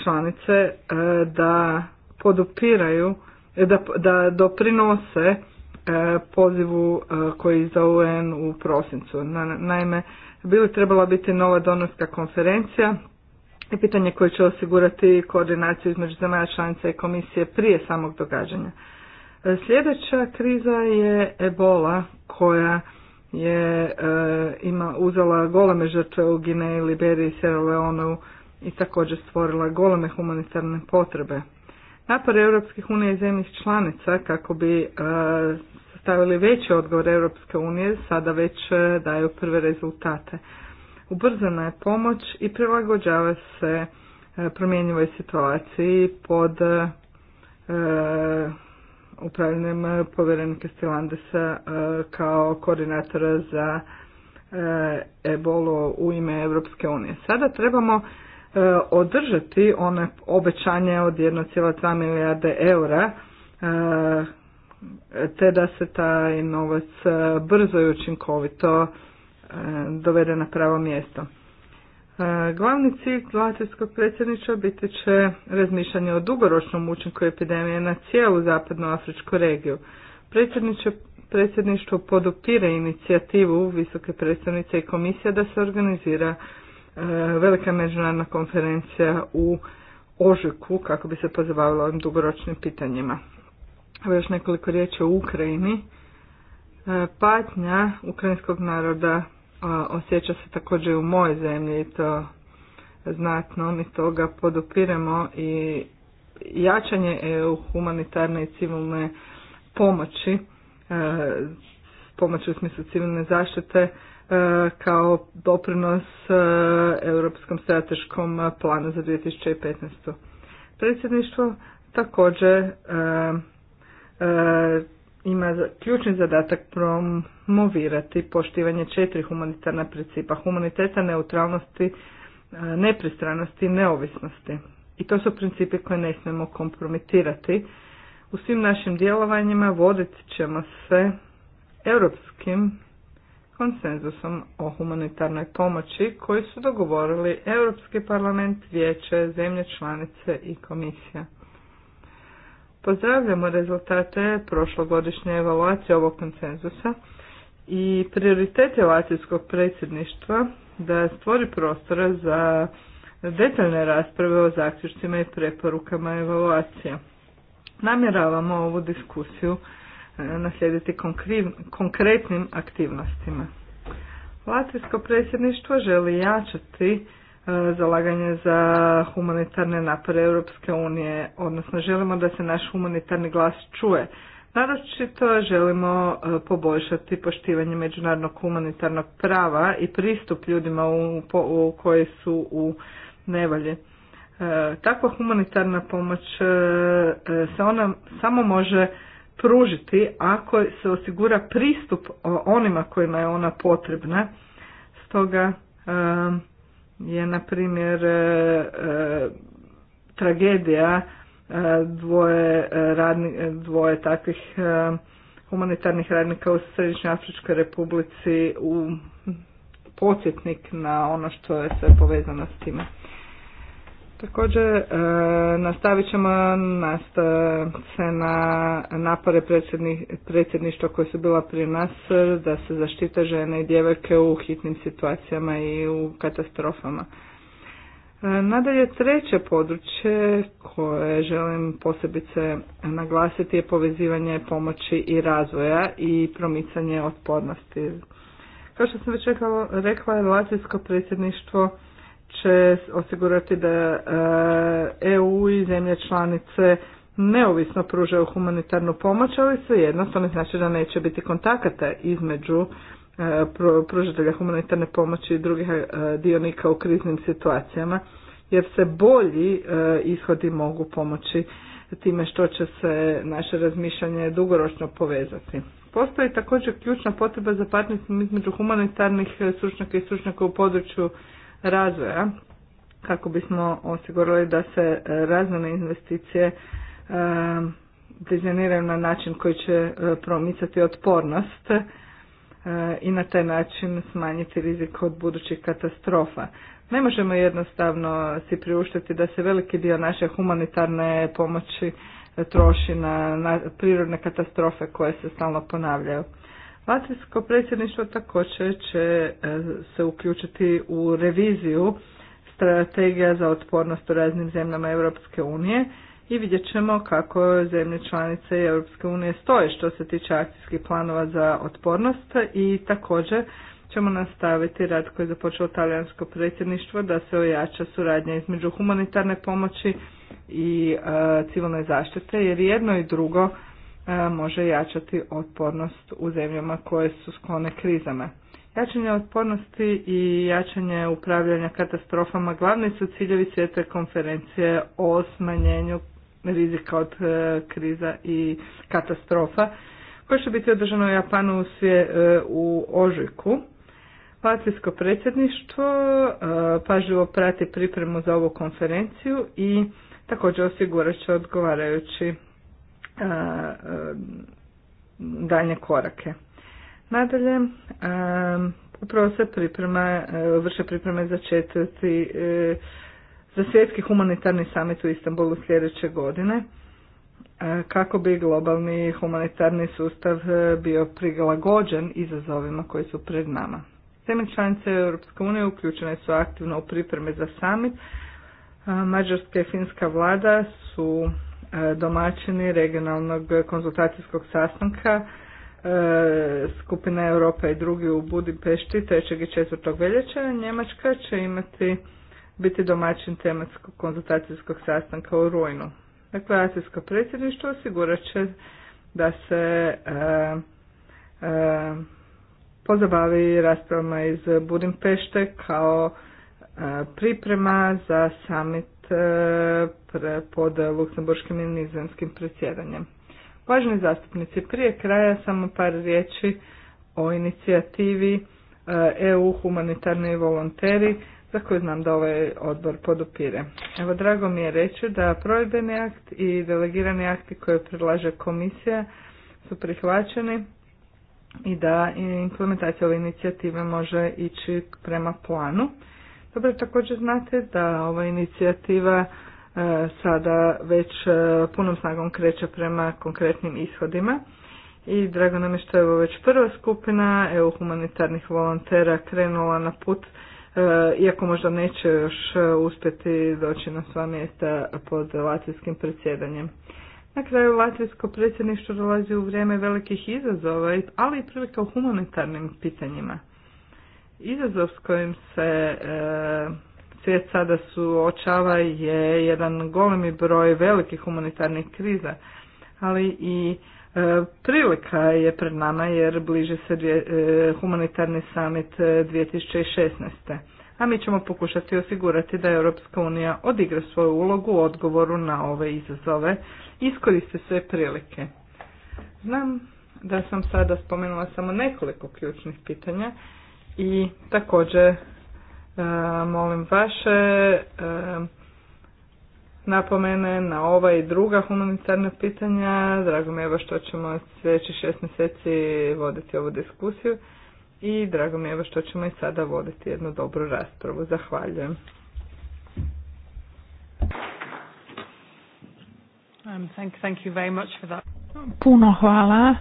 članice da podupiraju, da, doprinose pozivu koji za UN u prosincu. Naime, bili trebala biti nova donorska konferencija i pitanje koje će osigurati koordinaciju između zemalja članica i komisije prije samog događanja. E, sljedeća kriza je ebola koja je e, ima, uzela goleme žrtve u Gineji, Liberiji, Sierra Leoneu i također stvorila goleme humanitarne potrebe. Napor Europskih unija i zemljih članica kako bi e, stavili veći odgovor Europske unije, sada već e, daju prve rezultate. Ubrzana je pomoć i prilagođava se e, promjenjivoj situaciji pod e, upravljanjem povjerenike Stilandesa kao koordinatora za e, ebolo u ime Europske unije. Sada trebamo održati one obećanje od 1,2 milijarde eura te da se taj novac e, brzo i učinkovito e, dovede na pravo mjesto. E, glavni cilj latvijskog predsjedniča biti će razmišljanje o dugoročnom učinku epidemije na cijelu zapadnoafričku regiju. Predsjedniče predsjedništvo podupire inicijativu visoke predstavnice i komisija da se organizira velika međunarodna konferencija u ožujku kako bi se pozabavila ovim dugoročnim pitanjima. Evo još nekoliko riječi o Ukrajini. E, patnja ukrajinskog naroda e, osjeća se također i u mojoj zemlji i to znatno. Mi toga podupiremo i jačanje EU humanitarne i civilne pomoći, e, pomoći u smislu civilne zaštite kao doprinos Europskom strateškom planu za 2015. Predsjedništvo također E, ima ključni zadatak promovirati poštivanje četiri humanitarna principa humaniteta, neutralnosti, e, nepristranosti i neovisnosti. I to su principi koje ne smijemo kompromitirati. U svim našim djelovanjima vodit ćemo se europskim konsenzusom o humanitarnoj pomoći koji su dogovorili Europski parlament, vijeće, zemlje članice i komisija. Pozdravljamo rezultate prošlogodišnje evaluacije ovog konsenzusa i prioritete Latvijskog predsjedništva da stvori prostora za detaljne rasprave o zaključcima i preporukama evaluacije. Namjeravamo ovu diskusiju e, naslijediti konkretnim aktivnostima. Latvijsko predsjedništvo želi jačati E, zalaganje za humanitarne napore Europske unije, odnosno želimo da se naš humanitarni glas čuje. Naročito želimo e, poboljšati poštivanje međunarodnog humanitarnog prava i pristup ljudima u, koji su u nevalji. E, takva humanitarna pomoć se ona samo može pružiti ako se osigura pristup onima kojima je ona potrebna. Stoga je na primjer e, e, tragedija e, dvoje, radni, dvoje takvih humanitarnih radnika u Središnjoj Afričkoj republici u podsjetnik na ono što je sve povezano s time. Također e, nastavit ćemo se na napore predsjedništva koje su bila prije nas da se zaštite žene i djevojke u hitnim situacijama i u katastrofama. E, nadalje, treće područje koje želim posebice naglasiti je povezivanje pomoći i razvoja i promicanje otpornosti. Kao što sam već rekla, rekla je predsjedništvo će osigurati da EU e i zemlje članice neovisno pružaju humanitarnu pomoć, ali svejedno to znači da neće biti kontakata između e, pružatelja humanitarne pomoći i drugih e, dionika u kriznim situacijama, jer se bolji ishodi mogu pomoći time što će se naše razmišljanje dugoročno povezati. Postoji također ključna potreba za partnerstvo između humanitarnih stručnjaka i stručnjaka u području razvoja kako bismo osigurali da se razne investicije e, dizajniraju na način koji će e, promicati otpornost e, i na taj način smanjiti rizik od budućih katastrofa. Ne možemo jednostavno si priuštiti da se veliki dio naše humanitarne pomoći troši na prirodne katastrofe koje se stalno ponavljaju. Latvijsko predsjedništvo također će e, se uključiti u reviziju strategija za otpornost u raznim zemljama Europske unije i vidjet ćemo kako zemlje članice Europske unije stoje što se tiče akcijskih planova za otpornost i također ćemo nastaviti rad koji je započelo talijansko predsjedništvo da se ojača suradnja između humanitarne pomoći i e, civilne zaštite jer jedno i drugo E, može jačati otpornost u zemljama koje su sklone krizama. Jačanje otpornosti i jačanje upravljanja katastrofama glavni su ciljevi svijete konferencije o smanjenju rizika od e, kriza i katastrofa koje će biti održano u Japanu u, svije, e, u ožujku. Latvijsko predsjedništvo pažljivo prati pripremu za ovu konferenciju i također osigurat će odgovarajući daljne korake. Nadalje, upravo se priprema, vrše pripreme za četvrti e, za svjetski humanitarni samit u Istanbulu sljedeće godine kako bi globalni humanitarni sustav e, bio prilagođen izazovima koji su pred nama. Zemlje članice Europske unije uključene su aktivno u pripreme za summit. Mađarska i finska vlada su E, domaćini regionalnog konzultacijskog sastanka e, Skupina Europa i drugi u Budimpešti 3. i 4. veljače. Njemačka će imati biti domaćin tematskog konzultacijskog sastanka u rujnu. Dakle, Asijsko predsjedništvo osigurat će da se e, e, pozabavi raspravama iz Budimpešte kao e, priprema za summit pod luksemburškim i nizozemskim predsjedanjem. Važni zastupnici, prije kraja samo par riječi o inicijativi EU e humanitarni volonteri za koju znam da ovaj odbor podupire. Evo, drago mi je reći da provedbeni akt i delegirani akti koje predlaže komisija su prihvaćeni i da implementacija ove inicijative može ići prema planu. Dobro, također znate da ova inicijativa e, sada već e, punom snagom kreće prema konkretnim ishodima i drago nam je što je ovo već prva skupina EU humanitarnih volontera krenula na put e, iako možda neće još uspjeti doći na sva mjesta pod latvijskim predsjedanjem. Na kraju latvijsko predsjedništvo dolazi u vrijeme velikih izazova, ali i prilika u humanitarnim pitanjima. Izazov s kojim se e, svijet sada suočava je jedan golemi broj velikih humanitarnih kriza, ali i e, prilika je pred nama jer bliže se dvije, e, humanitarni summit 2016. E, A mi ćemo pokušati osigurati da Europska unija odigra svoju ulogu u odgovoru na ove izazove i iskoriste sve prilike. Znam da sam sada spomenula samo nekoliko ključnih pitanja, i također e, molim vaše e, napomene na ova i druga humanitarna pitanja. Drago mi je evo što ćemo sljedeći šest mjeseci voditi ovu diskusiju i drago mi je evo što ćemo i sada voditi jednu dobru raspravu. Zahvaljujem. Um, Puno hvala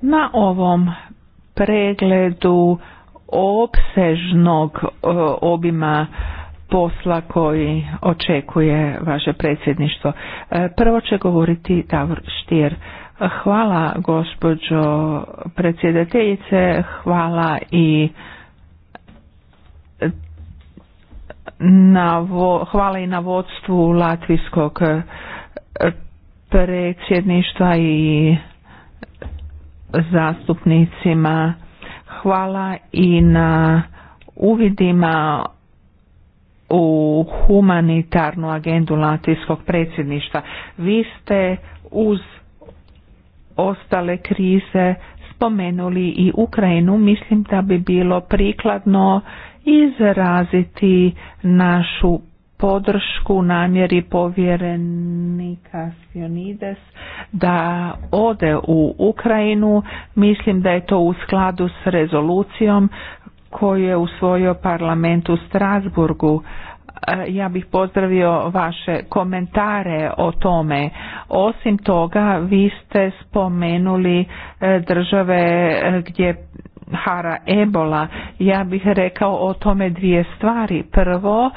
na ovom pregledu opsežnog e, obima posla koji očekuje vaše predsjedništvo. E, prvo će govoriti Davor Štier. Hvala gospođo predsjedateljice, hvala i na hvala i na vodstvu latvijskog e, predsjedništva i zastupnicima Hvala i na uvidima u humanitarnu agendu Latinskog predsjedništva. Vi ste uz ostale krize spomenuli i Ukrajinu, mislim da bi bilo prikladno izraziti našu podršku namjeri povjerenika Sionides da ode u Ukrajinu. Mislim da je to u skladu s rezolucijom koju je usvojio parlament u Strasburgu. E, ja bih pozdravio vaše komentare o tome. Osim toga, vi ste spomenuli e, države e, gdje hara ebola. Ja bih rekao o tome dvije stvari. Prvo,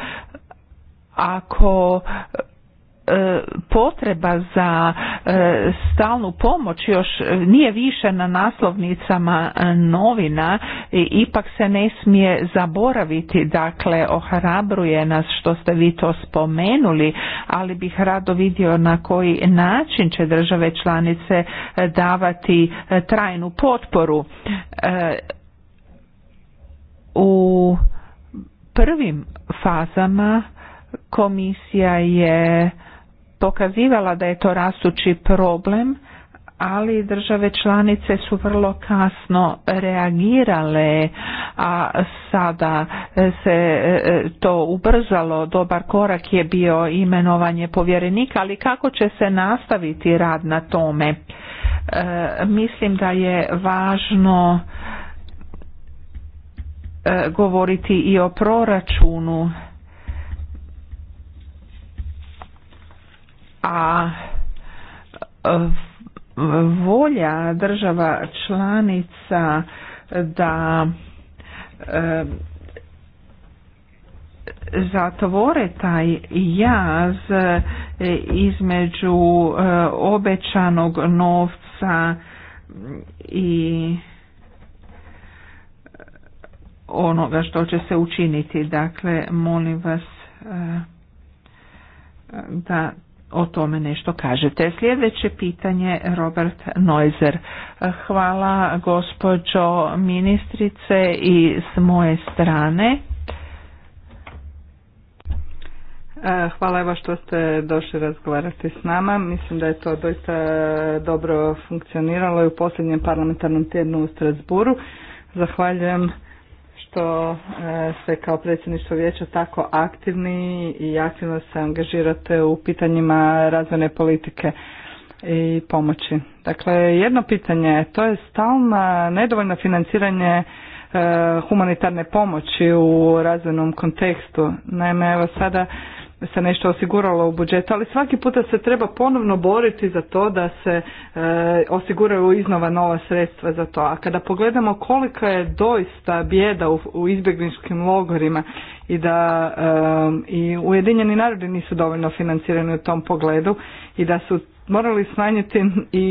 ako e, potreba za e, stalnu pomoć još nije više na naslovnicama e, novina ipak se ne smije zaboraviti dakle ohrabruje nas što ste vi to spomenuli ali bih rado vidio na koji način će države članice davati trajnu potporu u prvim fazama Komisija je pokazivala da je to rastući problem, ali države članice su vrlo kasno reagirale, a sada se e, to ubrzalo. Dobar korak je bio imenovanje povjerenika, ali kako će se nastaviti rad na tome? E, mislim da je važno e, govoriti i o proračunu a e, volja država članica da e, zatvore taj jaz između e, obećanog novca i onoga što će se učiniti. Dakle, molim vas da o tome nešto kažete. Sljedeće pitanje, Robert Neuser. Hvala gospođo ministrice i s moje strane. E, hvala evo što ste došli razgovarati s nama. Mislim da je to doista dobro funkcioniralo i u posljednjem parlamentarnom tjednu u Strasburu. Zahvaljujem što e, ste kao predsjedništvo vijeća tako aktivni i aktivno se angažirate u pitanjima razvojne politike i pomoći. Dakle, jedno pitanje, to je stalno nedovoljno financiranje e, humanitarne pomoći u razvojnom kontekstu. Naime, evo sada se nešto osiguralo u budžetu, ali svaki puta se treba ponovno boriti za to da se e, osiguraju iznova nova sredstva za to. A kada pogledamo kolika je doista bijeda u, u izbjegličkim logorima i da e, i Ujedinjeni narodi nisu dovoljno financirani u tom pogledu i da su morali smanjiti i,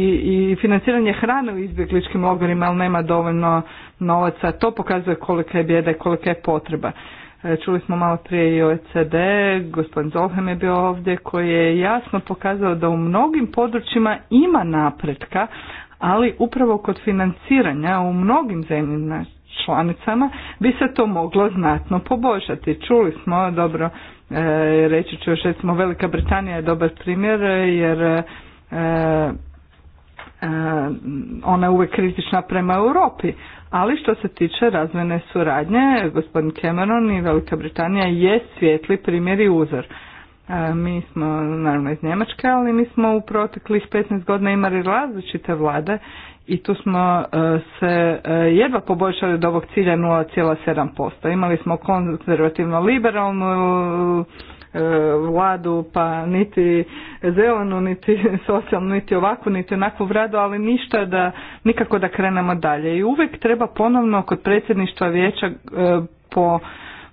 i financiranje hrane u izbjegličkim logorima, ali nema dovoljno novaca. To pokazuje kolika je bijeda i kolika je potreba. E, čuli smo malo prije i OECD, gospodin Zolhem je bio ovdje koji je jasno pokazao da u mnogim područjima ima napretka, ali upravo kod financiranja u mnogim zemljama članicama bi se to moglo znatno poboljšati. Čuli smo, dobro, e, reći ću još recimo Velika Britanija je dobar primjer jer e, E, ona je uvijek kritična prema Europi, ali što se tiče razvojne suradnje, gospodin Cameron i Velika Britanija je svijetli primjer i uzor. E, mi smo naravno iz Njemačke, ali mi smo u proteklih 15 godina imali različite vlade i tu smo e, se jedva poboljšali od ovog cilja 0,7%. Imali smo konzervativno liberalnu vladu, pa niti zelenu, niti socijalnu, niti ovakvu, niti onakvu vradu, ali ništa da, nikako da krenemo dalje. I uvijek treba ponovno kod predsjedništva vijeća e, po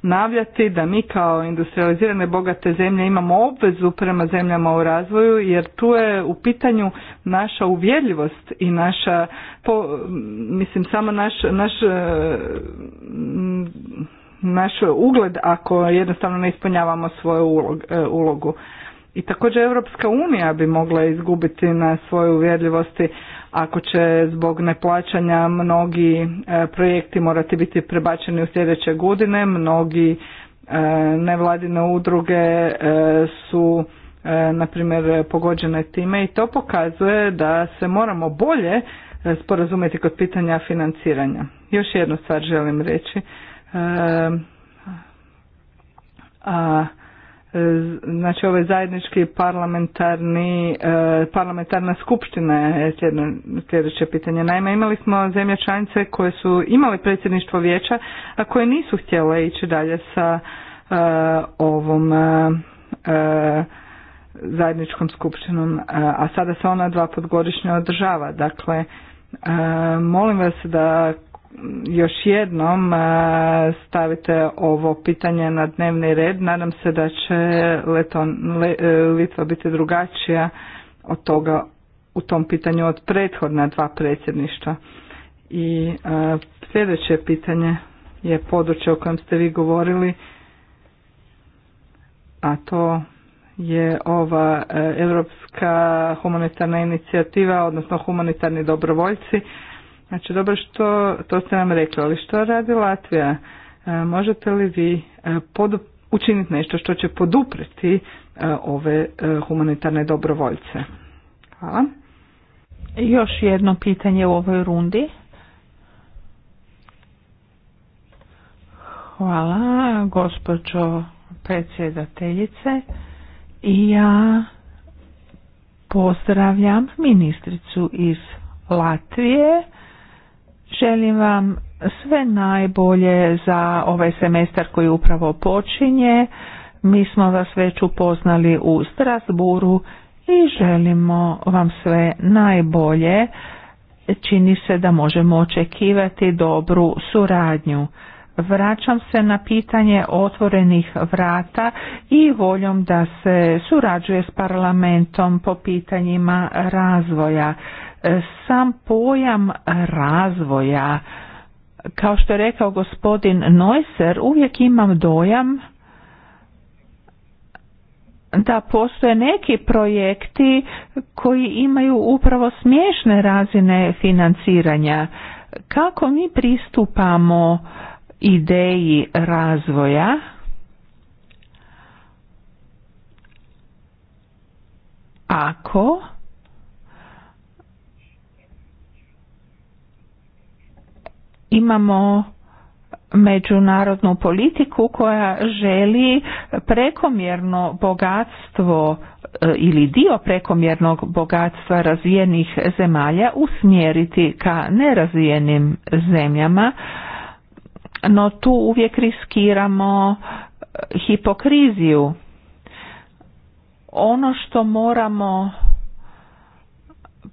navljati da mi kao industrializirane bogate zemlje imamo obvezu prema zemljama u razvoju jer tu je u pitanju naša uvjerljivost i naša po, mislim samo naš, naš e, naš ugled ako jednostavno ne ispunjavamo svoju e, ulogu. I također Europska unija bi mogla izgubiti na svojoj uvjerljivosti ako će zbog neplaćanja mnogi e, projekti morati biti prebačeni u sljedeće godine, mnogi e, nevladine udruge su na primjer pogođene time i to pokazuje da se moramo bolje sporazumjeti kod pitanja financiranja. Još jednu stvar želim reći a e, znači ovaj zajednički parlamentarni e, parlamentarna skupština je sljedeće pitanje. Naime, imali smo zemlje članice koje su imale predsjedništvo vijeća, a koje nisu htjele ići dalje sa e, ovom zajedničkom skupštinom, a sada se ona dva godišnje održava. Dakle, molim vas da još jednom stavite ovo pitanje na dnevni red. Nadam se da će Leton, e, Litva biti drugačija od toga u tom pitanju od prethodna dva predsjedništva. I sljedeće pitanje je područje o kojem ste vi govorili, a to je ova e, Europska humanitarna inicijativa, odnosno humanitarni dobrovoljci Znači, dobro što, to ste nam rekli, ali što radi Latvija? E, možete li vi e, učinit učiniti nešto što će podupreti e, ove humanitarne dobrovoljce? Hvala. Još jedno pitanje u ovoj rundi. Hvala, gospođo predsjedateljice. I ja pozdravljam ministricu iz Latvije Želim vam sve najbolje za ovaj semestar koji upravo počinje. Mi smo vas već upoznali u Strasburu i želimo vam sve najbolje. Čini se da možemo očekivati dobru suradnju. Vraćam se na pitanje otvorenih vrata i voljom da se surađuje s parlamentom po pitanjima razvoja. E, sam pojam razvoja, kao što je rekao gospodin Neusser, uvijek imam dojam da postoje neki projekti koji imaju upravo smiješne razine financiranja. Kako mi pristupamo ideji razvoja? Ako imamo međunarodnu politiku koja želi prekomjerno bogatstvo e, ili dio prekomjernog bogatstva razvijenih zemalja usmjeriti ka nerazvijenim zemljama, no tu uvijek riskiramo e, hipokriziju. Ono što moramo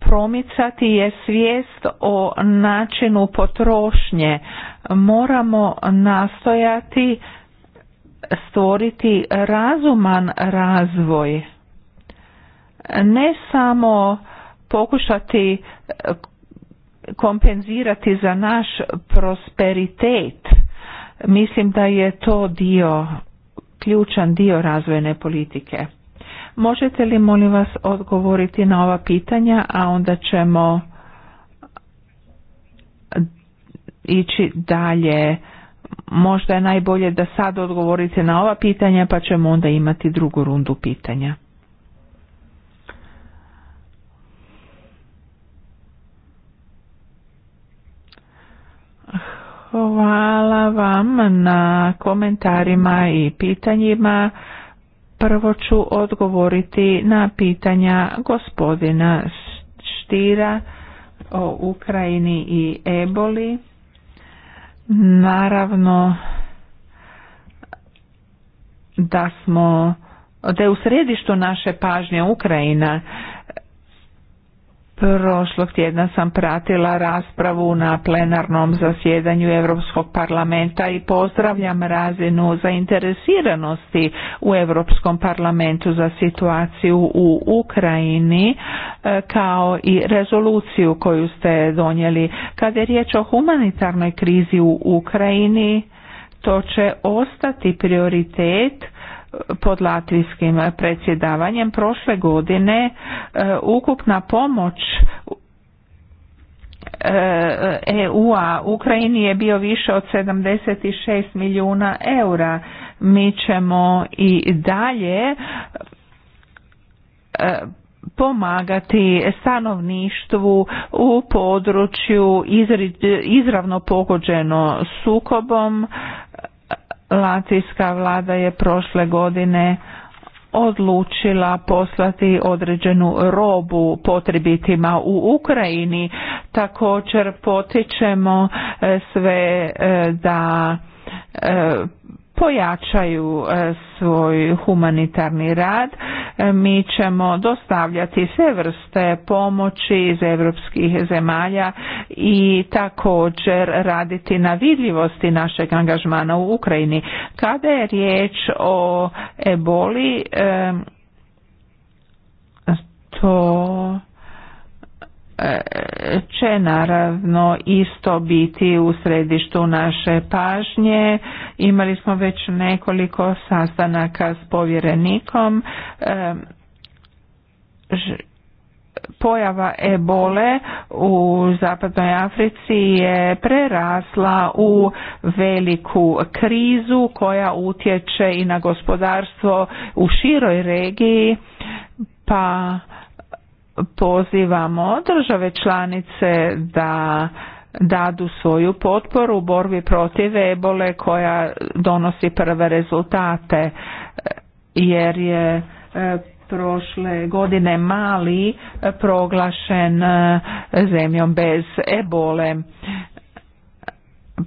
promicati je svijest o načinu potrošnje. Moramo nastojati stvoriti razuman razvoj. Ne samo pokušati eh, kompenzirati za naš prosperitet. Mislim da je to dio ključan dio razvojne politike. Možete li molim vas odgovoriti na ova pitanja, a onda ćemo ići dalje. Možda je najbolje da sad odgovorite na ova pitanja, pa ćemo onda imati drugu rundu pitanja. Hvala vam na komentarima i pitanjima. Prvo ću odgovoriti na pitanja gospodina Štira o Ukrajini i Eboli. Naravno da smo da je u središtu naše pažnje Ukrajina Prošlog tjedna sam pratila raspravu na plenarnom zasjedanju Europskog parlamenta i pozdravljam razinu zainteresiranosti u Europskom parlamentu za situaciju u Ukrajini e, kao i rezoluciju koju ste donijeli. Kad je riječ o humanitarnoj krizi u Ukrajini, to će ostati prioritet pod latvijskim predsjedavanjem prošle godine e, ukupna pomoć EU-a e Ukrajini je bio više od 76 milijuna eura. Mi ćemo i dalje e, pomagati stanovništvu u području izravno pogođeno sukobom Latvijska vlada je prošle godine odlučila poslati određenu robu potrebitima u Ukrajini. Također potičemo e, sve e, da e, pojačaju e, svoj humanitarni rad. E, mi ćemo dostavljati sve vrste pomoći iz europskih zemalja i također raditi na vidljivosti našeg angažmana u Ukrajini. Kada je riječ o eboli, e, to će naravno isto biti u središtu naše pažnje. Imali smo već nekoliko sastanaka s povjerenikom. Pojava ebole u zapadnoj Africi je prerasla u veliku krizu koja utječe i na gospodarstvo u široj regiji, pa pozivamo države članice da dadu svoju potporu u borbi protiv ebole koja donosi prve rezultate e, jer je e, prošle godine Mali proglašen e, zemljom bez ebole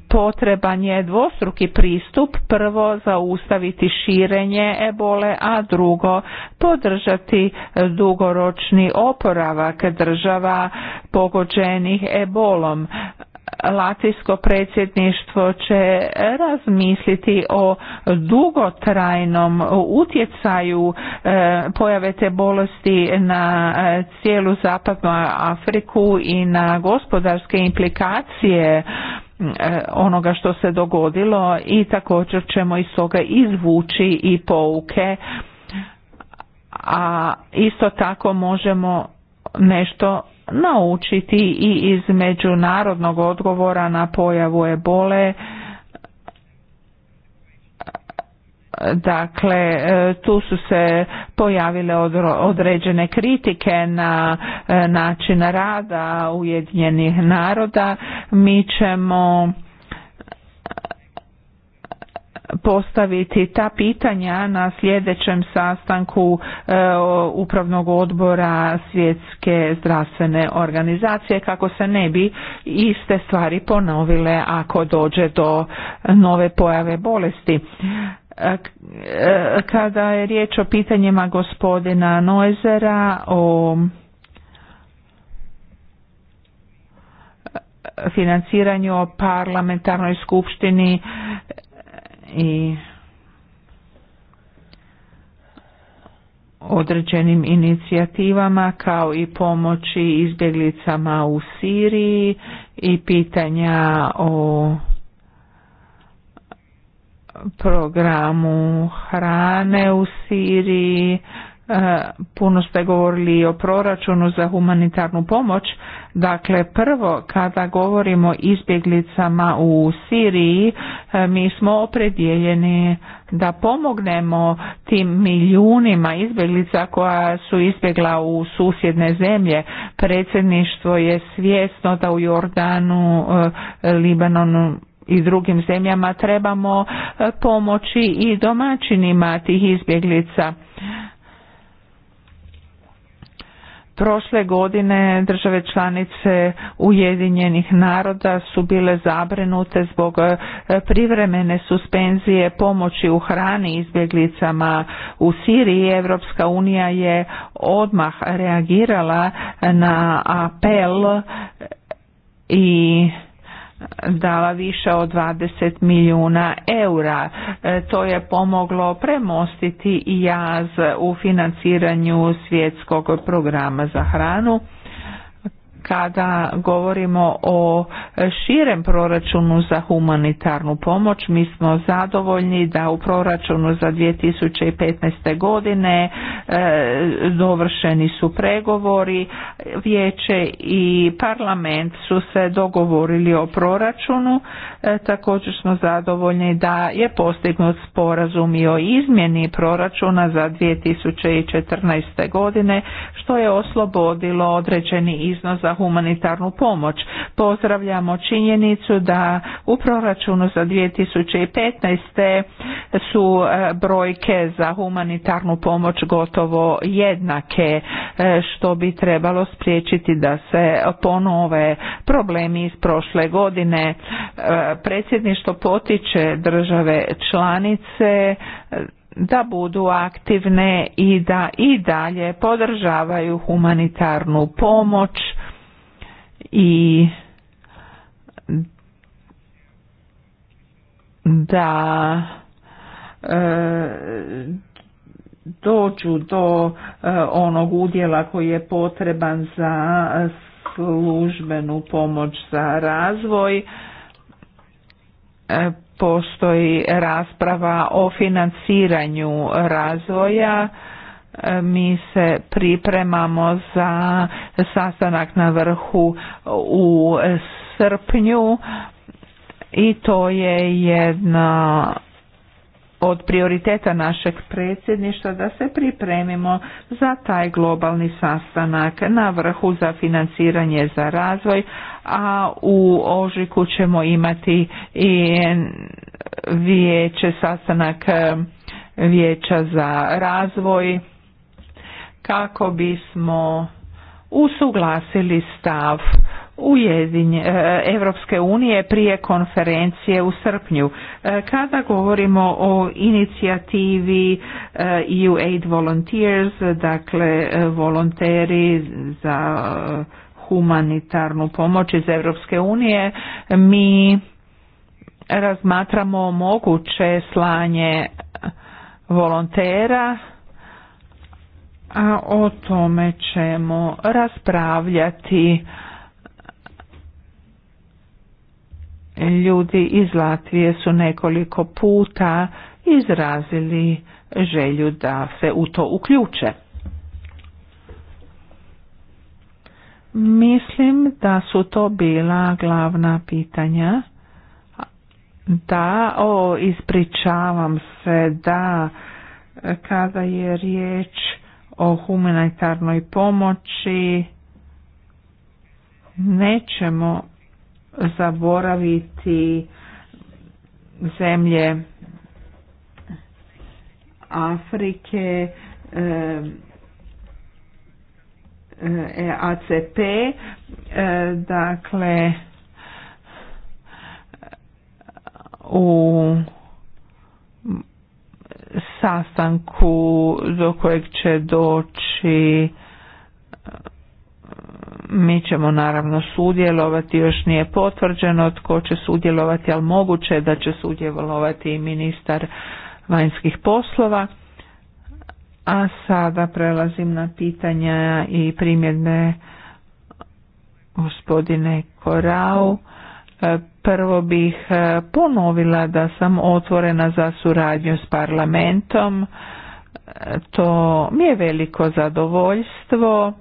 potreban je dvostruki pristup, prvo zaustaviti širenje ebole, a drugo podržati dugoročni oporavak država pogođenih ebolom. Latvijsko predsjedništvo će razmisliti o dugotrajnom utjecaju e, pojave te bolesti na e, cijelu zapadnu Afriku i na gospodarske implikacije Eh, onoga što se dogodilo i također ćemo iz toga izvući i pouke, a isto tako možemo nešto naučiti i iz međunarodnog odgovora na pojavu ebole, Dakle, e, tu su se pojavile određene kritike na e, način rada Ujedinjenih naroda. Mi ćemo e, postaviti ta pitanja na sljedećem sastanku upravnog odbora svjetske zdravstvene organizacije kako se ne bi iste stvari ponovile ako dođe do nove pojave bolesti E, kada je riječ o pitanjima gospodina Noezera, o e, financiranju o parlamentarnoj skupštini i određenim inicijativama kao i pomoći izbjeglicama u Siriji i pitanja o programu hrane u Siriji, e, puno ste govorili o proračunu za humanitarnu pomoć. Dakle, prvo kada govorimo izbjeglicama u Siriji, e, mi smo opredijeljeni da pomognemo tim milijunima izbjeglica koja su izbjegla u susjedne zemlje. Predsjedništvo je svjesno da u Jordanu, e, Libanonu, i drugim zemljama trebamo e, pomoći i domaćinima tih izbjeglica. Prošle godine države članice Ujedinjenih naroda su bile zabrinute zbog e, privremene suspenzije pomoći u hrani izbjeglicama u Siriji. Evropska unija je odmah reagirala na apel i dala više od 20 milijuna eura. E, to je pomoglo premostiti jaz u financiranju svjetskog programa za hranu kada govorimo o širem proračunu za humanitarnu pomoć, mi smo zadovoljni da u proračunu za 2015. godine e, dovršeni su pregovori, vijeće i parlament su se dogovorili o proračunu, e, također smo zadovoljni da je postignut sporazum i o izmjeni proračuna za 2014. godine, što je oslobodilo određeni iznos humanitarnu pomoć. Pozdravljamo činjenicu da u proračunu za 2015. su e, brojke za humanitarnu pomoć gotovo jednake e, što bi trebalo spriječiti da se ponove problemi iz prošle godine. E, predsjedništvo potiče države članice da budu aktivne i da i dalje podržavaju humanitarnu pomoć i da e, dođu do e, onog udjela koji je potreban za službenu pomoć za razvoj e, postoji rasprava o financiranju razvoja mi se pripremamo za sastanak na vrhu u srpnju i to je jedna od prioriteta našeg predsjedništva da se pripremimo za taj globalni sastanak na vrhu za financiranje za razvoj, a u ožiku ćemo imati i vijeće sastanak vijeća za razvoj kako bismo usuglasili stav Ujedinje, e, Evropske unije prije konferencije u srpnju. E, kada govorimo o inicijativi EU e Aid Volunteers, dakle volonteri za humanitarnu pomoć iz Evropske unije, mi razmatramo moguće slanje volontera a o tome ćemo raspravljati ljudi iz Latvije su nekoliko puta izrazili želju da se u to uključe. Mislim da su to bila glavna pitanja. Da, o, ispričavam se da kada je riječ o humanitarnoj pomoći nećemo zaboraviti zemlje Afrike e, ACP e, dakle u sastanku do kojeg će doći mi ćemo naravno sudjelovati, još nije potvrđeno tko će sudjelovati, ali moguće je da će sudjelovati i ministar vanjskih poslova. A sada prelazim na pitanja i primjedbe gospodine Korau. E, Prvo bih e, ponovila da sam otvorena za suradnju s parlamentom. E, to mi je veliko zadovoljstvo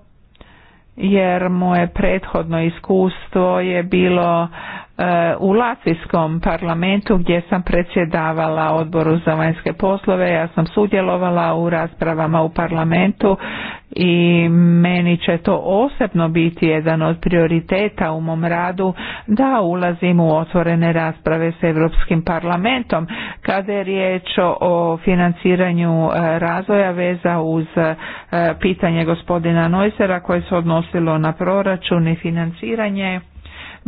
jer moje prethodno iskustvo je bilo E, u Latvijskom parlamentu gdje sam predsjedavala odboru za vanjske poslove, ja sam sudjelovala u raspravama u parlamentu i meni će to osobno biti jedan od prioriteta u mom radu da ulazim u otvorene rasprave s Europskim parlamentom. Kada je riječ o financiranju e, razvoja veza uz e, pitanje gospodina Neusera koje se odnosilo na proračun i financiranje,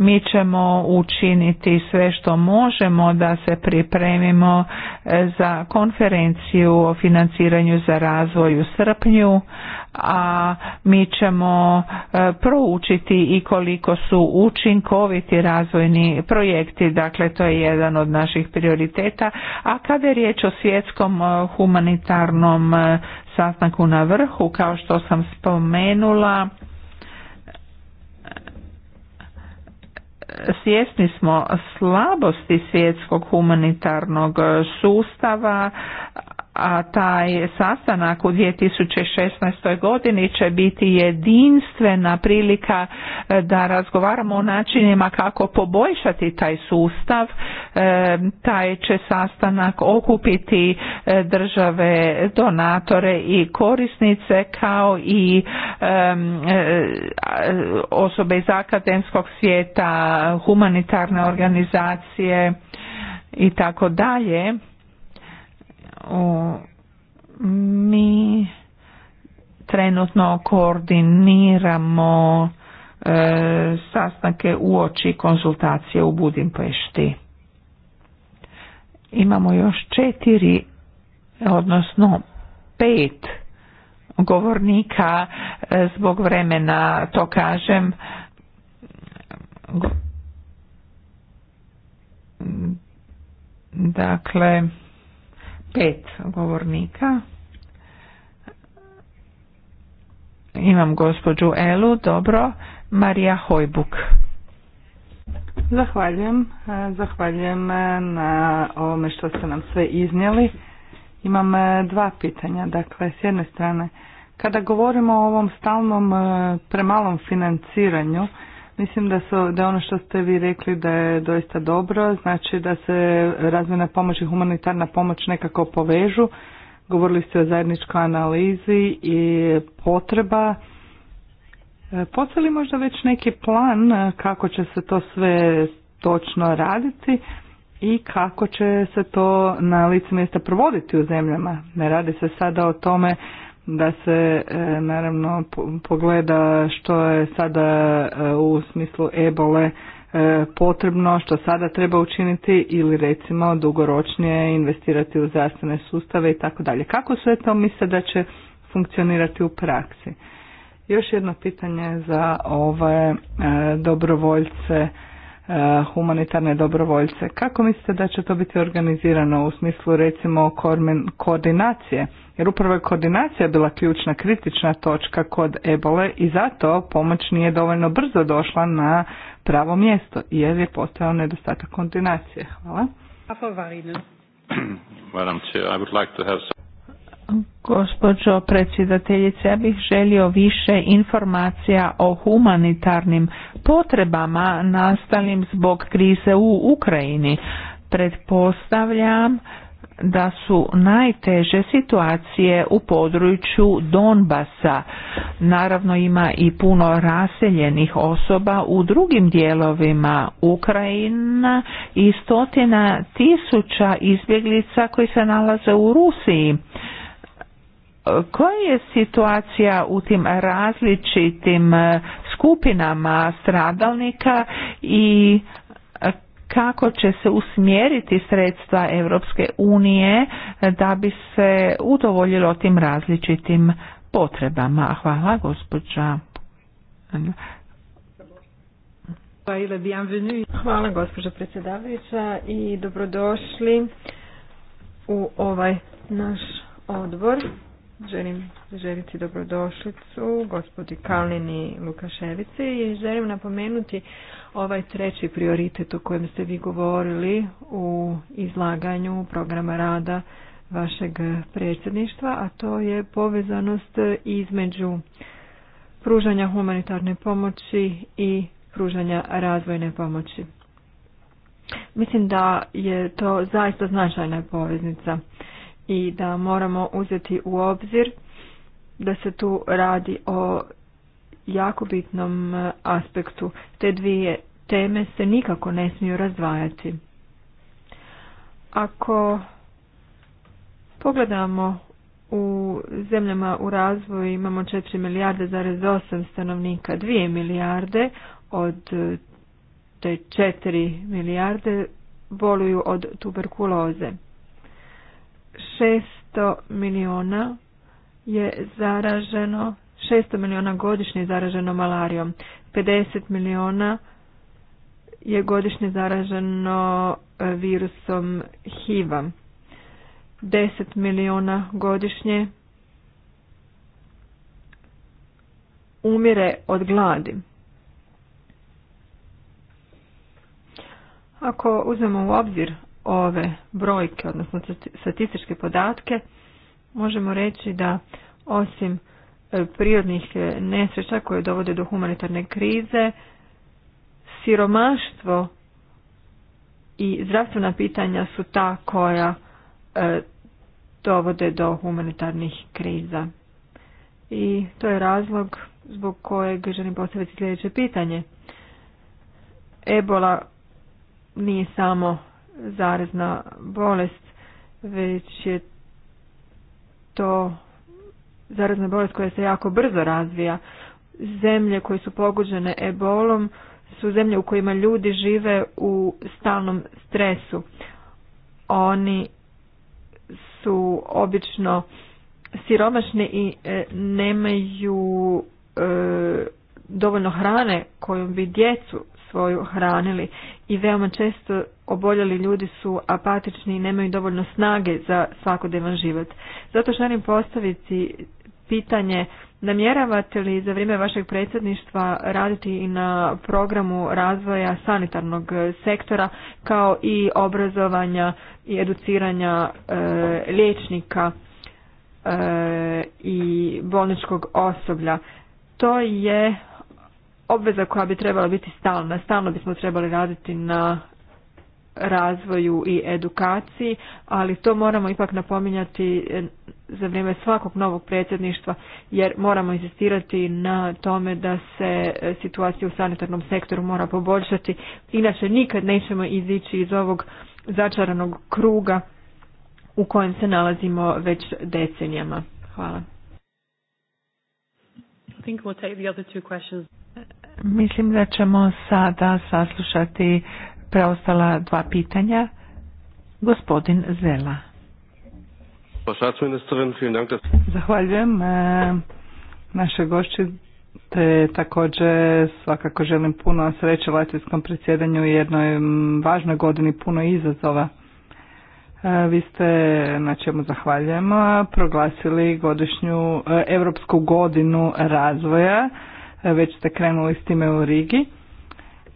mi ćemo učiniti sve što možemo da se pripremimo e, za konferenciju o financiranju za razvoj u srpnju, a mi ćemo e, proučiti i koliko su učinkoviti razvojni projekti, dakle to je jedan od naših prioriteta, a kada je riječ o svjetskom e, humanitarnom sastanku na vrhu, kao što sam spomenula, svjesni smo slabosti svjetskog humanitarnog sustava, a taj sastanak u 2016. godini će biti jedinstvena prilika e, da razgovaramo o načinima kako poboljšati taj sustav. E, taj će sastanak okupiti e, države, donatore i korisnice kao i osobe iz akademskog svijeta, humanitarne organizacije i tako dalje mi trenutno koordiniramo e, sastanke uoči konzultacije u Budimpešti. Imamo još četiri, odnosno pet govornika e, zbog vremena, to kažem. Dakle, pet govornika. Imam gospođu Elu, dobro, Marija Hojbuk. Zahvaljujem, e, zahvaljujem e, na ovome što ste nam sve iznijeli. Imam e, dva pitanja, dakle, s jedne strane, kada govorimo o ovom stalnom premalom financiranju, Mislim da, su, da ono što ste vi rekli da je doista dobro, znači da se razvojna pomoć i humanitarna pomoć nekako povežu. Govorili ste o zajedničkoj analizi i potreba. E, postoji li možda već neki plan e, kako će se to sve točno raditi i kako će se to na lice mjesta provoditi u zemljama? Ne radi se sada o tome da se e, naravno pogleda što je sada e, u smislu ebole e, potrebno, što sada treba učiniti ili recimo dugoročnije investirati u zdravstvene sustave i tako dalje. Kako sve to misle da će funkcionirati u praksi? Još jedno pitanje za ove dobrovoljce Eh, humanitarne dobrovoljce. Kako mislite da će to biti organizirano u smislu recimo koordinacije? Jer upravo je koordinacija bila ključna kritična točka kod ebole i zato pomoć nije dovoljno brzo došla na pravo mjesto jer je postojao nedostatak koordinacije. Hvala. Hvala. Gospođo predsjedateljice, ja bih želio više informacija o humanitarnim potrebama nastalim zbog krize u Ukrajini. Pretpostavljam da su najteže situacije u području Donbasa. Naravno ima i puno raseljenih osoba u drugim dijelovima Ukrajina i stotina tisuća izbjeglica koji se nalaze u Rusiji koja je situacija u tim različitim e, skupinama stradalnika i e, kako će se usmjeriti sredstva Europske unije e, da bi se udovoljilo tim različitim potrebama. Hvala gospođa. Hvala gospođo predsjedavajuća i dobrodošli u ovaj naš odbor. Želim želiti dobrodošlicu gospodi Kalini Lukaševici i želim napomenuti ovaj treći prioritet o kojem ste vi govorili u izlaganju programa rada vašeg predsjedništva, a to je povezanost između pružanja humanitarne pomoći i pružanja razvojne pomoći. Mislim da je to zaista značajna poveznica i da moramo uzeti u obzir da se tu radi o jako bitnom e, aspektu. Te dvije teme se nikako ne smiju razdvajati. Ako pogledamo u zemljama u razvoju imamo 4 milijarde zarez 8 stanovnika, 2 milijarde od e, te 4 milijarde boluju od tuberkuloze. 600 milijuna je zaraženo, 600 milijuna godišnje je zaraženo malarijom. 50 milijuna je godišnje zaraženo e, virusom HIV-a. 10 milijuna godišnje umire od gladi. Ako uzmemo u obzir ove brojke, odnosno statističke podatke, možemo reći da osim e, prirodnih e, nesreća koje dovode do humanitarne krize, siromaštvo i zdravstvena pitanja su ta koja e, dovode do humanitarnih kriza. I to je razlog zbog kojeg želim postaviti sljedeće pitanje. Ebola nije samo zarazna bolest, već je to zarazna bolest koja se jako brzo razvija. Zemlje koje su pogođene ebolom su zemlje u kojima ljudi žive u stalnom stresu. Oni su obično siromašni i e, nemaju e, dovoljno hrane kojom bi djecu svoju hranili i veoma često oboljeli ljudi su apatični i nemaju dovoljno snage za svakodnevan život. Zato želim postaviti pitanje namjeravate li za vrijeme vašeg predsjedništva raditi i na programu razvoja sanitarnog sektora kao i obrazovanja i educiranja e, liječnika e, i bolničkog osoblja to je obveza koja bi trebala biti stalna. Stalno bismo trebali raditi na razvoju i edukaciji, ali to moramo ipak napominjati e, za vrijeme svakog novog predsjedništva, jer moramo insistirati na tome da se e, situacija u sanitarnom sektoru mora poboljšati, inače nikad nećemo izići iz ovog začaranog kruga u kojem se nalazimo već decenijama. Hvala. I think Mislim da ćemo sada saslušati preostala dva pitanja. Gospodin Zela. Zahvaljujem e, naše gošće te također svakako želim puno sreće latvijskom predsjedanju i jednoj važnoj godini puno izazova. E, vi ste, na čemu zahvaljujemo, proglasili godišnju Europsku godinu razvoja već ste krenuli s time u Rigi.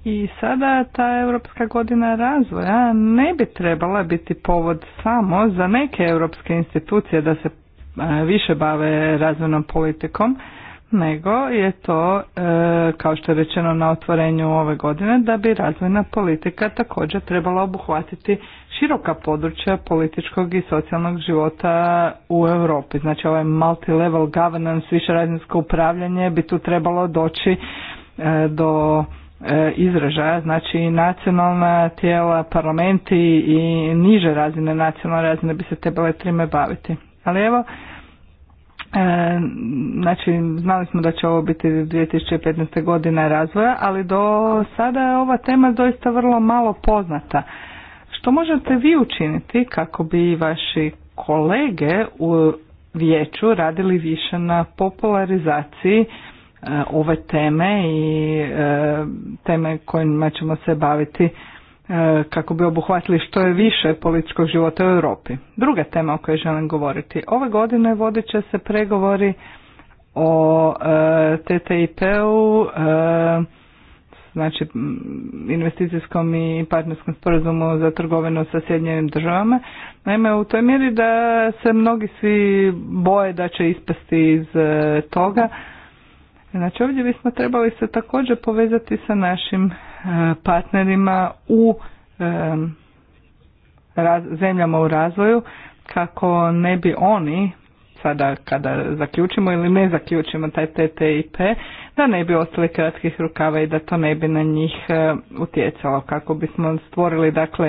I sada ta Europska godina razvoja ne bi trebala biti povod samo za neke europske institucije da se e, više bave razvojnom politikom, nego je to, e, kao što je rečeno na otvorenju ove godine, da bi razvojna politika također trebala obuhvatiti široka područja političkog i socijalnog života u Europi. Znači ovaj multi-level governance, višerazinsko upravljanje bi tu trebalo doći e, do e, izražaja, znači nacionalna tijela, parlamenti i niže razine, nacionalne razine bi se trebale trime baviti. Ali evo, e, znači, znali smo da će ovo biti 2015. godina razvoja, ali do sada je ova tema doista vrlo malo poznata. Što pa možete vi učiniti kako bi vaši kolege u vijeću radili više na popularizaciji e, ove teme i e, teme kojima ćemo se baviti e, kako bi obuhvatili što je više političkog života u Europi. Druga tema o kojoj želim govoriti. Ove godine vodit će se pregovori o TTIP-u znači investicijskom i partnerskom sporazumu za trgovinu sa Sjedinjenim državama. Naime, u toj mjeri da se mnogi svi boje da će ispasti iz e, toga. Znači ovdje bismo trebali se također povezati sa našim e, partnerima u e, zemljama u razvoju kako ne bi oni sada kada zaključimo ili ne zaključimo taj TTIP, da ne bi ostali kratkih rukava i da to ne bi na njih e, utjecalo kako bismo stvorili dakle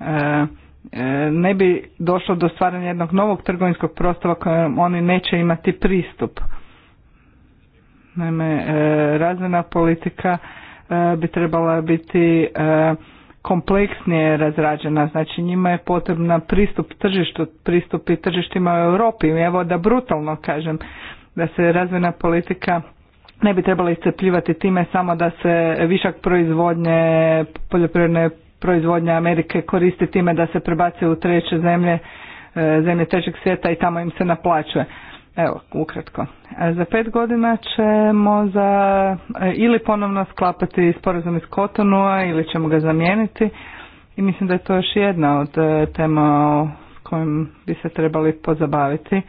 e, e, ne bi došlo do stvaranja jednog novog trgovinskog prostora kojem oni neće imati pristup. Naime, razvojna politika bi trebala biti kompleksnije razrađena, znači njima je potrebna pristup tržištu, pristup i tržištima u Europi. Evo da brutalno kažem da se razvojna politika ne bi trebala iscrpljivati time samo da se višak proizvodnje, poljoprivredne proizvodnje Amerike koristi time da se prebace u treće zemlje, e, zemlje trećeg svijeta i tamo im se naplaćuje. Evo, ukratko. E, za pet godina ćemo za, e, ili ponovno sklapati sporazum iz Kotonua ili ćemo ga zamijeniti i mislim da je to još jedna od e, tema o kojim bi se trebali pozabaviti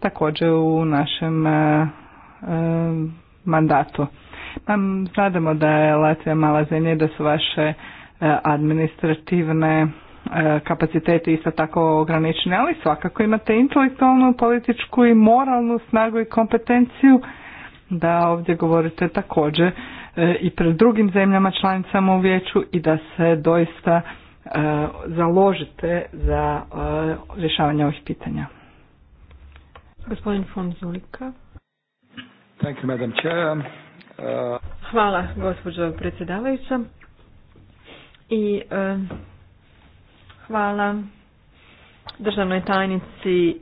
također u našem e, mandatu. Pa, znademo da je Latvija mala zemlja da su vaše administrativne E, kapacitete isto tako ograničene, ali svakako imate intelektualnu, političku i moralnu snagu i kompetenciju da ovdje govorite također e, i pred drugim zemljama članicama u vijeću i da se doista e, založite za rješavanje ovih pitanja. Gospodin Madam Chair. Hvala, gospođo predsjedavajuća. I Hvala državnoj tajnici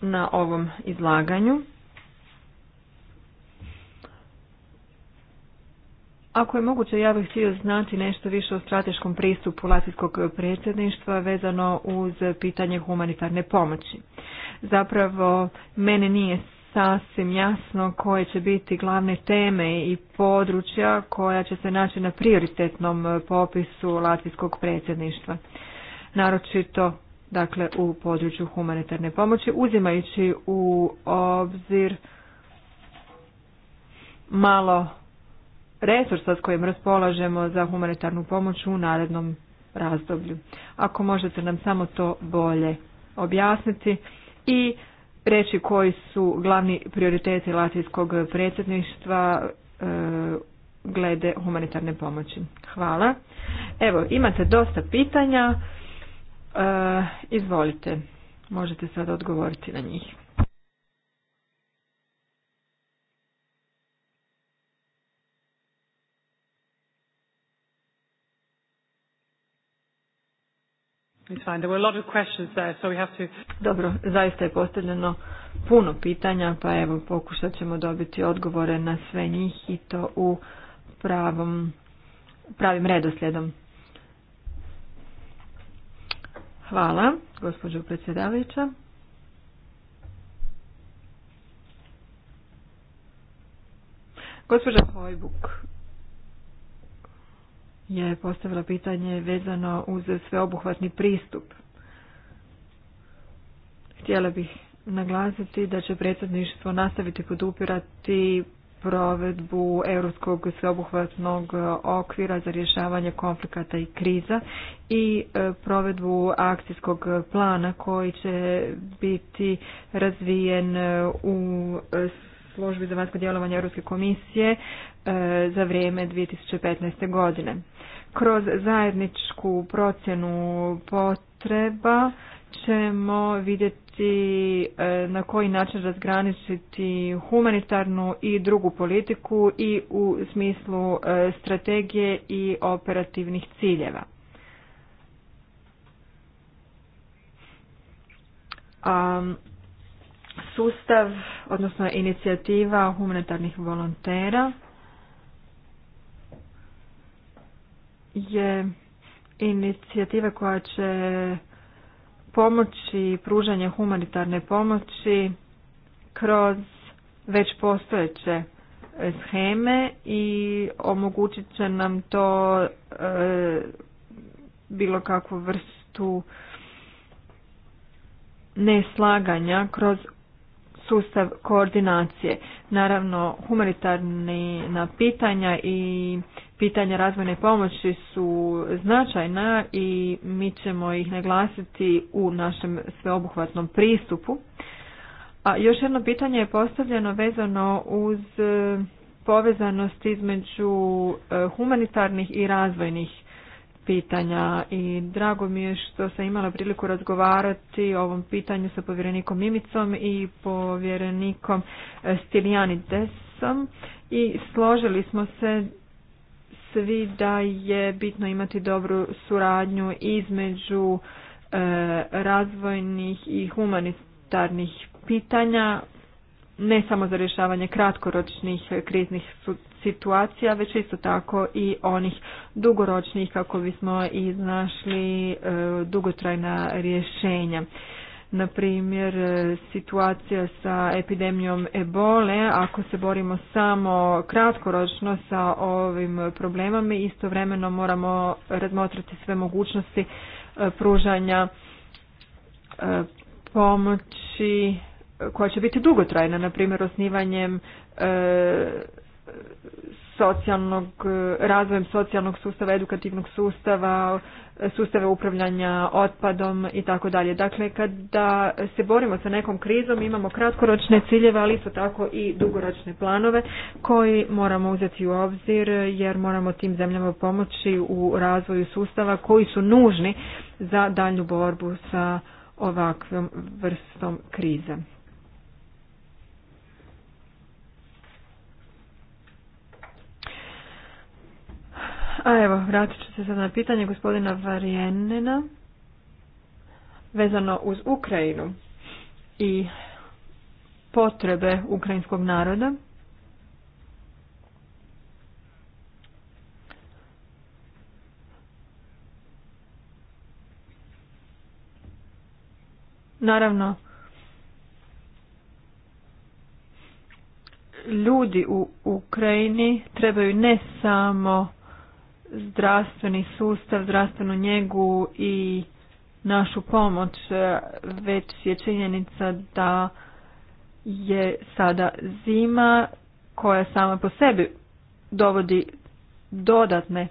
na ovom izlaganju. Ako je moguće, ja bih htio znati nešto više o strateškom pristupu Latvijskog predsjedništva vezano uz pitanje humanitarne pomoći. Zapravo, mene nije sasvim jasno koje će biti glavne teme i područja koja će se naći na prioritetnom popisu Latvijskog predsjedništva naročito dakle u području humanitarne pomoći uzimajući u obzir malo resursa s kojim raspolažemo za humanitarnu pomoć u narednom razdoblju. Ako možete nam samo to bolje objasniti i reći koji su glavni prioriteti latvijskog predsjedništva e, glede humanitarne pomoći. Hvala. Evo, imate dosta pitanja. E, izvolite, možete sad odgovoriti na njih. Dobro, zaista je postavljeno puno pitanja, pa evo pokušat ćemo dobiti odgovore na sve njih i to u pravom, pravim redoslijedom. Hvala, gospođo predsjedavajuća. Gospođa Hojbuk je postavila pitanje vezano uz sveobuhvatni pristup. Htjela bih naglasiti da će predsjedništvo nastaviti podupirati provedbu europskog sveobuhvatnog okvira za rješavanje konflikata i kriza i e, provedbu akcijskog plana koji će biti razvijen e, u e, službi za vanjsko djelovanje Europske komisije za vrijeme 2015. godine. Kroz zajedničku procjenu potreba ćemo vidjeti e, na koji način razgraničiti humanitarnu i drugu politiku i u smislu e, strategije i operativnih ciljeva. sustav, odnosno inicijativa humanitarnih volontera je inicijativa koja će pomoći pružanje humanitarne pomoći kroz već postojeće e, sheme i omogućit će nam to e, bilo kakvu vrstu neslaganja kroz sustav koordinacije. Naravno, humanitarna pitanja i pitanja razvojne pomoći su značajna i mi ćemo ih naglasiti u našem sveobuhvatnom pristupu. A još jedno pitanje je postavljeno vezano uz e, povezanost između e, humanitarnih i razvojnih pitanja i drago mi je što sam imala priliku razgovarati o ovom pitanju sa povjerenikom Mimicom i povjerenikom e, Stilijanidesom i složili smo se svi da je bitno imati dobru suradnju između e, razvojnih i humanitarnih pitanja, ne samo za rješavanje kratkoročnih kriznih situacija, već isto tako i onih dugoročnih kako bismo iznašli e, dugotrajna rješenja na primjer e, situacija sa epidemijom ebole, ako se borimo samo kratkoročno sa ovim problemom, istovremeno moramo razmotrati sve mogućnosti e, pružanja e, pomoći koja će biti dugotrajna, na primjer osnivanjem socijalnog, razvojem socijalnog sustava, edukativnog sustava, sustave upravljanja otpadom i tako dalje. Dakle, kada se borimo sa nekom krizom, imamo kratkoročne ciljeve, ali isto tako i dugoročne planove koji moramo uzeti u obzir jer moramo tim zemljama pomoći u razvoju sustava koji su nužni za daljnju borbu sa ovakvom vrstom krize. A evo, vratit ću se sad na pitanje gospodina Varijenena vezano uz Ukrajinu i potrebe ukrajinskog naroda. Naravno, ljudi u Ukrajini trebaju ne samo zdravstveni sustav, zdravstvenu njegu i našu pomoć, e, već je činjenica da je sada zima koja sama po sebi dovodi dodatne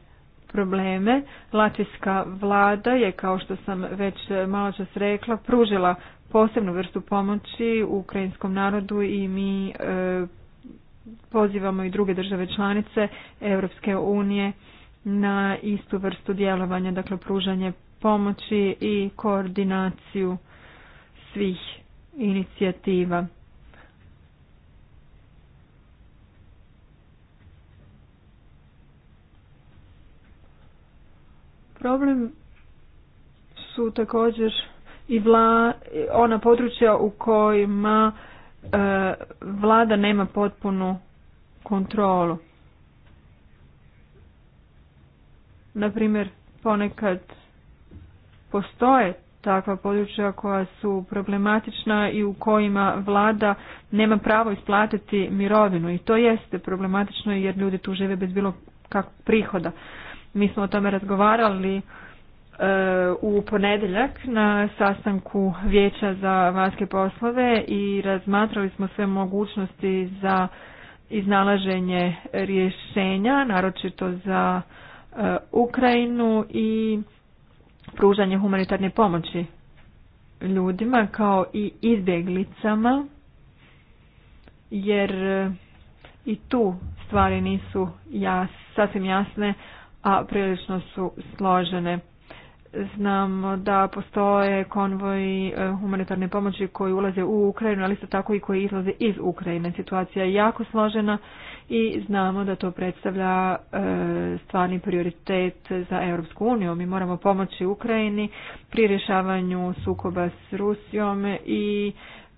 probleme. Latvijska vlada je, kao što sam već malo čas rekla, pružila posebnu vrstu pomoći ukrajinskom narodu i mi e, pozivamo i druge države članice Europske unije na istu vrstu djelovanja, dakle pružanje pomoći i koordinaciju svih inicijativa. Problem su također i vla, ona područja u kojima e, vlada nema potpunu kontrolu. na primjer ponekad postoje takva područja koja su problematična i u kojima vlada nema pravo isplatiti mirovinu i to jeste problematično jer ljudi tu žive bez bilo kakvog prihoda. Mi smo o tome razgovarali e, u ponedjeljak na sastanku Vijeća za vanjske poslove i razmatrali smo sve mogućnosti za iznalaženje rješenja, naročito za E, Ukrajinu i pružanje humanitarne pomoći ljudima kao i izbjeglicama jer e, i tu stvari nisu jas, sasvim jasne, a prilično su složene. Znamo da postoje konvoji e, humanitarne pomoći koji ulaze u Ukrajinu, ali isto tako i koji izlaze iz Ukrajine. Situacija je jako složena i znamo da to predstavlja e, stvarni prioritet za Europsku uniju. Mi moramo pomoći Ukrajini pri rješavanju sukoba s Rusijom i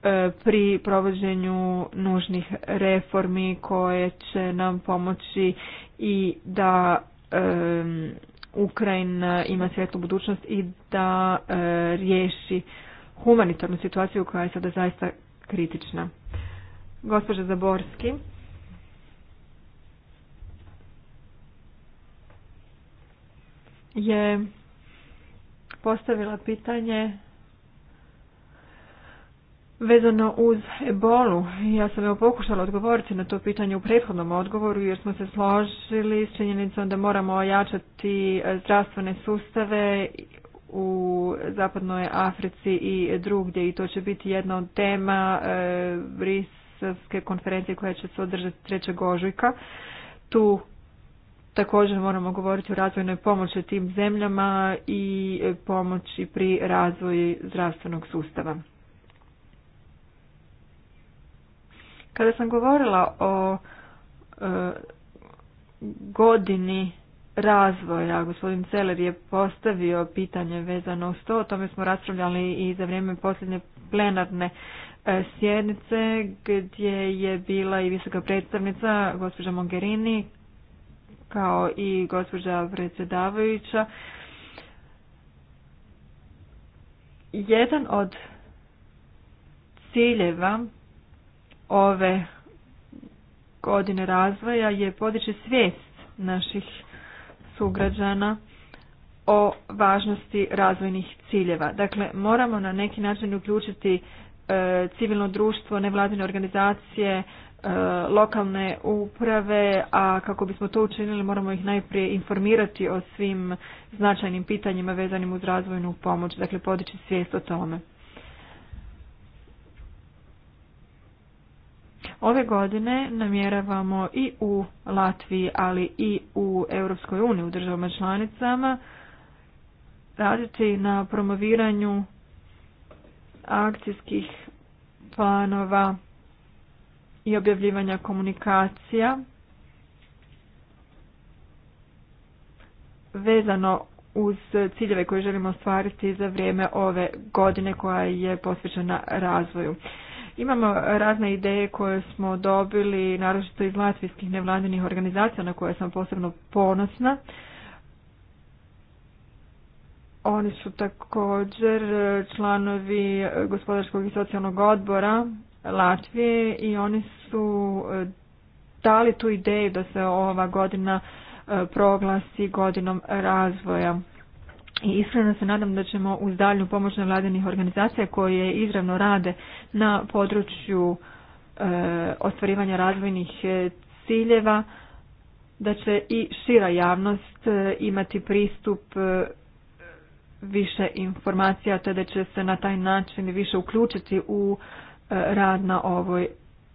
e, pri provođenju nužnih reformi koje će nam pomoći i da e, Ukrajina ima svjetlu budućnost i da riješi humanitarnu situaciju koja je sada zaista kritična. Gospođa Zaborski. je postavila pitanje vezano uz ebolu. Ja sam joj pokušala odgovoriti na to pitanje u prethodnom odgovoru jer smo se složili s činjenicom da moramo ojačati zdravstvene sustave u zapadnoj Africi i drugdje i to će biti jedna od tema e, brisavske konferencije koja će se održati 3. ožujka. Tu Također moramo govoriti o razvojnoj pomoći tim zemljama i pomoći pri razvoju zdravstvenog sustava. Kada sam govorila o e, godini razvoja, gospodin Celer je postavio pitanje vezano uz to, o tome smo raspravljali i za vrijeme posljednje plenarne e, sjednice gdje je bila i visoka predstavnica gospođa Mogherini kao i gospođa predsjedavajuća. Jedan od ciljeva ove godine razvoja je podići svijest naših sugrađana o važnosti razvojnih ciljeva. Dakle, moramo na neki način uključiti e, civilno društvo, nevladine organizacije, E, lokalne uprave, a kako bismo to učinili moramo ih najprije informirati o svim značajnim pitanjima vezanim uz razvojnu pomoć, dakle podići svijest o tome. Ove godine namjeravamo i u Latviji, ali i u Europskoj uniji, u državama članicama, raditi na promoviranju akcijskih planova i objavljivanja komunikacija vezano uz ciljeve koje želimo ostvariti za vrijeme ove godine koja je posvećena razvoju. Imamo razne ideje koje smo dobili, naročito iz latvijskih nevladinih organizacija na koje sam posebno ponosna. Oni su također članovi gospodarskog i socijalnog odbora Latvije i oni su e, dali tu ideju da se ova godina e, proglasi godinom razvoja. I iskreno se nadam da ćemo uz daljnju pomoć nevladinih organizacija koje izravno rade na području e, ostvarivanja razvojnih ciljeva, da će i šira javnost imati pristup više informacija, te da će se na taj način više uključiti u rad na ovoj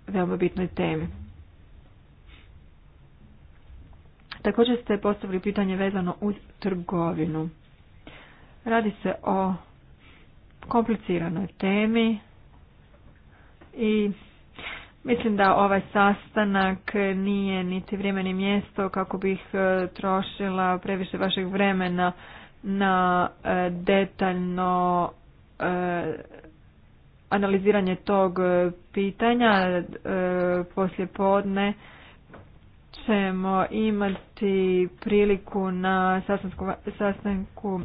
veoma bitnoj temi. Također ste postavili pitanje vezano uz trgovinu. Radi se o kompliciranoj temi i mislim da ovaj sastanak nije niti vrijeme ni mjesto kako bih e, trošila previše vašeg vremena na e, detaljno e, analiziranje tog e, pitanja e, poslje podne ćemo imati priliku na sastanku,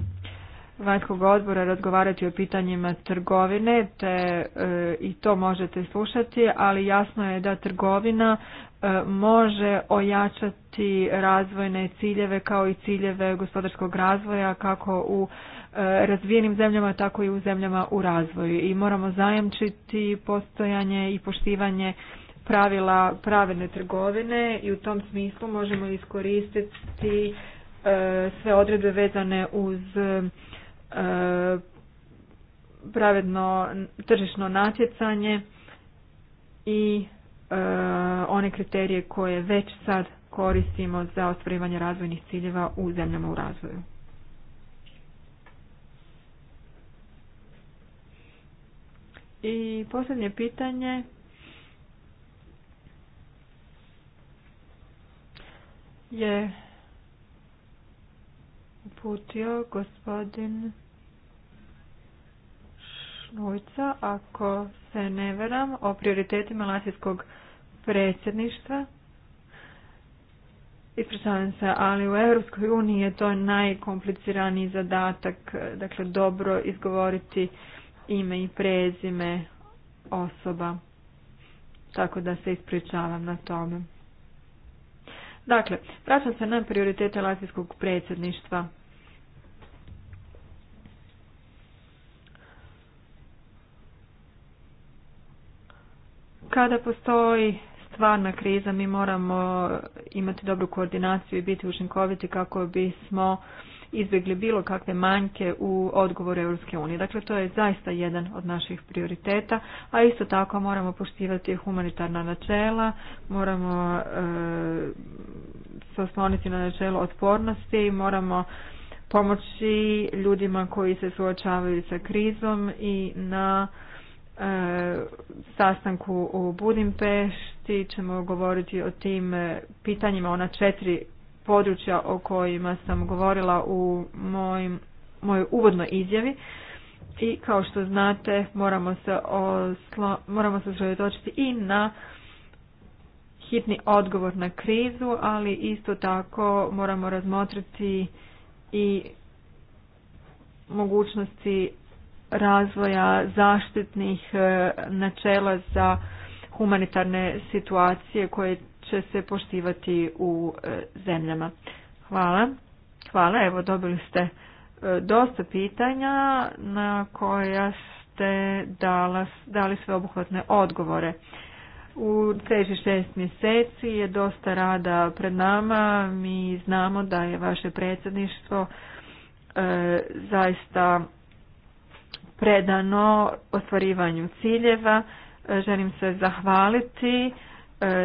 vanjskog odbora razgovarati o pitanjima trgovine te e, i to možete slušati, ali jasno je da trgovina može ojačati razvojne ciljeve kao i ciljeve gospodarskog razvoja kako u E, razvijenim zemljama tako i u zemljama u razvoju i moramo zajamčiti postojanje i poštivanje pravila pravedne trgovine i u tom smislu možemo iskoristiti e, sve odredbe vezane uz e, pravedno tržišno natjecanje i one kriterije koje već sad koristimo za ostvarivanje razvojnih ciljeva u zemljama u razvoju. I posljednje pitanje. je uputio gospodin Šnujca, ako se ne veram, o prioritetima latvijskog predsjedništva. Ispričavam se, ali u Europskoj uniji je to najkompliciraniji zadatak, dakle dobro izgovoriti ime i prezime osoba. Tako da se ispričavam na tome. Dakle, vraćam se na prioritete Latvijskog predsjedništva. Kada postoji stvarna kriza, mi moramo imati dobru koordinaciju i biti učinkoviti kako bismo izbjegli bilo kakve manjke u odgovoru Europske unije. Dakle, to je zaista jedan od naših prioriteta, a isto tako moramo poštivati humanitarna načela, moramo e, se osloniti na načelo otpornosti, moramo pomoći ljudima koji se suočavaju sa krizom i na e, sastanku u Budimpešti ćemo govoriti o tim e, pitanjima, ona četiri područja o kojima sam govorila u mojoj uvodnoj izjavi i kao što znate moramo se oslo, moramo se i na hitni odgovor na krizu, ali isto tako moramo razmotriti i mogućnosti razvoja zaštitnih eh, načela za humanitarne situacije koje će se poštivati u e, zemljama. Hvala. Hvala, evo dobili ste e, dosta pitanja na koja ste dali sve obuhvatne odgovore. U sljedećih šest mjeseci je dosta rada pred nama. Mi znamo da je vaše predsjedništvo e, zaista predano ostvarivanju ciljeva. želim se zahvaliti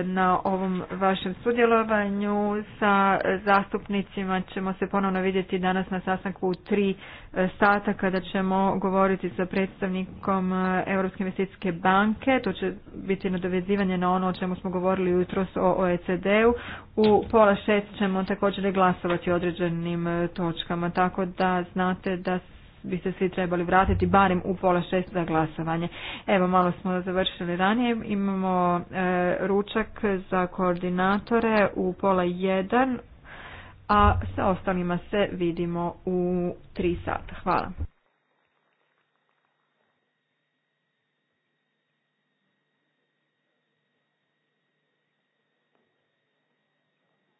na ovom vašem sudjelovanju. Sa zastupnicima ćemo se ponovno vidjeti danas na sastanku u tri e, sata kada ćemo govoriti sa predstavnikom e, Europske investicijske banke. To će biti nadovezivanje na ono o čemu smo govorili jutros o OECD-u. U pola šest ćemo također glasovati o određenim e, točkama, tako da znate da biste svi trebali vratiti barem u pola šest za glasovanje. Evo, malo smo završili ranije. Imamo e, ručak za koordinatore u pola jedan, a sa ostalima se vidimo u tri sata. Hvala.